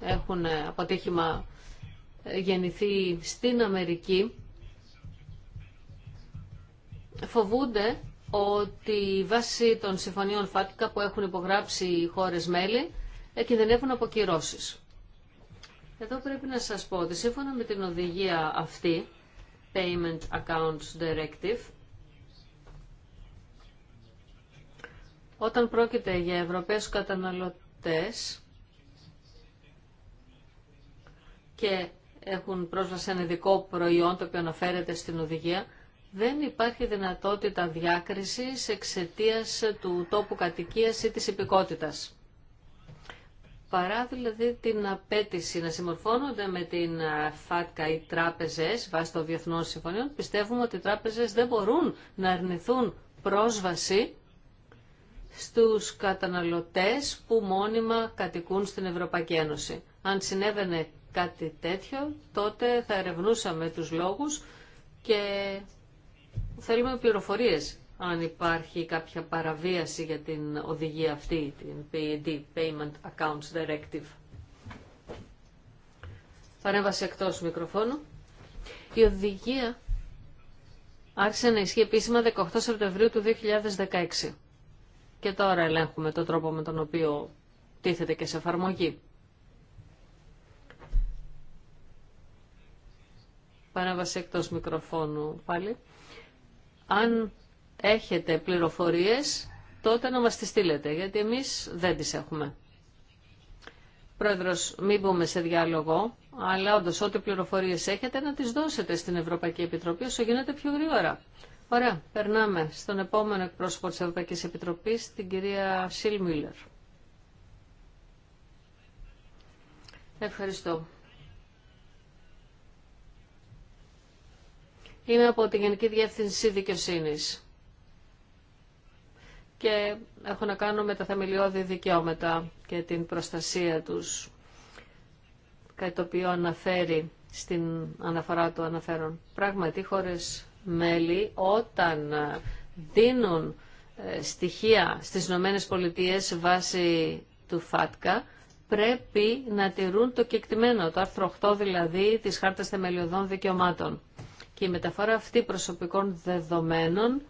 έχουν ε, αποτύχημα ε, γεννηθεί στην Αμερική φοβούνται ότι βάσει των συμφωνίων ΦΑΤΚΑ που έχουν υπογράψει οι χώρες μέλη ε, κινδυνεύουν από κυρώσεις. Εδώ πρέπει να σας πω ότι σύμφωνα με την οδηγία αυτή, Payment Accounts Directive, όταν πρόκειται για Ευρωπαίους καταναλωτές και έχουν πρόσβαση σε ένα ειδικό προϊόν το οποίο αναφέρεται στην οδηγία, δεν υπάρχει δυνατότητα διάκρισης εξαιτίας του τόπου κατοικίας ή της υπηκότητας. Παρά δηλαδή την απέτηση να συμμορφώνονται με την ΦΑΤΚΑ οι τράπεζες βάσει των διεθνών συμφωνιών, πιστεύουμε ότι οι τράπεζες δεν μπορούν να αρνηθούν πρόσβαση στους καταναλωτές που μόνιμα κατοικούν στην Ευρωπαϊκή Ένωση. Αν συνέβαινε κάτι τέτοιο, τότε θα ερευνούσαμε τους λόγους και θέλουμε πληροφορίε αν υπάρχει κάποια παραβίαση για την οδηγία αυτή, την PAD, Payment Accounts Directive. Παρέμβαση εκτός μικροφώνου. Η οδηγία άρχισε να ισχύει επίσημα 18 Σεπτεμβρίου του 2016. Και τώρα ελέγχουμε τον τρόπο με τον οποίο τίθεται και σε εφαρμογή. Παρέμβαση εκτός μικροφώνου πάλι. Αν έχετε πληροφορίες, τότε να μας τις στείλετε, γιατί εμείς δεν τις έχουμε. Πρόεδρος, μην μπούμε σε διάλογο, αλλά όντως ό,τι πληροφορίες έχετε να τις δώσετε στην Ευρωπαϊκή Επιτροπή όσο γίνεται πιο γρήγορα. Ωραία, περνάμε στον επόμενο εκπρόσωπο της Ευρωπαϊκής Επιτροπής, την κυρία Σιλ Μίλλερ. Ευχαριστώ. Είμαι από τη Γενική Διεύθυνση Δικαιοσύνη. Και έχω να κάνω με τα θεμελιώδη δικαιώματα και την προστασία τους, κάτι το οποίο αναφέρει στην αναφορά του αναφέρον. Πράγματι, χώρες μέλη όταν δίνουν ε, στοιχεία στις Ηνωμένες Πολιτείες βάσει του ΦΑΤΚΑ πρέπει να τηρούν το κεκτημένο, το άρθρο 8 δηλαδή της Χάρτας Θεμελιωδών Δικαιωμάτων. Και η μεταφορά αυτή προσωπικών δεδομένων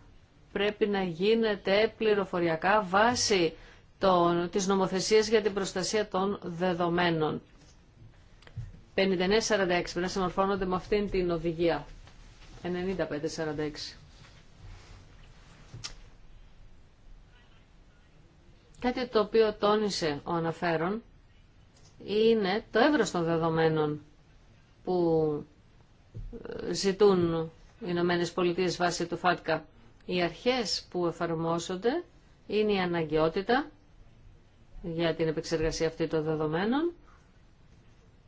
πρέπει να γίνεται πληροφοριακά βάσει των, της νομοθεσίας για την προστασία των δεδομενων 5946 πρέπει να συμμορφώνονται με αυτήν την οδηγια 9546. Κάτι το οποίο τόνισε ο αναφέρον είναι το εύρος των δεδομένων που ζητούν οι Ηνωμένε Πολιτείες βάσει του ΦΑΤΚΑ. Οι αρχές που εφαρμόζονται είναι η αναγκαιότητα για την επεξεργασία αυτή των δεδομένων,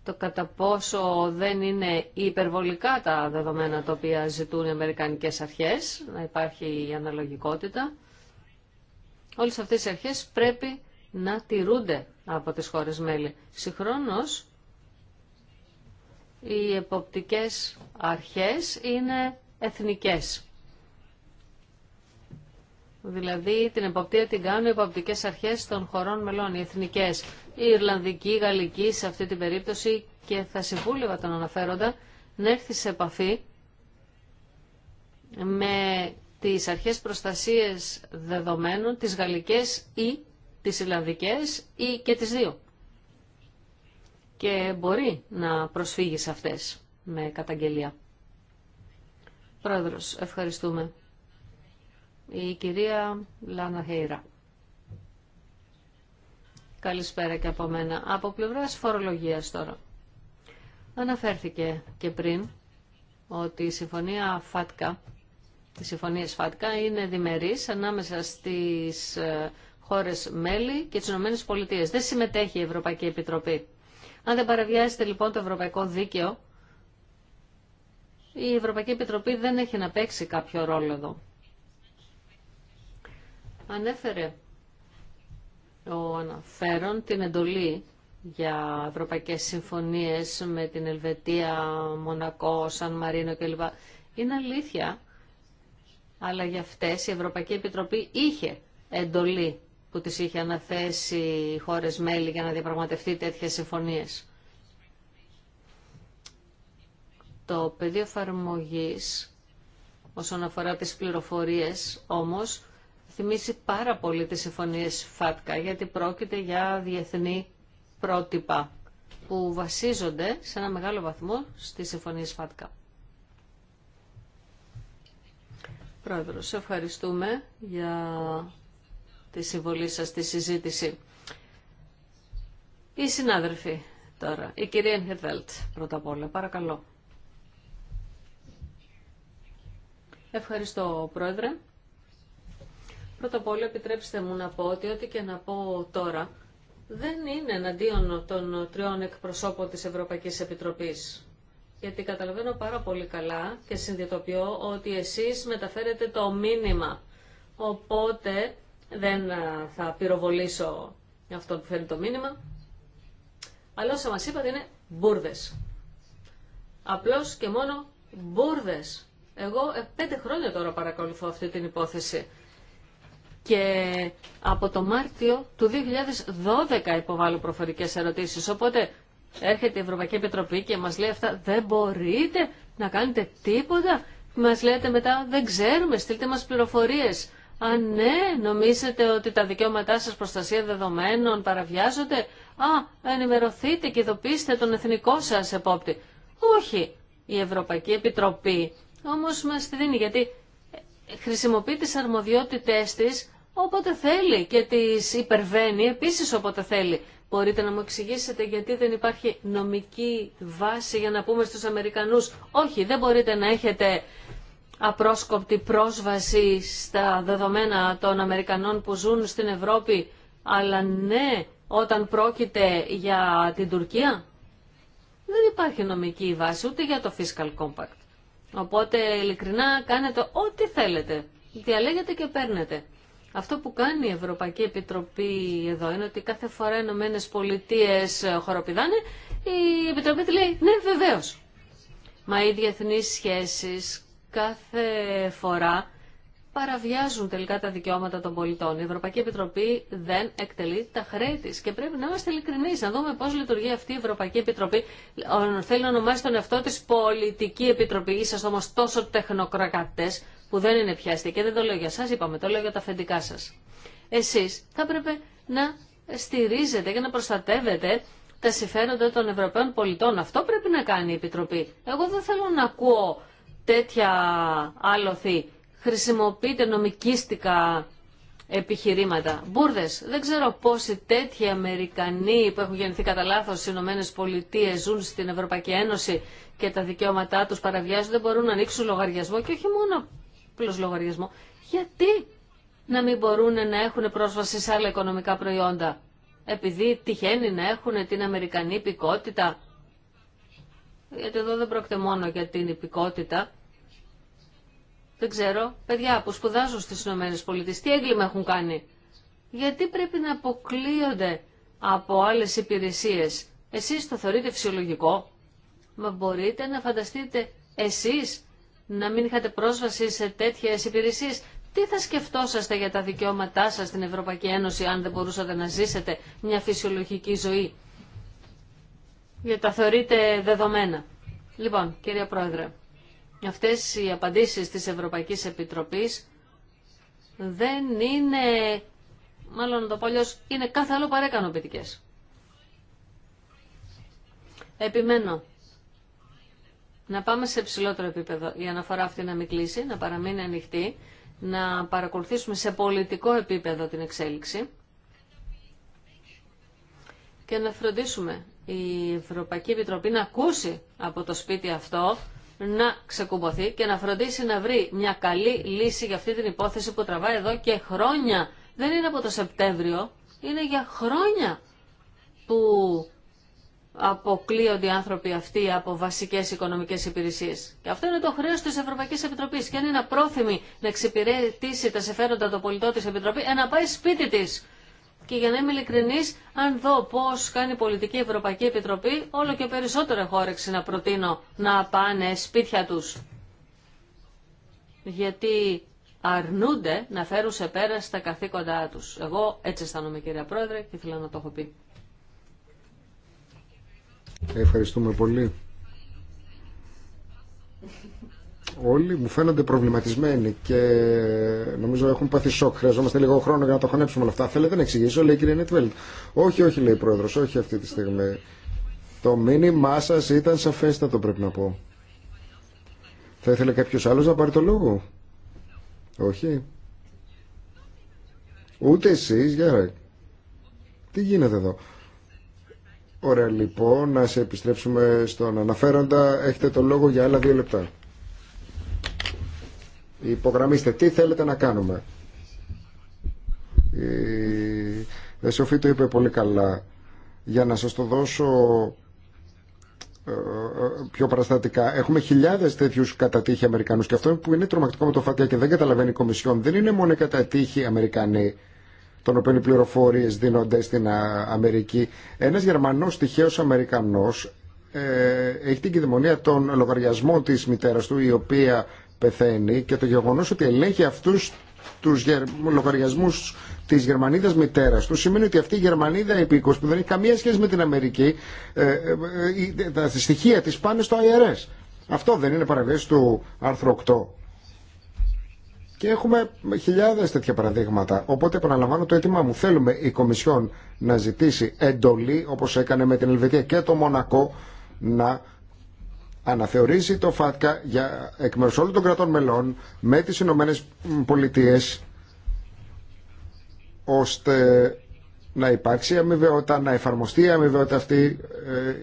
το κατά πόσο δεν είναι υπερβολικά τα δεδομένα τα οποία ζητούν οι Αμερικανικές αρχές, να υπάρχει η αναλογικότητα. Όλες αυτές οι αρχές πρέπει να τηρούνται από τις χώρες μέλη. Συγχρόνως, οι εποπτικές αρχές είναι εθνικές. Δηλαδή την εποπτεία την κάνουν οι εποπτικές αρχές των χωρών μελών, οι εθνικές, η Ιρλανδική, η Γαλλική σε αυτή την περίπτωση και θα συμβούλευα τον αναφέροντα να έρθει σε επαφή με τις αρχές προστασίες δεδομένων, τις γαλλικές ή τις Ιρλανδικές ή και τις δύο και μπορεί να προσφύγει σε αυτές με καταγγελία. Πρόεδρος, ευχαριστούμε. Η κυρία Λάνα Χέιρα. Καλησπέρα και από μένα. Από πλευράς φορολογίας τώρα. Αναφέρθηκε και πριν ότι η συμφωνία ΦΑΤΚΑ, οι συμφωνίε ΦΑΤΚΑ είναι διμερείς ανάμεσα στις ε, χώρες μέλη και τις ΗΠΑ. Δεν συμμετέχει η Ευρωπαϊκή Επιτροπή. Αν δεν παραβιάζεται λοιπόν το ευρωπαϊκό δίκαιο, η Ευρωπαϊκή Επιτροπή δεν έχει να παίξει κάποιο ρόλο εδώ. Ανέφερε ο αναφέρον την εντολή για ευρωπαϊκές συμφωνίες με την Ελβετία, Μονακό, Σαν Μαρίνο κλπ. Είναι αλήθεια, αλλά για αυτές η Ευρωπαϊκή Επιτροπή είχε εντολή που τις είχε αναθέσει οι χώρες μέλη για να διαπραγματευτεί τέτοιες συμφωνίες. Το πεδίο εφαρμογή όσον αφορά τις πληροφορίες όμως θυμίζει πάρα πολύ τις συμφωνίες ΦΑΤΚΑ γιατί πρόκειται για διεθνή πρότυπα που βασίζονται σε ένα μεγάλο βαθμό στις συμφωνίες ΦΑΤΚΑ. Πρόεδρος, ευχαριστούμε για τη συμβολή σας στη συζήτηση. Οι συνάδελφοι τώρα. Η κυρία Ενχερβέλτ πρώτα απ' όλα. Παρακαλώ. Ευχαριστώ Πρόεδρε. Πρώτα απ' όλα επιτρέψτε μου να πω ότι ό,τι και να πω τώρα δεν είναι εναντίον των τριών εκπροσώπων της Ευρωπαϊκής Επιτροπής. Γιατί καταλαβαίνω πάρα πολύ καλά και συνειδητοποιώ ότι εσείς μεταφέρετε το μήνυμα. Οπότε δεν θα πυροβολήσω αυτό που φέρνει το μήνυμα. Αλλά όσα μας είπατε είναι μπουρδες. Απλώς και μόνο μπουρδες. Εγώ ε, πέντε χρόνια τώρα παρακολουθώ αυτή την υπόθεση. Και από το Μάρτιο του 2012 υποβάλλω προφορικές ερωτήσεις. Οπότε έρχεται η Ευρωπαϊκή Επιτροπή και μας λέει αυτά δεν μπορείτε να κάνετε τίποτα. Μας λέτε μετά δεν ξέρουμε, στείλτε μας πληροφορίες. Α, ναι, νομίζετε ότι τα δικαιώματά σας προστασία δεδομένων παραβιάζονται. Α, ενημερωθείτε και ειδοποιήστε τον εθνικό σας επόπτη. Όχι, η Ευρωπαϊκή Επιτροπή όμως μας τη δίνει γιατί χρησιμοποιεί τις αρμοδιότητές της όποτε θέλει και τις υπερβαίνει επίσης όποτε θέλει. Μπορείτε να μου εξηγήσετε γιατί δεν υπάρχει νομική βάση για να πούμε στους Αμερικανούς όχι δεν μπορείτε να έχετε απρόσκοπτη πρόσβαση στα δεδομένα των Αμερικανών που ζουν στην Ευρώπη, αλλά ναι όταν πρόκειται για την Τουρκία. Δεν υπάρχει νομική βάση ούτε για το Fiscal Compact. Οπότε ειλικρινά κάνετε ό,τι θέλετε. Διαλέγετε και παίρνετε. Αυτό που κάνει η Ευρωπαϊκή Επιτροπή εδώ είναι ότι κάθε φορά οι Ηνωμένε Πολιτείε χοροπηδάνε, η Επιτροπή τη λέει ναι βεβαίω. Μα οι διεθνεί σχέσει κάθε φορά παραβιάζουν τελικά τα δικαιώματα των πολιτών. Η Ευρωπαϊκή Επιτροπή δεν εκτελεί τα χρέη τη. Και πρέπει να είμαστε ειλικρινεί, να δούμε πώ λειτουργεί αυτή η Ευρωπαϊκή Επιτροπή. Θέλει να ονομάσει τον εαυτό τη Πολιτική Επιτροπή. Είσαστε όμω τόσο τεχνοκρακάτε που δεν είναι πιάστη. Και δεν το λέω για εσά, είπαμε, το λέω για τα αφεντικά σα. Εσεί θα πρέπει να στηρίζετε και να προστατεύετε τα συμφέροντα των Ευρωπαίων πολιτών. Αυτό πρέπει να κάνει η Επιτροπή. Εγώ δεν θέλω να ακούω τέτοια άλοθη χρησιμοποιείται νομικίστικα επιχειρήματα. Μπούρδε. Δεν ξέρω πόσοι τέτοιοι Αμερικανοί που έχουν γεννηθεί κατά λάθο στι Ηνωμένε Πολιτείε ζουν στην Ευρωπαϊκή Ένωση και τα δικαιώματά του παραβιάζονται, μπορούν να ανοίξουν λογαριασμό και όχι μόνο απλώ λογαριασμό. Γιατί να μην μπορούν να έχουν πρόσβαση σε άλλα οικονομικά προϊόντα. Επειδή τυχαίνει να έχουν την Αμερικανή υπηκότητα γιατί εδώ δεν πρόκειται μόνο για την υπηκότητα. Δεν ξέρω, παιδιά που σπουδάζουν στις ΗΠΑ, τι έγκλημα έχουν κάνει. Γιατί πρέπει να αποκλείονται από άλλες υπηρεσίες. Εσείς το θεωρείτε φυσιολογικό. Μα μπορείτε να φανταστείτε εσείς να μην είχατε πρόσβαση σε τέτοιες υπηρεσίες. Τι θα σκεφτόσαστε για τα δικαιώματά σας στην Ευρωπαϊκή Ένωση αν δεν μπορούσατε να ζήσετε μια φυσιολογική ζωή γιατί τα θεωρείτε δεδομένα. Λοιπόν, κύριε Πρόεδρε, αυτές οι απαντήσεις της Ευρωπαϊκής Επιτροπής δεν είναι, μάλλον το πω είναι κάθε άλλο παρέκανοποιητικές. Επιμένω να πάμε σε ψηλότερο επίπεδο. Η αναφορά αυτή να μην κλείσει, να παραμείνει ανοιχτή, να παρακολουθήσουμε σε πολιτικό επίπεδο την εξέλιξη και να φροντίσουμε η Ευρωπαϊκή Επιτροπή να ακούσει από το σπίτι αυτό να ξεκουμποθεί και να φροντίσει να βρει μια καλή λύση για αυτή την υπόθεση που τραβάει εδώ και χρόνια. Δεν είναι από το Σεπτέμβριο, είναι για χρόνια που αποκλείονται οι άνθρωποι αυτοί από βασικές οικονομικές υπηρεσίες. Και αυτό είναι το χρέος της Ευρωπαϊκής Επιτροπής. Και αν είναι απρόθυμη να εξυπηρετήσει τα συμφέροντα των πολιτών της Επιτροπή, ε, να πάει σπίτι της και για να είμαι ειλικρινή, αν δω πώ κάνει η πολιτική Ευρωπαϊκή Επιτροπή, όλο και περισσότερο έχω όρεξη να προτείνω να πάνε σπίτια του. Γιατί αρνούνται να φέρουν σε πέρα στα καθήκοντά του. Εγώ έτσι αισθάνομαι, κυρία Πρόεδρε, και ήθελα να το έχω πει. Ευχαριστούμε πολύ όλοι μου φαίνονται προβληματισμένοι και νομίζω έχουν πάθει σοκ. Χρειαζόμαστε λίγο χρόνο για να το χωνέψουμε όλα αυτά. Θέλετε να εξηγήσω, λέει η κυρία Νετβέλτ. Όχι, όχι, λέει η πρόεδρο, όχι αυτή τη στιγμή. Το μήνυμά σα ήταν σαφέστατο, πρέπει να πω. Θα ήθελε κάποιο άλλο να πάρει το λόγο. Όχι. Ούτε εσεί, για Τι γίνεται εδώ. Ωραία λοιπόν, να σε επιστρέψουμε στον αναφέροντα. Έχετε το λόγο για άλλα δύο λεπτά. Υπογραμμίστε τι θέλετε να κάνουμε. Η Σοφή το είπε πολύ καλά. Για να σας το δώσω ε, ε, πιο παραστατικά. Έχουμε χιλιάδε τέτοιου κατατύχει Αμερικανού. Και αυτό που είναι τρομακτικό με το ΦΑΤΙΑ και δεν καταλαβαίνει η Κομισιόν δεν είναι μόνο οι κατατύχοι Αμερικανοί, των οποίων οι πληροφορίε δίνονται στην Αμερική. Ένα Γερμανό τυχαίο Αμερικανό ε, έχει την κυδαιμονία των λογαριασμών τη μητέρα του, η οποία πεθαίνει και το γεγονός ότι ελέγχει αυτούς τους λογαριασμούς της γερμανίδας μητέρα του, σημαίνει ότι αυτή η Γερμανίδα 20 που δεν έχει καμία σχέση με την Αμερική, ε, ε τα στοιχεία της πάνε στο IRS. Αυτό δεν είναι παραβίαση του άρθρου 8. Και έχουμε χιλιάδες τέτοια παραδείγματα. Οπότε επαναλαμβάνω το αίτημά μου. Θέλουμε η Κομισιόν να ζητήσει εντολή, όπως έκανε με την Ελβετία και το Μονακό, να αναθεωρήσει το ΦΑΤΚΑ για εκ μέρους όλων των κρατών μελών με τις Ηνωμένε Πολιτείες ώστε να υπάρξει αμοιβαιότητα, να εφαρμοστεί η αμοιβαιότητα αυτή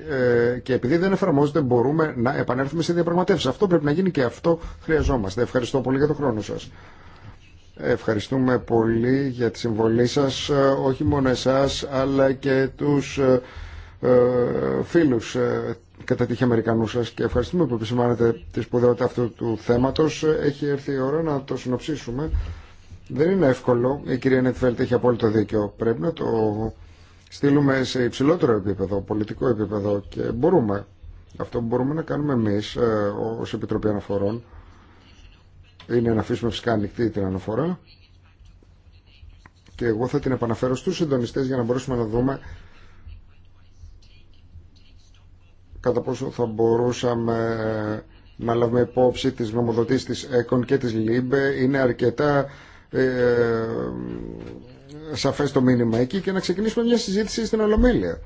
ε, ε, και επειδή δεν εφαρμόζεται μπορούμε να επανέλθουμε σε διαπραγματεύσεις. Αυτό πρέπει να γίνει και αυτό χρειαζόμαστε. Ευχαριστώ πολύ για τον χρόνο σας. Ευχαριστούμε πολύ για τη συμβολή σας, ε, όχι μόνο εσάς αλλά και τους ε, φίλους κατά τύχη Αμερικανού σα και ευχαριστούμε που επισημάνετε τη σπουδαιότητα αυτού του θέματο. Έχει έρθει η ώρα να το συνοψίσουμε. Δεν είναι εύκολο. Η κυρία Νετφέλτ έχει απόλυτο δίκιο. Πρέπει να το στείλουμε σε υψηλότερο επίπεδο, πολιτικό επίπεδο και μπορούμε. Αυτό που μπορούμε να κάνουμε εμεί ε, ω Επιτροπή Αναφορών είναι να αφήσουμε φυσικά ανοιχτή την αναφορά και εγώ θα την επαναφέρω στους συντονιστές για να μπορέσουμε να δούμε κατά πόσο θα μπορούσαμε να λάβουμε υπόψη τις νομοδοτήσεις της ΕΚΟΝ και της ΛΥΜΠΕ είναι αρκετά ε, ε, σαφές το μήνυμα εκεί και να ξεκινήσουμε μια συζήτηση στην Ολομέλεια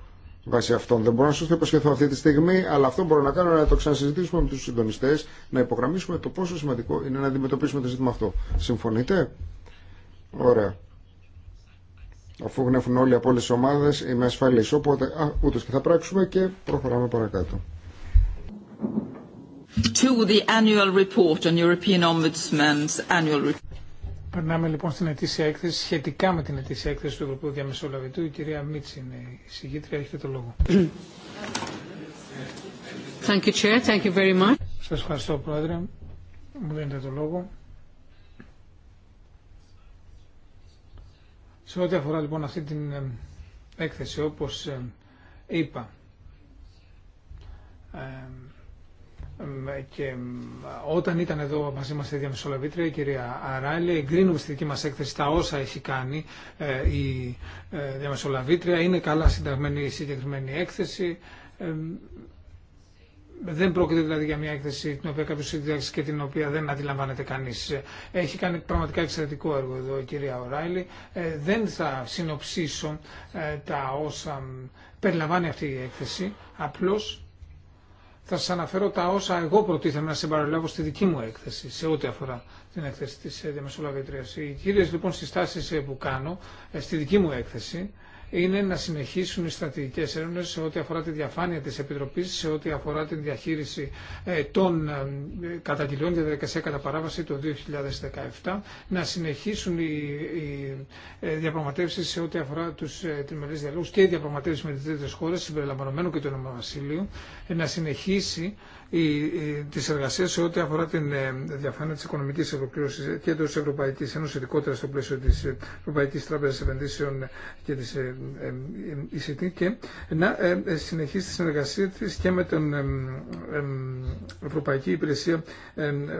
βάσει αυτών. Δεν μπορώ να σα το υποσχεθώ αυτή τη στιγμή, αλλά αυτό μπορώ να κάνω να το ξανασυζητήσουμε με τους συντονιστέ, να υπογραμμίσουμε το πόσο σημαντικό είναι να αντιμετωπίσουμε το ζήτημα αυτό. Συμφωνείτε? Ωραία. Αφού γνέφουν όλοι από όλε τι ομάδε, είμαι ασφαλή. Οπότε ούτω και θα πράξουμε και προχωράμε παρακάτω. Περνάμε λοιπόν στην ετήσια έκθεση, σχετικά με την ετήσια έκθεση του Ευρωπαϊκού Διαμεσολαβητού. Η κυρία Μίτση είναι η συγγήτρια, έχετε το λόγο. Thank Σας ευχαριστώ, Πρόεδρε. Μου δίνετε το λόγο. Σε ό,τι αφορά λοιπόν αυτή την ε, έκθεση, όπως ε, είπα, ε, και όταν ήταν εδώ μαζί μας η διαμεσολαβήτρια η κυρία Αράλη εγκρίνουμε στη δική μας έκθεση τα όσα έχει κάνει η διαμεσολαβήτρια είναι καλά συνταγμένη η συγκεκριμένη έκθεση δεν πρόκειται δηλαδή για μια έκθεση την οποία κάποιο συνδυάζει και την οποία δεν αντιλαμβάνεται κανεί. Έχει κάνει πραγματικά εξαιρετικό έργο εδώ η κυρία Οράιλη. Ε, δεν θα συνοψίσω ε, τα όσα περιλαμβάνει αυτή η έκθεση. Απλώ θα σα αναφέρω τα όσα εγώ προτίθεμαι να συμπαραλάβω στη δική μου έκθεση σε ό,τι αφορά την έκθεση τη Διαμεσολαβήτρια. Οι κύριε λοιπόν συστάσει που κάνω ε, στη δική μου έκθεση είναι να συνεχίσουν οι στρατηγικές έρευνες σε ό,τι αφορά τη διαφάνεια της Επιτροπής, σε ό,τι αφορά τη διαχείριση ε, των ε, καταγγελιών για διαδικασία κατά παράβαση το 2017, να συνεχίσουν οι ε, διαπραγματεύσεις σε ό,τι αφορά τους τριμερείς διαλόγους και οι διαπραγματεύσεις με τις τρίτες χώρες, συμπεριλαμβανομένου και του Βασίλειου, να συνεχίσει τη εργασία σε ό,τι αφορά την ε, διαφάνεια τη οικονομική ολοκλήρωση και εντό Ευρωπαϊκή Ένωση, ειδικότερα στο πλαίσιο τη ε, Ευρωπαϊκή Τράπεζα Επενδύσεων και ε, τη ECT, και να συνεχίσει τη συνεργασία τη και με την Ευρωπαϊκή Υπηρεσία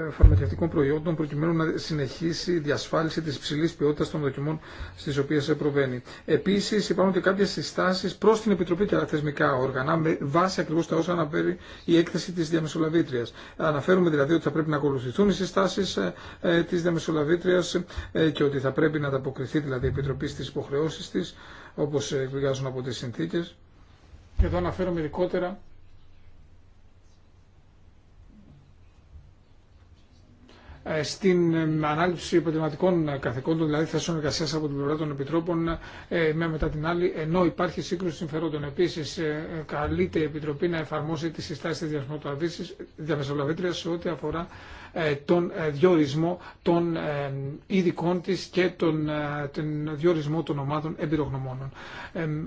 Φαρμακευτικών Προϊόντων, προκειμένου να συνεχίσει η διασφάλιση τη υψηλή ποιότητα των δοκιμών στι οποίε προβαίνει. Επίση, υπάρχουν και κάποιε συστάσει προ την Επιτροπή και τα θεσμικά όργανα, με βάση ακριβώ τα όσα αναφέρει η έκθεση τη διαμεσολαβήτρια. Αναφέρουμε δηλαδή ότι θα πρέπει να ακολουθηθούν οι συστάσει ε, ε, τη διαμεσολαβήτρια ε, και ότι θα πρέπει να ανταποκριθεί δηλαδή η Επιτροπή στι υποχρεώσει τη, όπω βγάζουν από τι συνθήκε. Εδώ αναφέρομαι ειδικότερα Ε, στην ε, ανάληψη επαγγελματικών ε, καθηκόντων, δηλαδή θέσεων εργασία από την πλευρά των επιτρόπων, με μετά την άλλη, ενώ υπάρχει σύγκρουση συμφερόντων. Επίση, καλείται η Επιτροπή να εφαρμόσει τι συστάσει τη διαμεσολαβήτρια σε ό,τι αφορά ε, τον ε, διορισμό των ε, ειδικών της και τον, τον διορισμό των ομάδων εμπειρογνωμόνων.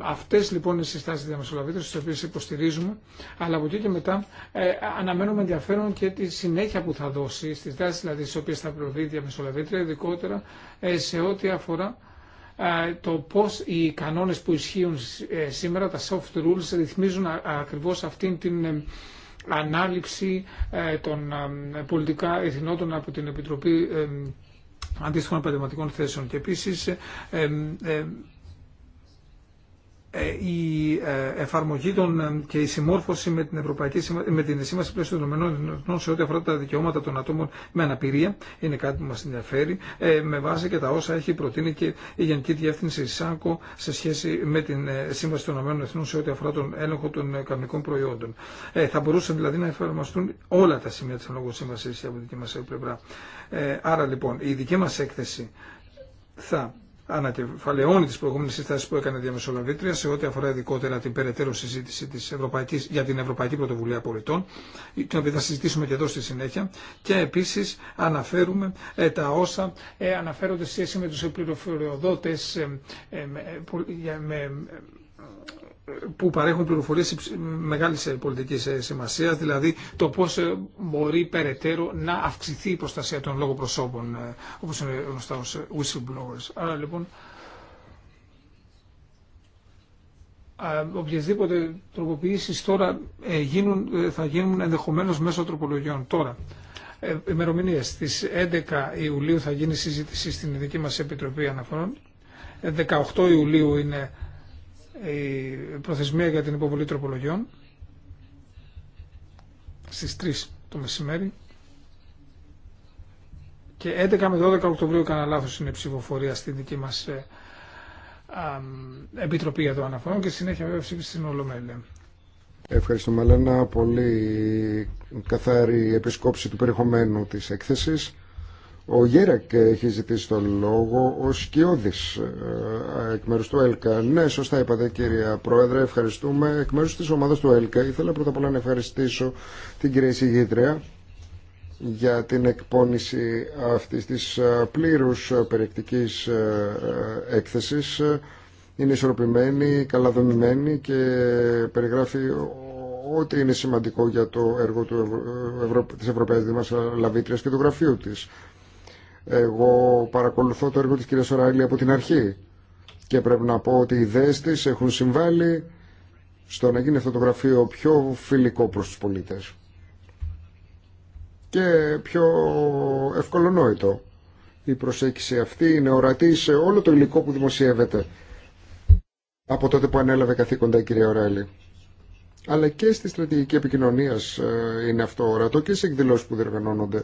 Αυτές λοιπόν είναι οι συστάσεις Διαμεσολαβήτρια, τις οποίες υποστηρίζουμε, αλλά από εκεί και μετά αναμένουμε ενδιαφέρον και τη συνέχεια που θα δώσει, στις δράσεις δηλαδή στις οποίες θα προβεί η διαμεσολαβήτρια, ειδικότερα σε ό,τι αφορά το πώς οι κανόνες που ισχύουν σήμερα, τα soft rules, ρυθμίζουν ακριβώς αυτήν την ανάληψη ε, των ε, πολιτικά εθνότων από την Επιτροπή ε, Αντίστοιχων Επαγγελματικών Θέσεων. Και επίσης ε, η ε, εφαρμογή των, ε, και η συμμόρφωση με την, Ευρωπαϊκή, με την Σύμβαση Πλαίσιο των Ηνωμένων Εθνών σε ό,τι αφορά τα δικαιώματα των ατόμων με αναπηρία είναι κάτι που μα ενδιαφέρει με βάση και τα όσα έχει προτείνει και η Γενική Διεύθυνση ΣΑΚΟ σε σχέση με την Σύμβαση των Ηνωμένων Εθνών σε ό,τι αφορά τον έλεγχο των κανονικών προϊόντων. θα μπορούσαν δηλαδή να εφαρμοστούν όλα τα σημεία της Ανόγου από τη δική μας πλευρά. άρα λοιπόν η δική μα έκθεση θα ανακεφαλαιώνει τι προηγούμενε συστάσει που έκανε διαμεσολαβήτρια σε ό,τι αφορά ειδικότερα την περαιτέρω συζήτηση της Ευρωπαϊκής, για την Ευρωπαϊκή Πρωτοβουλία Πολιτών, την οποία θα συζητήσουμε και εδώ στη συνέχεια. Και επίση αναφέρουμε ε, τα όσα ε, αναφέρονται σε σχέση με του πληροφοριοδότε ε, με, με, που παρέχουν πληροφορίες μεγάλης ε, πολιτικής ε, σημασίας, δηλαδή το πώς ε, μπορεί περαιτέρω να αυξηθεί η προστασία των λόγων προσώπων, όπως είναι γνωστά ως whistleblowers. Άρα λοιπόν, οποιασδήποτε τροποποιήσεις τώρα γίνουν, θα γίνουν ενδεχομένως μέσω τροπολογιών. Τώρα, ημερομηνίε. Στις 11 Ιουλίου θα γίνει συζήτηση στην ειδική μας Επιτροπή Αναφορών. 18 Ιουλίου είναι η προθεσμία για την υποβολή τροπολογιών στις 3 το μεσημέρι και 11 με 12 Οκτωβρίου κανένα λάθος είναι ψηφοφορία στην δική μας ε, Επιτροπή για το αναφορών και συνέχεια βέβαια ψήφιση στην Ολομέλεια. Ευχαριστούμε Λένα Πολύ καθαρή επισκόψη του περιεχομένου της έκθεσης. Ο Γέρακ έχει ζητήσει τον λόγο ο Σκιώδης ε, εκ μέρους του ΕΛΚΑ. Ναι, σωστά είπατε κυρία Πρόεδρε, ευχαριστούμε. Εκ μέρους της ομάδας του ΕΛΚΑ ήθελα πρώτα απ' όλα να ευχαριστήσω την κυρία Συγήτρια για την εκπόνηση αυτής της ε, πλήρους ε, περιεκτικής έκθεσης. Είναι ισορροπημένη, καλαδομημένη και περιγράφει ό,τι είναι σημαντικό για το έργο του Ευρω... της Ευρωπαϊκής Λαβήτριας και του γραφείου της. Εγώ παρακολουθώ το έργο της κυρίας Ωραίλη από την αρχή και πρέπει να πω ότι οι ιδέες της έχουν συμβάλει στο να γίνει αυτό το γραφείο πιο φιλικό προς τους πολίτες και πιο ευκολονόητο. Η προσέγγιση αυτή είναι ορατή σε όλο το υλικό που δημοσιεύεται από τότε που ανέλαβε καθήκοντα η κυρία Ωραίλη. Αλλά και στη στρατηγική επικοινωνία ε, είναι αυτό ορατό και σε εκδηλώσει που διοργανώνονται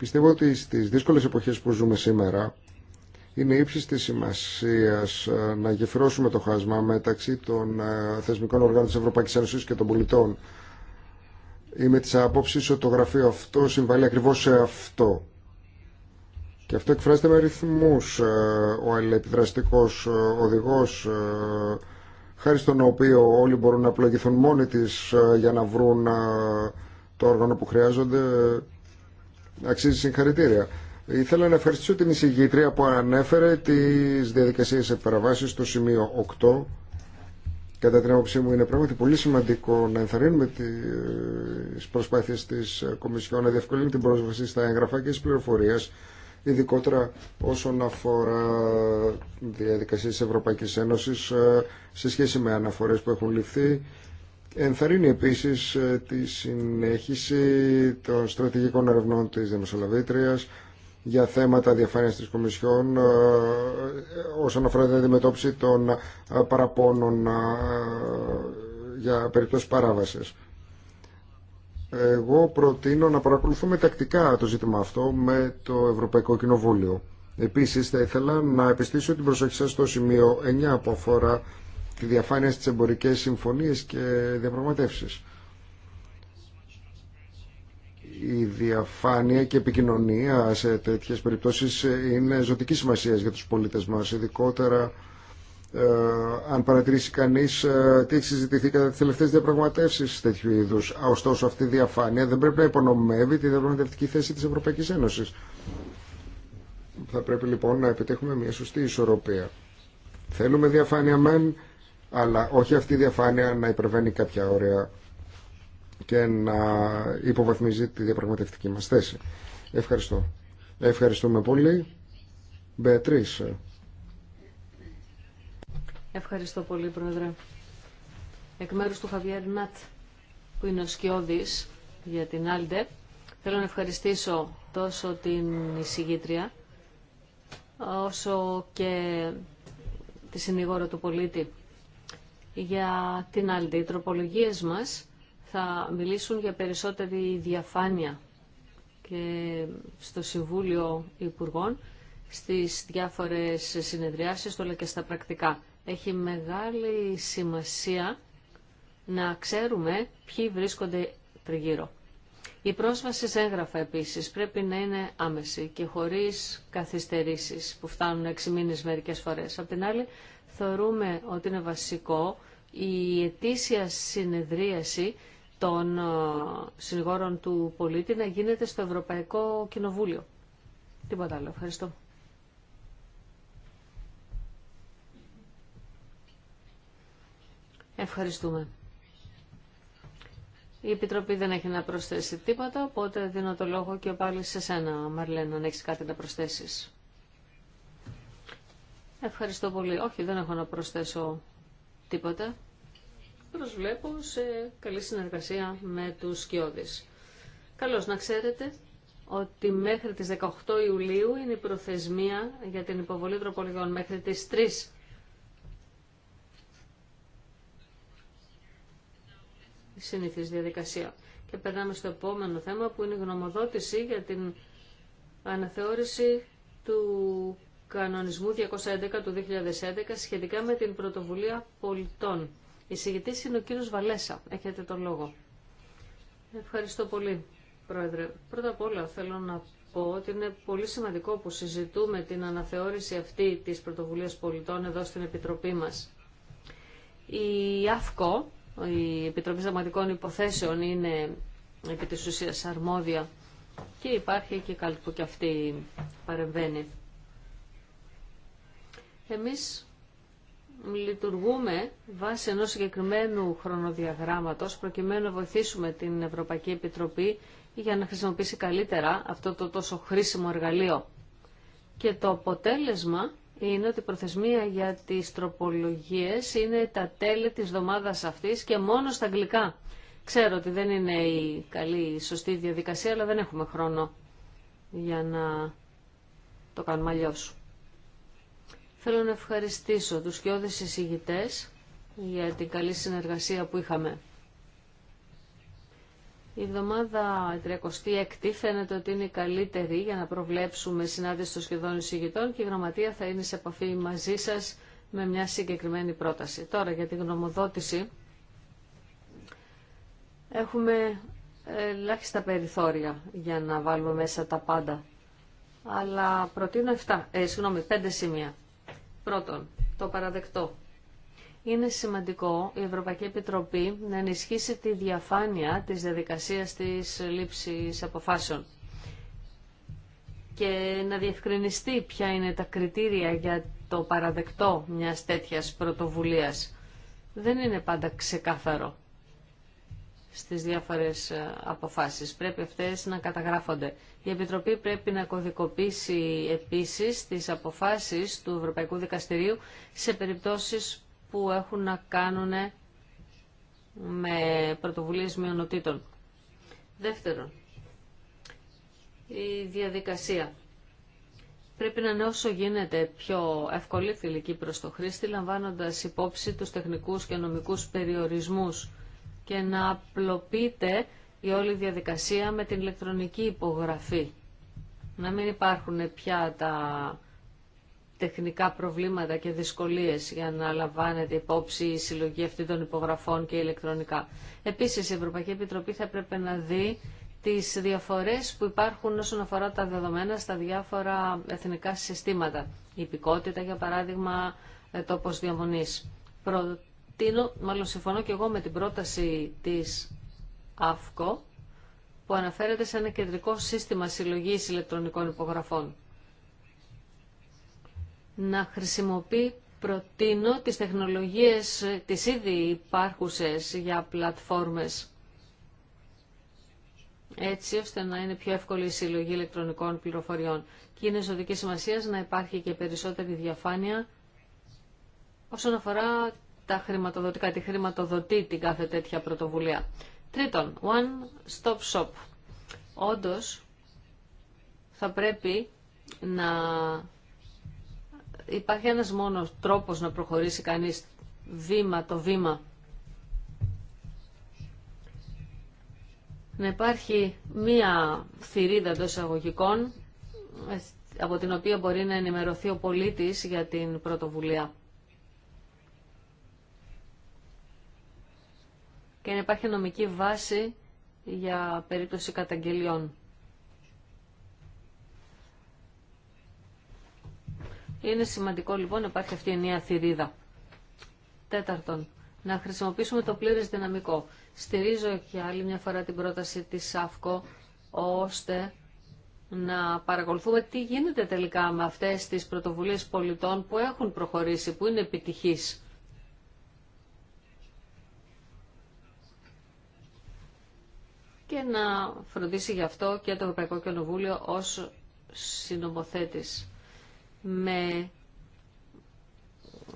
Πιστεύω ότι στις δύσκολες εποχές που ζούμε σήμερα είναι ύψης της σημασίας ε, να γεφυρώσουμε το χάσμα μεταξύ των ε, θεσμικών οργάνων της Ευρωπαϊκής Ένωσης και των πολιτών. Είμαι της άποψης ότι το γραφείο αυτό συμβάλλει ακριβώς σε αυτό. Και αυτό εκφράζεται με ρυθμούς. Ε, ο αλληλεπιδραστικός οδηγός, χάρη στον οποίο όλοι μπορούν να πλογηθούν μόνοι της για να βρουν το όργανο που χρειάζονται, αξίζει συγχαρητήρια. Ήθελα να ευχαριστήσω την εισηγήτρια που ανέφερε τι διαδικασίε επαναβάσεις στο σημείο 8. Κατά την άποψή μου είναι πράγματι πολύ σημαντικό να ενθαρρύνουμε τις προσπάθειες της Κομισιόν να διευκολύνει την πρόσβαση στα έγγραφα και τις πληροφορίες ειδικότερα όσον αφορά διαδικασίες της Ευρωπαϊκής Ένωσης ε, σε σχέση με αναφορές που έχουν ληφθεί Ενθαρρύνει επίσης ε, τη συνέχιση των στρατηγικών ερευνών της Δημοσιολαβήτριας για θέματα διαφάνειας της Κομισιόν ε, όσον αφορά την αντιμετώπιση των ε, παραπώνων για περιπτώσει παράβασης. Εγώ προτείνω να παρακολουθούμε τακτικά το ζήτημα αυτό με το Ευρωπαϊκό Κοινοβούλιο. Επίσης θα ήθελα να επιστήσω την προσοχή σας στο σημείο 9 που αφορά τη διαφάνεια στις εμπορικές συμφωνίες και διαπραγματεύσεις. Η διαφάνεια και επικοινωνία σε τέτοιες περιπτώσεις είναι ζωτική σημασία για τους πολίτες μας, ειδικότερα ε, αν παρατηρήσει κανείς ε, τι έχει συζητηθεί κατά τις τελευταίες διαπραγματεύσεις τέτοιου είδους. Ωστόσο αυτή η διαφάνεια δεν πρέπει να υπονομεύει τη διαπραγματευτική θέση της Ευρωπαϊκής Ένωσης. Θα πρέπει λοιπόν να επιτύχουμε μια σωστή ισορροπία. Θέλουμε διαφάνεια μεν, αλλά όχι αυτή η διαφάνεια να υπερβαίνει κάποια όρια και να υποβαθμίζει τη διαπραγματευτική μας θέση. Ευχαριστώ. Ευχαριστούμε πολύ. Μπέτρις. Ευχαριστώ πολύ, Πρόεδρε. Εκ μέρους του Χαβιέρ Νατ, που είναι ο Σκιώδης για την Άλντε, θέλω να ευχαριστήσω τόσο την εισηγήτρια, όσο και τη συνηγόρα του πολίτη για την άλλη. Οι τροπολογίες μας θα μιλήσουν για περισσότερη διαφάνεια και στο Συμβούλιο Υπουργών στις διάφορες συνεδριάσεις, όλα και στα πρακτικά. Έχει μεγάλη σημασία να ξέρουμε ποιοι βρίσκονται τριγύρω. Η πρόσβαση σε έγγραφα επίσης πρέπει να είναι άμεση και χωρίς καθυστερήσεις που φτάνουν 6 μήνες μερικές φορές θεωρούμε ότι είναι βασικό η ετήσια συνεδρίαση των ε, συνηγόρων του πολίτη να γίνεται στο Ευρωπαϊκό Κοινοβούλιο. Τίποτα άλλο. Ευχαριστώ. Ευχαριστούμε. Η Επιτροπή δεν έχει να προσθέσει τίποτα, οπότε δίνω το λόγο και πάλι σε σένα, Μαρλένα, αν έχεις κάτι να προσθέσεις. Ευχαριστώ πολύ. Όχι, δεν έχω να προσθέσω τίποτα. Προσβλέπω σε καλή συνεργασία με τους σκιώδεις. Καλώς να ξέρετε ότι μέχρι τις 18 Ιουλίου είναι η προθεσμία για την υποβολή τροπολογιών μέχρι τις 3. Η συνήθις διαδικασία. Και περνάμε στο επόμενο θέμα που είναι η γνωμοδότηση για την αναθεώρηση του κανονισμού 211 του 2011 σχετικά με την πρωτοβουλία πολιτών. Η συγητής είναι ο κύριος Βαλέσα. Έχετε τον λόγο. Ευχαριστώ πολύ, Πρόεδρε. Πρώτα απ' όλα θέλω να πω ότι είναι πολύ σημαντικό που συζητούμε την αναθεώρηση αυτή της πρωτοβουλίας πολιτών εδώ στην Επιτροπή μας. Η ΑΦΚΟ, η Επιτροπή Σταματικών Υποθέσεων, είναι επί της ουσίας αρμόδια και υπάρχει και κάτι που και αυτή παρεμβαίνει. Εμείς λειτουργούμε βάσει ενός συγκεκριμένου χρονοδιαγράμματος προκειμένου να βοηθήσουμε την Ευρωπαϊκή Επιτροπή για να χρησιμοποιήσει καλύτερα αυτό το τόσο χρήσιμο εργαλείο. Και το αποτέλεσμα είναι ότι η προθεσμία για τις τροπολογίες είναι τα τέλη της εβδομάδας αυτής και μόνο στα αγγλικά. Ξέρω ότι δεν είναι η καλή, σωστή διαδικασία, αλλά δεν έχουμε χρόνο για να το κάνουμε αλλιώς. Θέλω να ευχαριστήσω τους σκιώδες εισηγητές για την καλή συνεργασία που είχαμε. Η εβδομάδα 36η φαίνεται ότι είναι η καλύτερη για να προβλέψουμε συνάντηση των σχεδόν εισηγητών και η γραμματεία θα είναι σε επαφή μαζί σας με μια συγκεκριμένη πρόταση. Τώρα για την γνωμοδότηση έχουμε ελάχιστα περιθώρια για να βάλουμε μέσα τα πάντα. Αλλά προτείνω 7, ε, σημεία. Πρώτον, το παραδεκτό. Είναι σημαντικό η Ευρωπαϊκή Επιτροπή να ενισχύσει τη διαφάνεια της διαδικασίας της λήψης αποφάσεων και να διευκρινιστεί ποια είναι τα κριτήρια για το παραδεκτό μιας τέτοιας πρωτοβουλίας. Δεν είναι πάντα ξεκάθαρο στις διάφορες ε, αποφάσεις. Πρέπει αυτές να καταγράφονται. Η Επιτροπή πρέπει να κωδικοποιήσει επίσης τις αποφάσεις του Ευρωπαϊκού Δικαστηρίου σε περιπτώσεις που έχουν να κάνουν με πρωτοβουλίες μειονοτήτων. Δεύτερον, η διαδικασία. Πρέπει να είναι όσο γίνεται πιο ευκολή φιλική προς το χρήστη, λαμβάνοντας υπόψη τους τεχνικούς και νομικούς περιορισμούς και να απλοποιείται η όλη διαδικασία με την ηλεκτρονική υπογραφή. Να μην υπάρχουν πια τα τεχνικά προβλήματα και δυσκολίες για να λαμβάνεται υπόψη η συλλογή αυτή των υπογραφών και ηλεκτρονικά. Επίσης η Ευρωπαϊκή Επιτροπή θα έπρεπε να δει τις διαφορές που υπάρχουν όσον αφορά τα δεδομένα στα διάφορα εθνικά συστήματα. Η υπηκότητα, για παράδειγμα, ε, τόπος διαμονής προτείνω, μάλλον συμφωνώ και εγώ με την πρόταση της ΑΦΚΟ που αναφέρεται σε ένα κεντρικό σύστημα συλλογής ηλεκτρονικών υπογραφών. Να χρησιμοποιεί προτείνω τις τεχνολογίες τις ήδη υπάρχουσες για πλατφόρμες έτσι ώστε να είναι πιο εύκολη η συλλογή ηλεκτρονικών πληροφοριών. Και είναι ζωτική σημασία να υπάρχει και περισσότερη διαφάνεια όσον αφορά τα χρηματοδοτικά, τη χρηματοδοτεί την κάθε τέτοια πρωτοβουλία. Τρίτον, one stop shop. Όντως, θα πρέπει να υπάρχει ένας μόνος τρόπος να προχωρήσει κανείς βήμα το βήμα. Να υπάρχει μία θηρίδα εντό εισαγωγικών ε, από την οποία μπορεί να ενημερωθεί ο πολίτης για την πρωτοβουλία. και να υπάρχει νομική βάση για περίπτωση καταγγελιών. Είναι σημαντικό λοιπόν να υπάρχει αυτή η νέα θηρίδα. Τέταρτον, να χρησιμοποιήσουμε το πλήρες δυναμικό. Στηρίζω και άλλη μια φορά την πρόταση της ΑΦΚΟ, ώστε να παρακολουθούμε τι γίνεται τελικά με αυτές τις πρωτοβουλίες πολιτών που έχουν προχωρήσει, που είναι επιτυχείς. και να φροντίσει γι' αυτό και το Ευρωπαϊκό Κοινοβούλιο ως συνομοθέτης. Με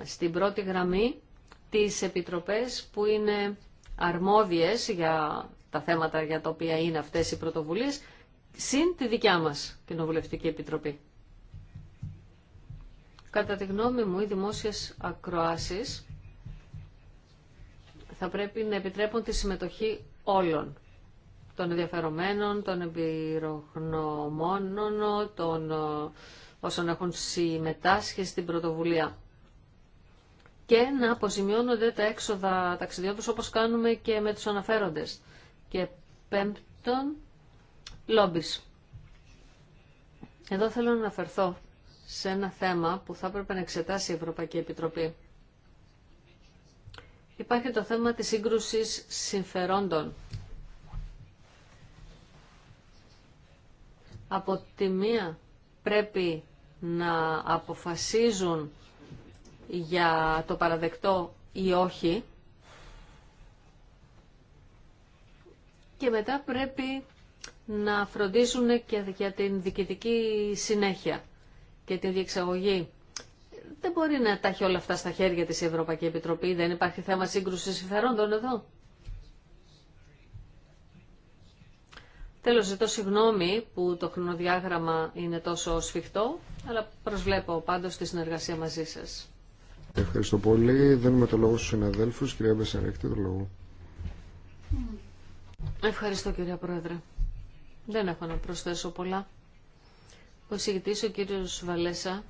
στην πρώτη γραμμή τις επιτροπές που είναι αρμόδιες για τα θέματα για τα οποία είναι αυτές οι πρωτοβουλίες, συν τη δικιά μας Κοινοβουλευτική Επιτροπή. Κατά τη γνώμη μου, οι δημόσιες ακροάσεις θα πρέπει να επιτρέπουν τη συμμετοχή όλων των ενδιαφερομένων, των εμπειρογνωμόνων, των ε, όσων έχουν συμμετάσχει στην πρωτοβουλία. Και να αποζημιώνονται τα έξοδα ταξιδιών τους όπως κάνουμε και με τους αναφέροντες. Και πέμπτον, λόμπις. Εδώ θέλω να αναφερθώ σε ένα θέμα που θα έπρεπε να εξετάσει η Ευρωπαϊκή Επιτροπή. Υπάρχει το θέμα της σύγκρουσης συμφερόντων από τη μία πρέπει να αποφασίζουν για το παραδεκτό ή όχι και μετά πρέπει να φροντίζουν και για την διοικητική συνέχεια και τη διεξαγωγή. Δεν μπορεί να τα έχει όλα αυτά στα χέρια της Ευρωπαϊκή Επιτροπή, δεν υπάρχει θέμα σύγκρουσης συμφερόντων εδώ. Τέλος, ζητώ συγγνώμη που το χρονοδιάγραμμα είναι τόσο σφιχτό, αλλά προσβλέπω πάντως τη συνεργασία μαζί σας. Ευχαριστώ πολύ. Δίνουμε το λόγο στους συναδέλφους. Κυρία Μπεσαρέκτη, το λόγο. Ευχαριστώ κυρία Πρόεδρε. Δεν έχω να προσθέσω πολλά. Ο εισηγητής ο κύριος Βαλέσα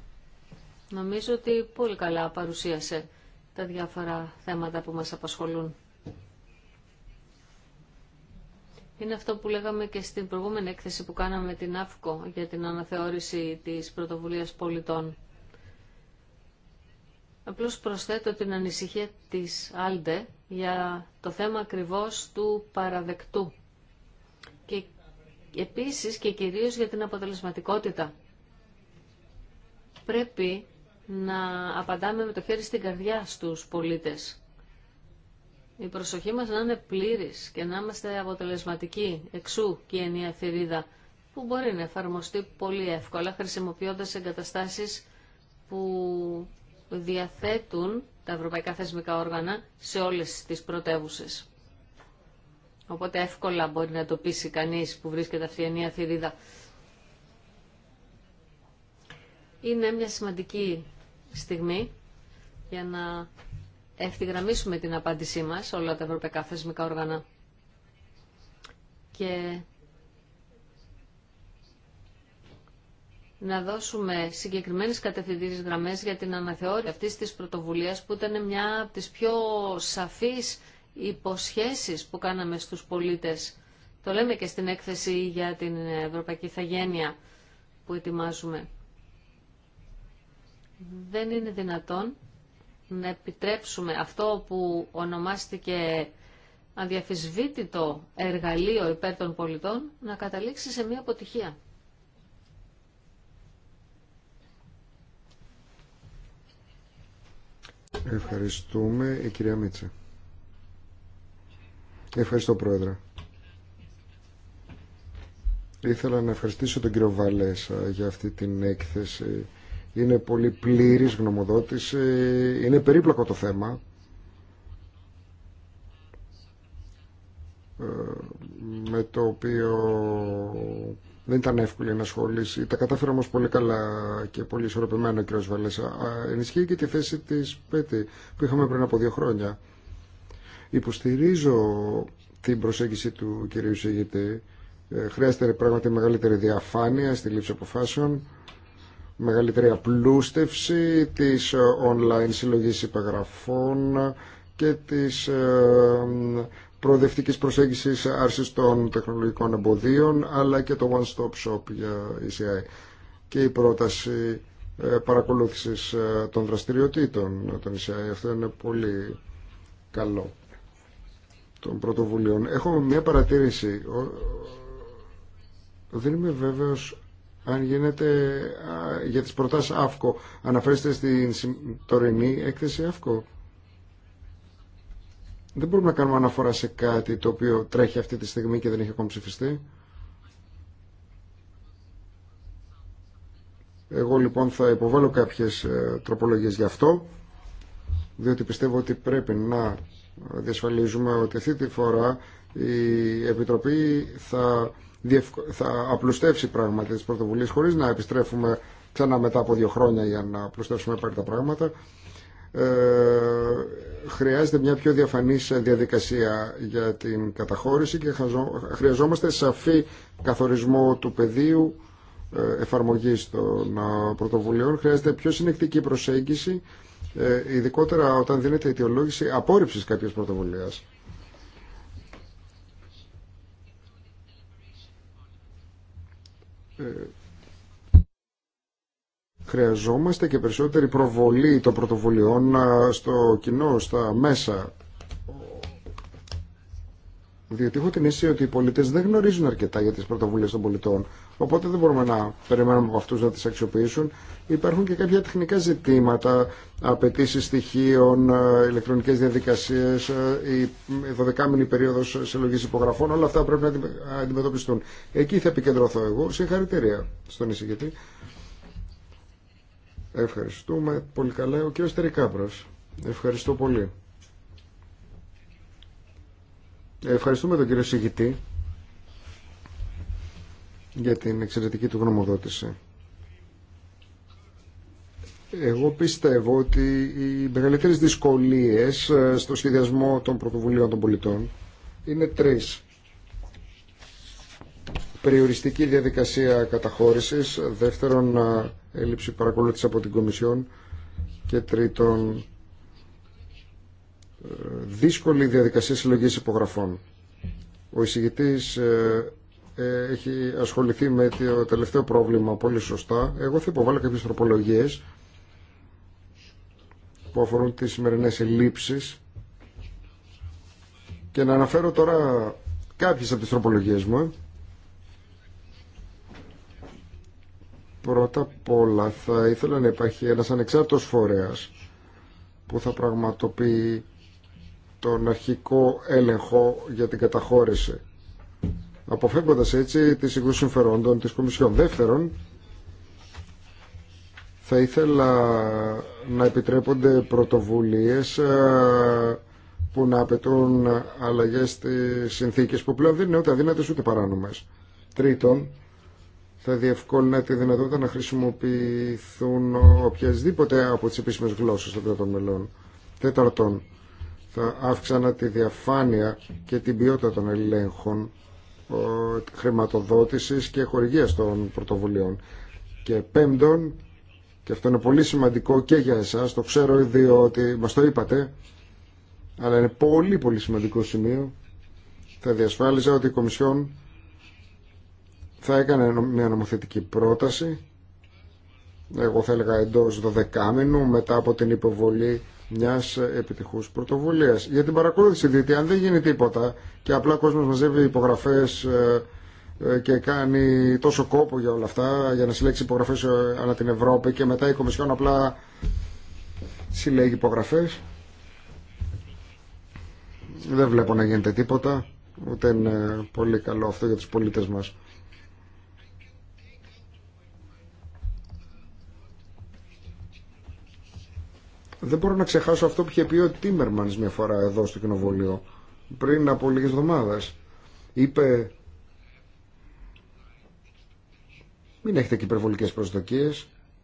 νομίζω ότι πολύ καλά παρουσίασε τα διάφορα θέματα που μας απασχολούν. είναι αυτό που λέγαμε και στην προηγούμενη έκθεση που κάναμε την ΑΦΚΟ για την αναθεώρηση της πρωτοβουλίας πολιτών. Απλώς προσθέτω την ανησυχία της Άλντε για το θέμα ακριβώς του παραδεκτού και επίσης και κυρίως για την αποτελεσματικότητα. Πρέπει να απαντάμε με το χέρι στην καρδιά στους πολίτες η προσοχή μας να είναι πλήρης και να είμαστε αποτελεσματικοί, εξού και η ενία θηρίδα, που μπορεί να εφαρμοστεί πολύ εύκολα χρησιμοποιώντας εγκαταστάσεις που διαθέτουν τα ευρωπαϊκά θεσμικά όργανα σε όλες τις πρωτεύουσε. Οπότε εύκολα μπορεί να το πείσει κανείς που βρίσκεται αυτή η ενία θηρίδα. Είναι μια σημαντική στιγμή για να ευθυγραμμίσουμε την απάντησή μας όλα τα ευρωπαϊκά θεσμικά όργανα. Και να δώσουμε συγκεκριμένες κατευθυντήριες γραμμές για την αναθεώρηση αυτής της πρωτοβουλίας που ήταν μια από τις πιο σαφείς υποσχέσεις που κάναμε στους πολίτες. Το λέμε και στην έκθεση για την Ευρωπαϊκή Θαγένεια που ετοιμάζουμε. Δεν είναι δυνατόν να επιτρέψουμε αυτό που ονομάστηκε αδιαφυσβήτητο εργαλείο υπέρ των πολιτών να καταλήξει σε μια αποτυχία. Ευχαριστούμε η κυρία Μίτσα. Ευχαριστώ πρόεδρε. Ήθελα να ευχαριστήσω τον κύριο Βαλέσα για αυτή την έκθεση είναι πολύ πλήρης γνωμοδότηση, ε, είναι περίπλοκο το θέμα. Ε, με το οποίο δεν ήταν εύκολη να ασχολήσει. Τα κατάφερα όμω πολύ καλά και πολύ ισορροπημένα ο κ. Βαλέσσα. Ενισχύει και τη θέση της Πέτη που είχαμε πριν από δύο χρόνια. Υποστηρίζω την προσέγγιση του κ. Σιγητή. Ε, χρειάζεται πράγματι μεγαλύτερη διαφάνεια στη λήψη αποφάσεων μεγαλύτερη απλούστευση της ε, online συλλογής υπεγραφών και της ε, προοδευτικής προσέγγισης άρσης των τεχνολογικών εμποδίων αλλά και το One Stop Shop για ECI και η πρόταση ε, παρακολούθησης των δραστηριοτήτων των ECI. Αυτό είναι πολύ καλό των πρωτοβουλίων. Έχω μια παρατήρηση. Δεν είμαι βέβαιος αν γίνεται για τις προτάσεις ΑΦΚΟ. Αναφέρεστε στην τωρινή έκθεση ΑΦΚΟ. Δεν μπορούμε να κάνουμε αναφορά σε κάτι το οποίο τρέχει αυτή τη στιγμή και δεν έχει ακόμα ψηφιστεί. Εγώ λοιπόν θα υποβάλω κάποιες ε, τροπολογίες γι' αυτό, διότι πιστεύω ότι πρέπει να διασφαλίζουμε ότι αυτή τη φορά η Επιτροπή θα θα απλουστεύσει πράγματι τι πρωτοβουλίες χωρίς να επιστρέφουμε ξανά μετά από δύο χρόνια για να απλουστεύσουμε πάλι τα πράγματα. Ε, χρειάζεται μια πιο διαφανής διαδικασία για την καταχώρηση και χρειαζόμαστε σαφή καθορισμό του πεδίου ε, εφαρμογής των ε, πρωτοβουλίων. Χρειάζεται πιο συνεκτική προσέγγιση, ε, ειδικότερα όταν δίνεται αιτιολόγηση απόρριψης κάποια πρωτοβουλία. Ε, χρειαζόμαστε και περισσότερη προβολή των πρωτοβουλειών ε, στο κοινό, στα μέσα διότι έχω την αίσθηση ότι οι πολίτε δεν γνωρίζουν αρκετά για τι πρωτοβουλίε των πολιτών. Οπότε δεν μπορούμε να περιμένουμε από αυτού να τι αξιοποιήσουν. Υπάρχουν και κάποια τεχνικά ζητήματα, απαιτήσει στοιχείων, ε, ηλεκτρονικέ διαδικασίε, ε, η 12μηνη περίοδο συλλογή υπογραφών. Όλα αυτά πρέπει να αντιμετωπιστούν. Εκεί θα επικεντρωθώ εγώ. Συγχαρητήρια στον εισηγητή. Ευχαριστούμε πολύ καλά. Ο κ. Τερικάπρος. Ευχαριστώ πολύ. Ευχαριστούμε τον κύριο Σιγητή για την εξαιρετική του γνωμοδότηση. Εγώ πιστεύω ότι οι μεγαλύτερες δυσκολίες ε, στο σχεδιασμό των πρωτοβουλίων των πολιτών είναι τρεις. Περιοριστική διαδικασία καταχώρησης, δεύτερον ε, έλλειψη παρακολούθηση από την Κομισιόν και τρίτον δύσκολη διαδικασία συλλογής υπογραφών. Ο εισηγητής ε, ε, έχει ασχοληθεί με το τελευταίο πρόβλημα πολύ σωστά. Εγώ θα υποβάλω κάποιε τροπολογίες που αφορούν τις σημερινέ. ελλείψεις και να αναφέρω τώρα κάποιες από τις τροπολογίες μου. Πρώτα απ' όλα θα ήθελα να υπάρχει ένας ανεξάρτητος φορέας που θα πραγματοποιεί τον αρχικό έλεγχο για την καταχώρηση αποφεύγοντας έτσι τις συγκρούσεις συμφερόντων της Κομισιόν. Δεύτερον, θα ήθελα να επιτρέπονται πρωτοβουλίες ε, που να απαιτούν αλλαγές στις συνθήκες που πλέον δεν είναι ούτε αδύνατες ούτε παράνομες. Τρίτον, θα διευκόλυνα τη δυνατότητα να χρησιμοποιηθούν οποιασδήποτε από τις επίσημες γλώσσες των κρατών μελών. Τέταρτον, θα αύξανα τη διαφάνεια και την ποιότητα των ελέγχων χρηματοδότησης και χορηγίας των πρωτοβουλίων. Και πέμπτον, και αυτό είναι πολύ σημαντικό και για εσάς, το ξέρω ότι μας το είπατε, αλλά είναι πολύ πολύ σημαντικό σημείο, θα διασφάλιζα ότι η Κομισιόν θα έκανε μια νομοθετική πρόταση, εγώ θα έλεγα εντός μετά από την υποβολή μιας επιτυχούς πρωτοβουλίας. Για την παρακολούθηση, διότι αν δεν γίνει τίποτα και απλά ο κόσμος μαζεύει υπογραφές ε, ε, και κάνει τόσο κόπο για όλα αυτά, για να συλλέξει υπογραφές ε, ανά την Ευρώπη και μετά η Κομισιόν απλά συλλέγει υπογραφές. Δεν βλέπω να γίνεται τίποτα, ούτε είναι πολύ καλό αυτό για τους πολίτες μας. Δεν μπορώ να ξεχάσω αυτό που είχε πει ο Τίμερμαν μια φορά εδώ στο κοινοβούλιο πριν από λίγες εβδομάδε. Είπε μην έχετε και υπερβολικέ προσδοκίε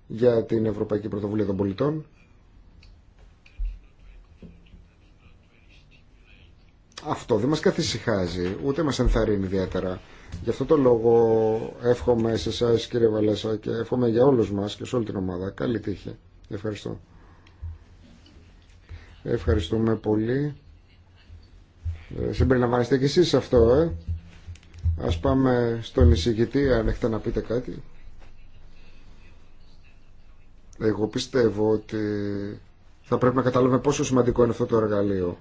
για την Ευρωπαϊκή Πρωτοβουλία των Πολιτών. Αυτό δεν μας καθησυχάζει, ούτε μας ενθαρρύνει ιδιαίτερα. Γι' αυτό το λόγο εύχομαι σε εσά κύριε Βαλέσα και εύχομαι για όλους μας και σε όλη την ομάδα. Καλή τύχη. Ευχαριστώ. Ευχαριστούμε πολύ. Ε, συμπεριλαμβάνεστε και εσείς αυτό, ε. Ας πάμε στον εισηγητή, αν έχετε να πείτε κάτι. Εγώ πιστεύω ότι θα πρέπει να καταλάβουμε πόσο σημαντικό είναι αυτό το εργαλείο.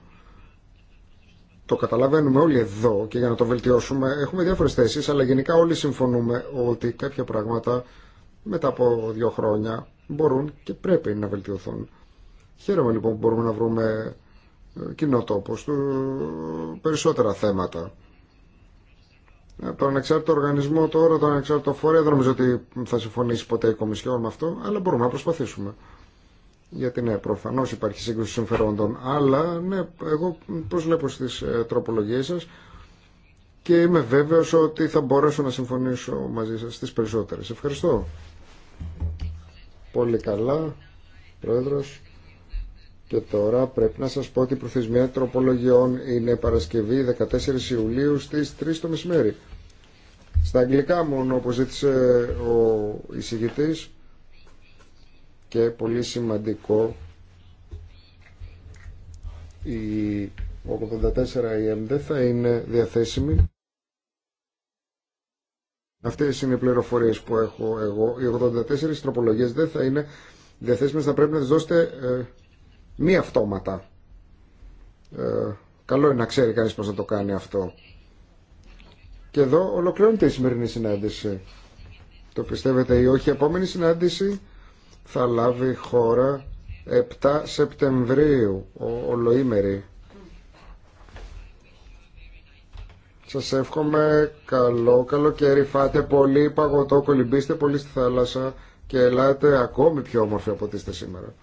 Το καταλαβαίνουμε όλοι εδώ και για να το βελτιώσουμε έχουμε διάφορες θέσεις, αλλά γενικά όλοι συμφωνούμε ότι κάποια πράγματα μετά από δύο χρόνια μπορούν και πρέπει να βελτιωθούν. Χαίρομαι λοιπόν που μπορούμε να βρούμε ε, κοινό τόπο στο περισσότερα θέματα. Ε, το ανεξάρτητο οργανισμό τώρα, το ανεξάρτητο φορέα, δεν νομίζω ότι θα συμφωνήσει ποτέ η Κομισιόν με αυτό, αλλά μπορούμε να προσπαθήσουμε. Γιατί ναι, προφανώ υπάρχει σύγκρουση συμφερόντων, αλλά ναι, εγώ προσβλέπω στι ε, τροπολογίε σα και είμαι βέβαιο ότι θα μπορέσω να συμφωνήσω μαζί σα στι περισσότερε. Ευχαριστώ. Πολύ καλά, Πρόεδρος. Και τώρα πρέπει να σας πω ότι η προθεσμία τροπολογιών είναι Παρασκευή 14 Ιουλίου στις 3 το μεσημέρι. Στα αγγλικά μόνο όπως ζήτησε ο εισηγητής και πολύ σημαντικό η 84 EM δεν θα είναι διαθέσιμη. Αυτές είναι οι πληροφορίες που έχω εγώ. Οι 84 τροπολογίες δεν θα είναι διαθέσιμες, θα πρέπει να τις δώσετε ε, μη αυτόματα. Ε, καλό είναι να ξέρει κανείς πώς θα το κάνει αυτό. Και εδώ ολοκληρώνεται η σημερινή συνάντηση. Το πιστεύετε ή όχι, η επόμενη συνάντηση θα λάβει χώρα 7 Σεπτεμβρίου, ολοήμερη. Σας εύχομαι καλό καλοκαίρι, φάτε πολύ παγωτό, κολυμπήστε πολύ στη θάλασσα και ελάτε ακόμη πιο όμορφοι από ό,τι είστε σήμερα.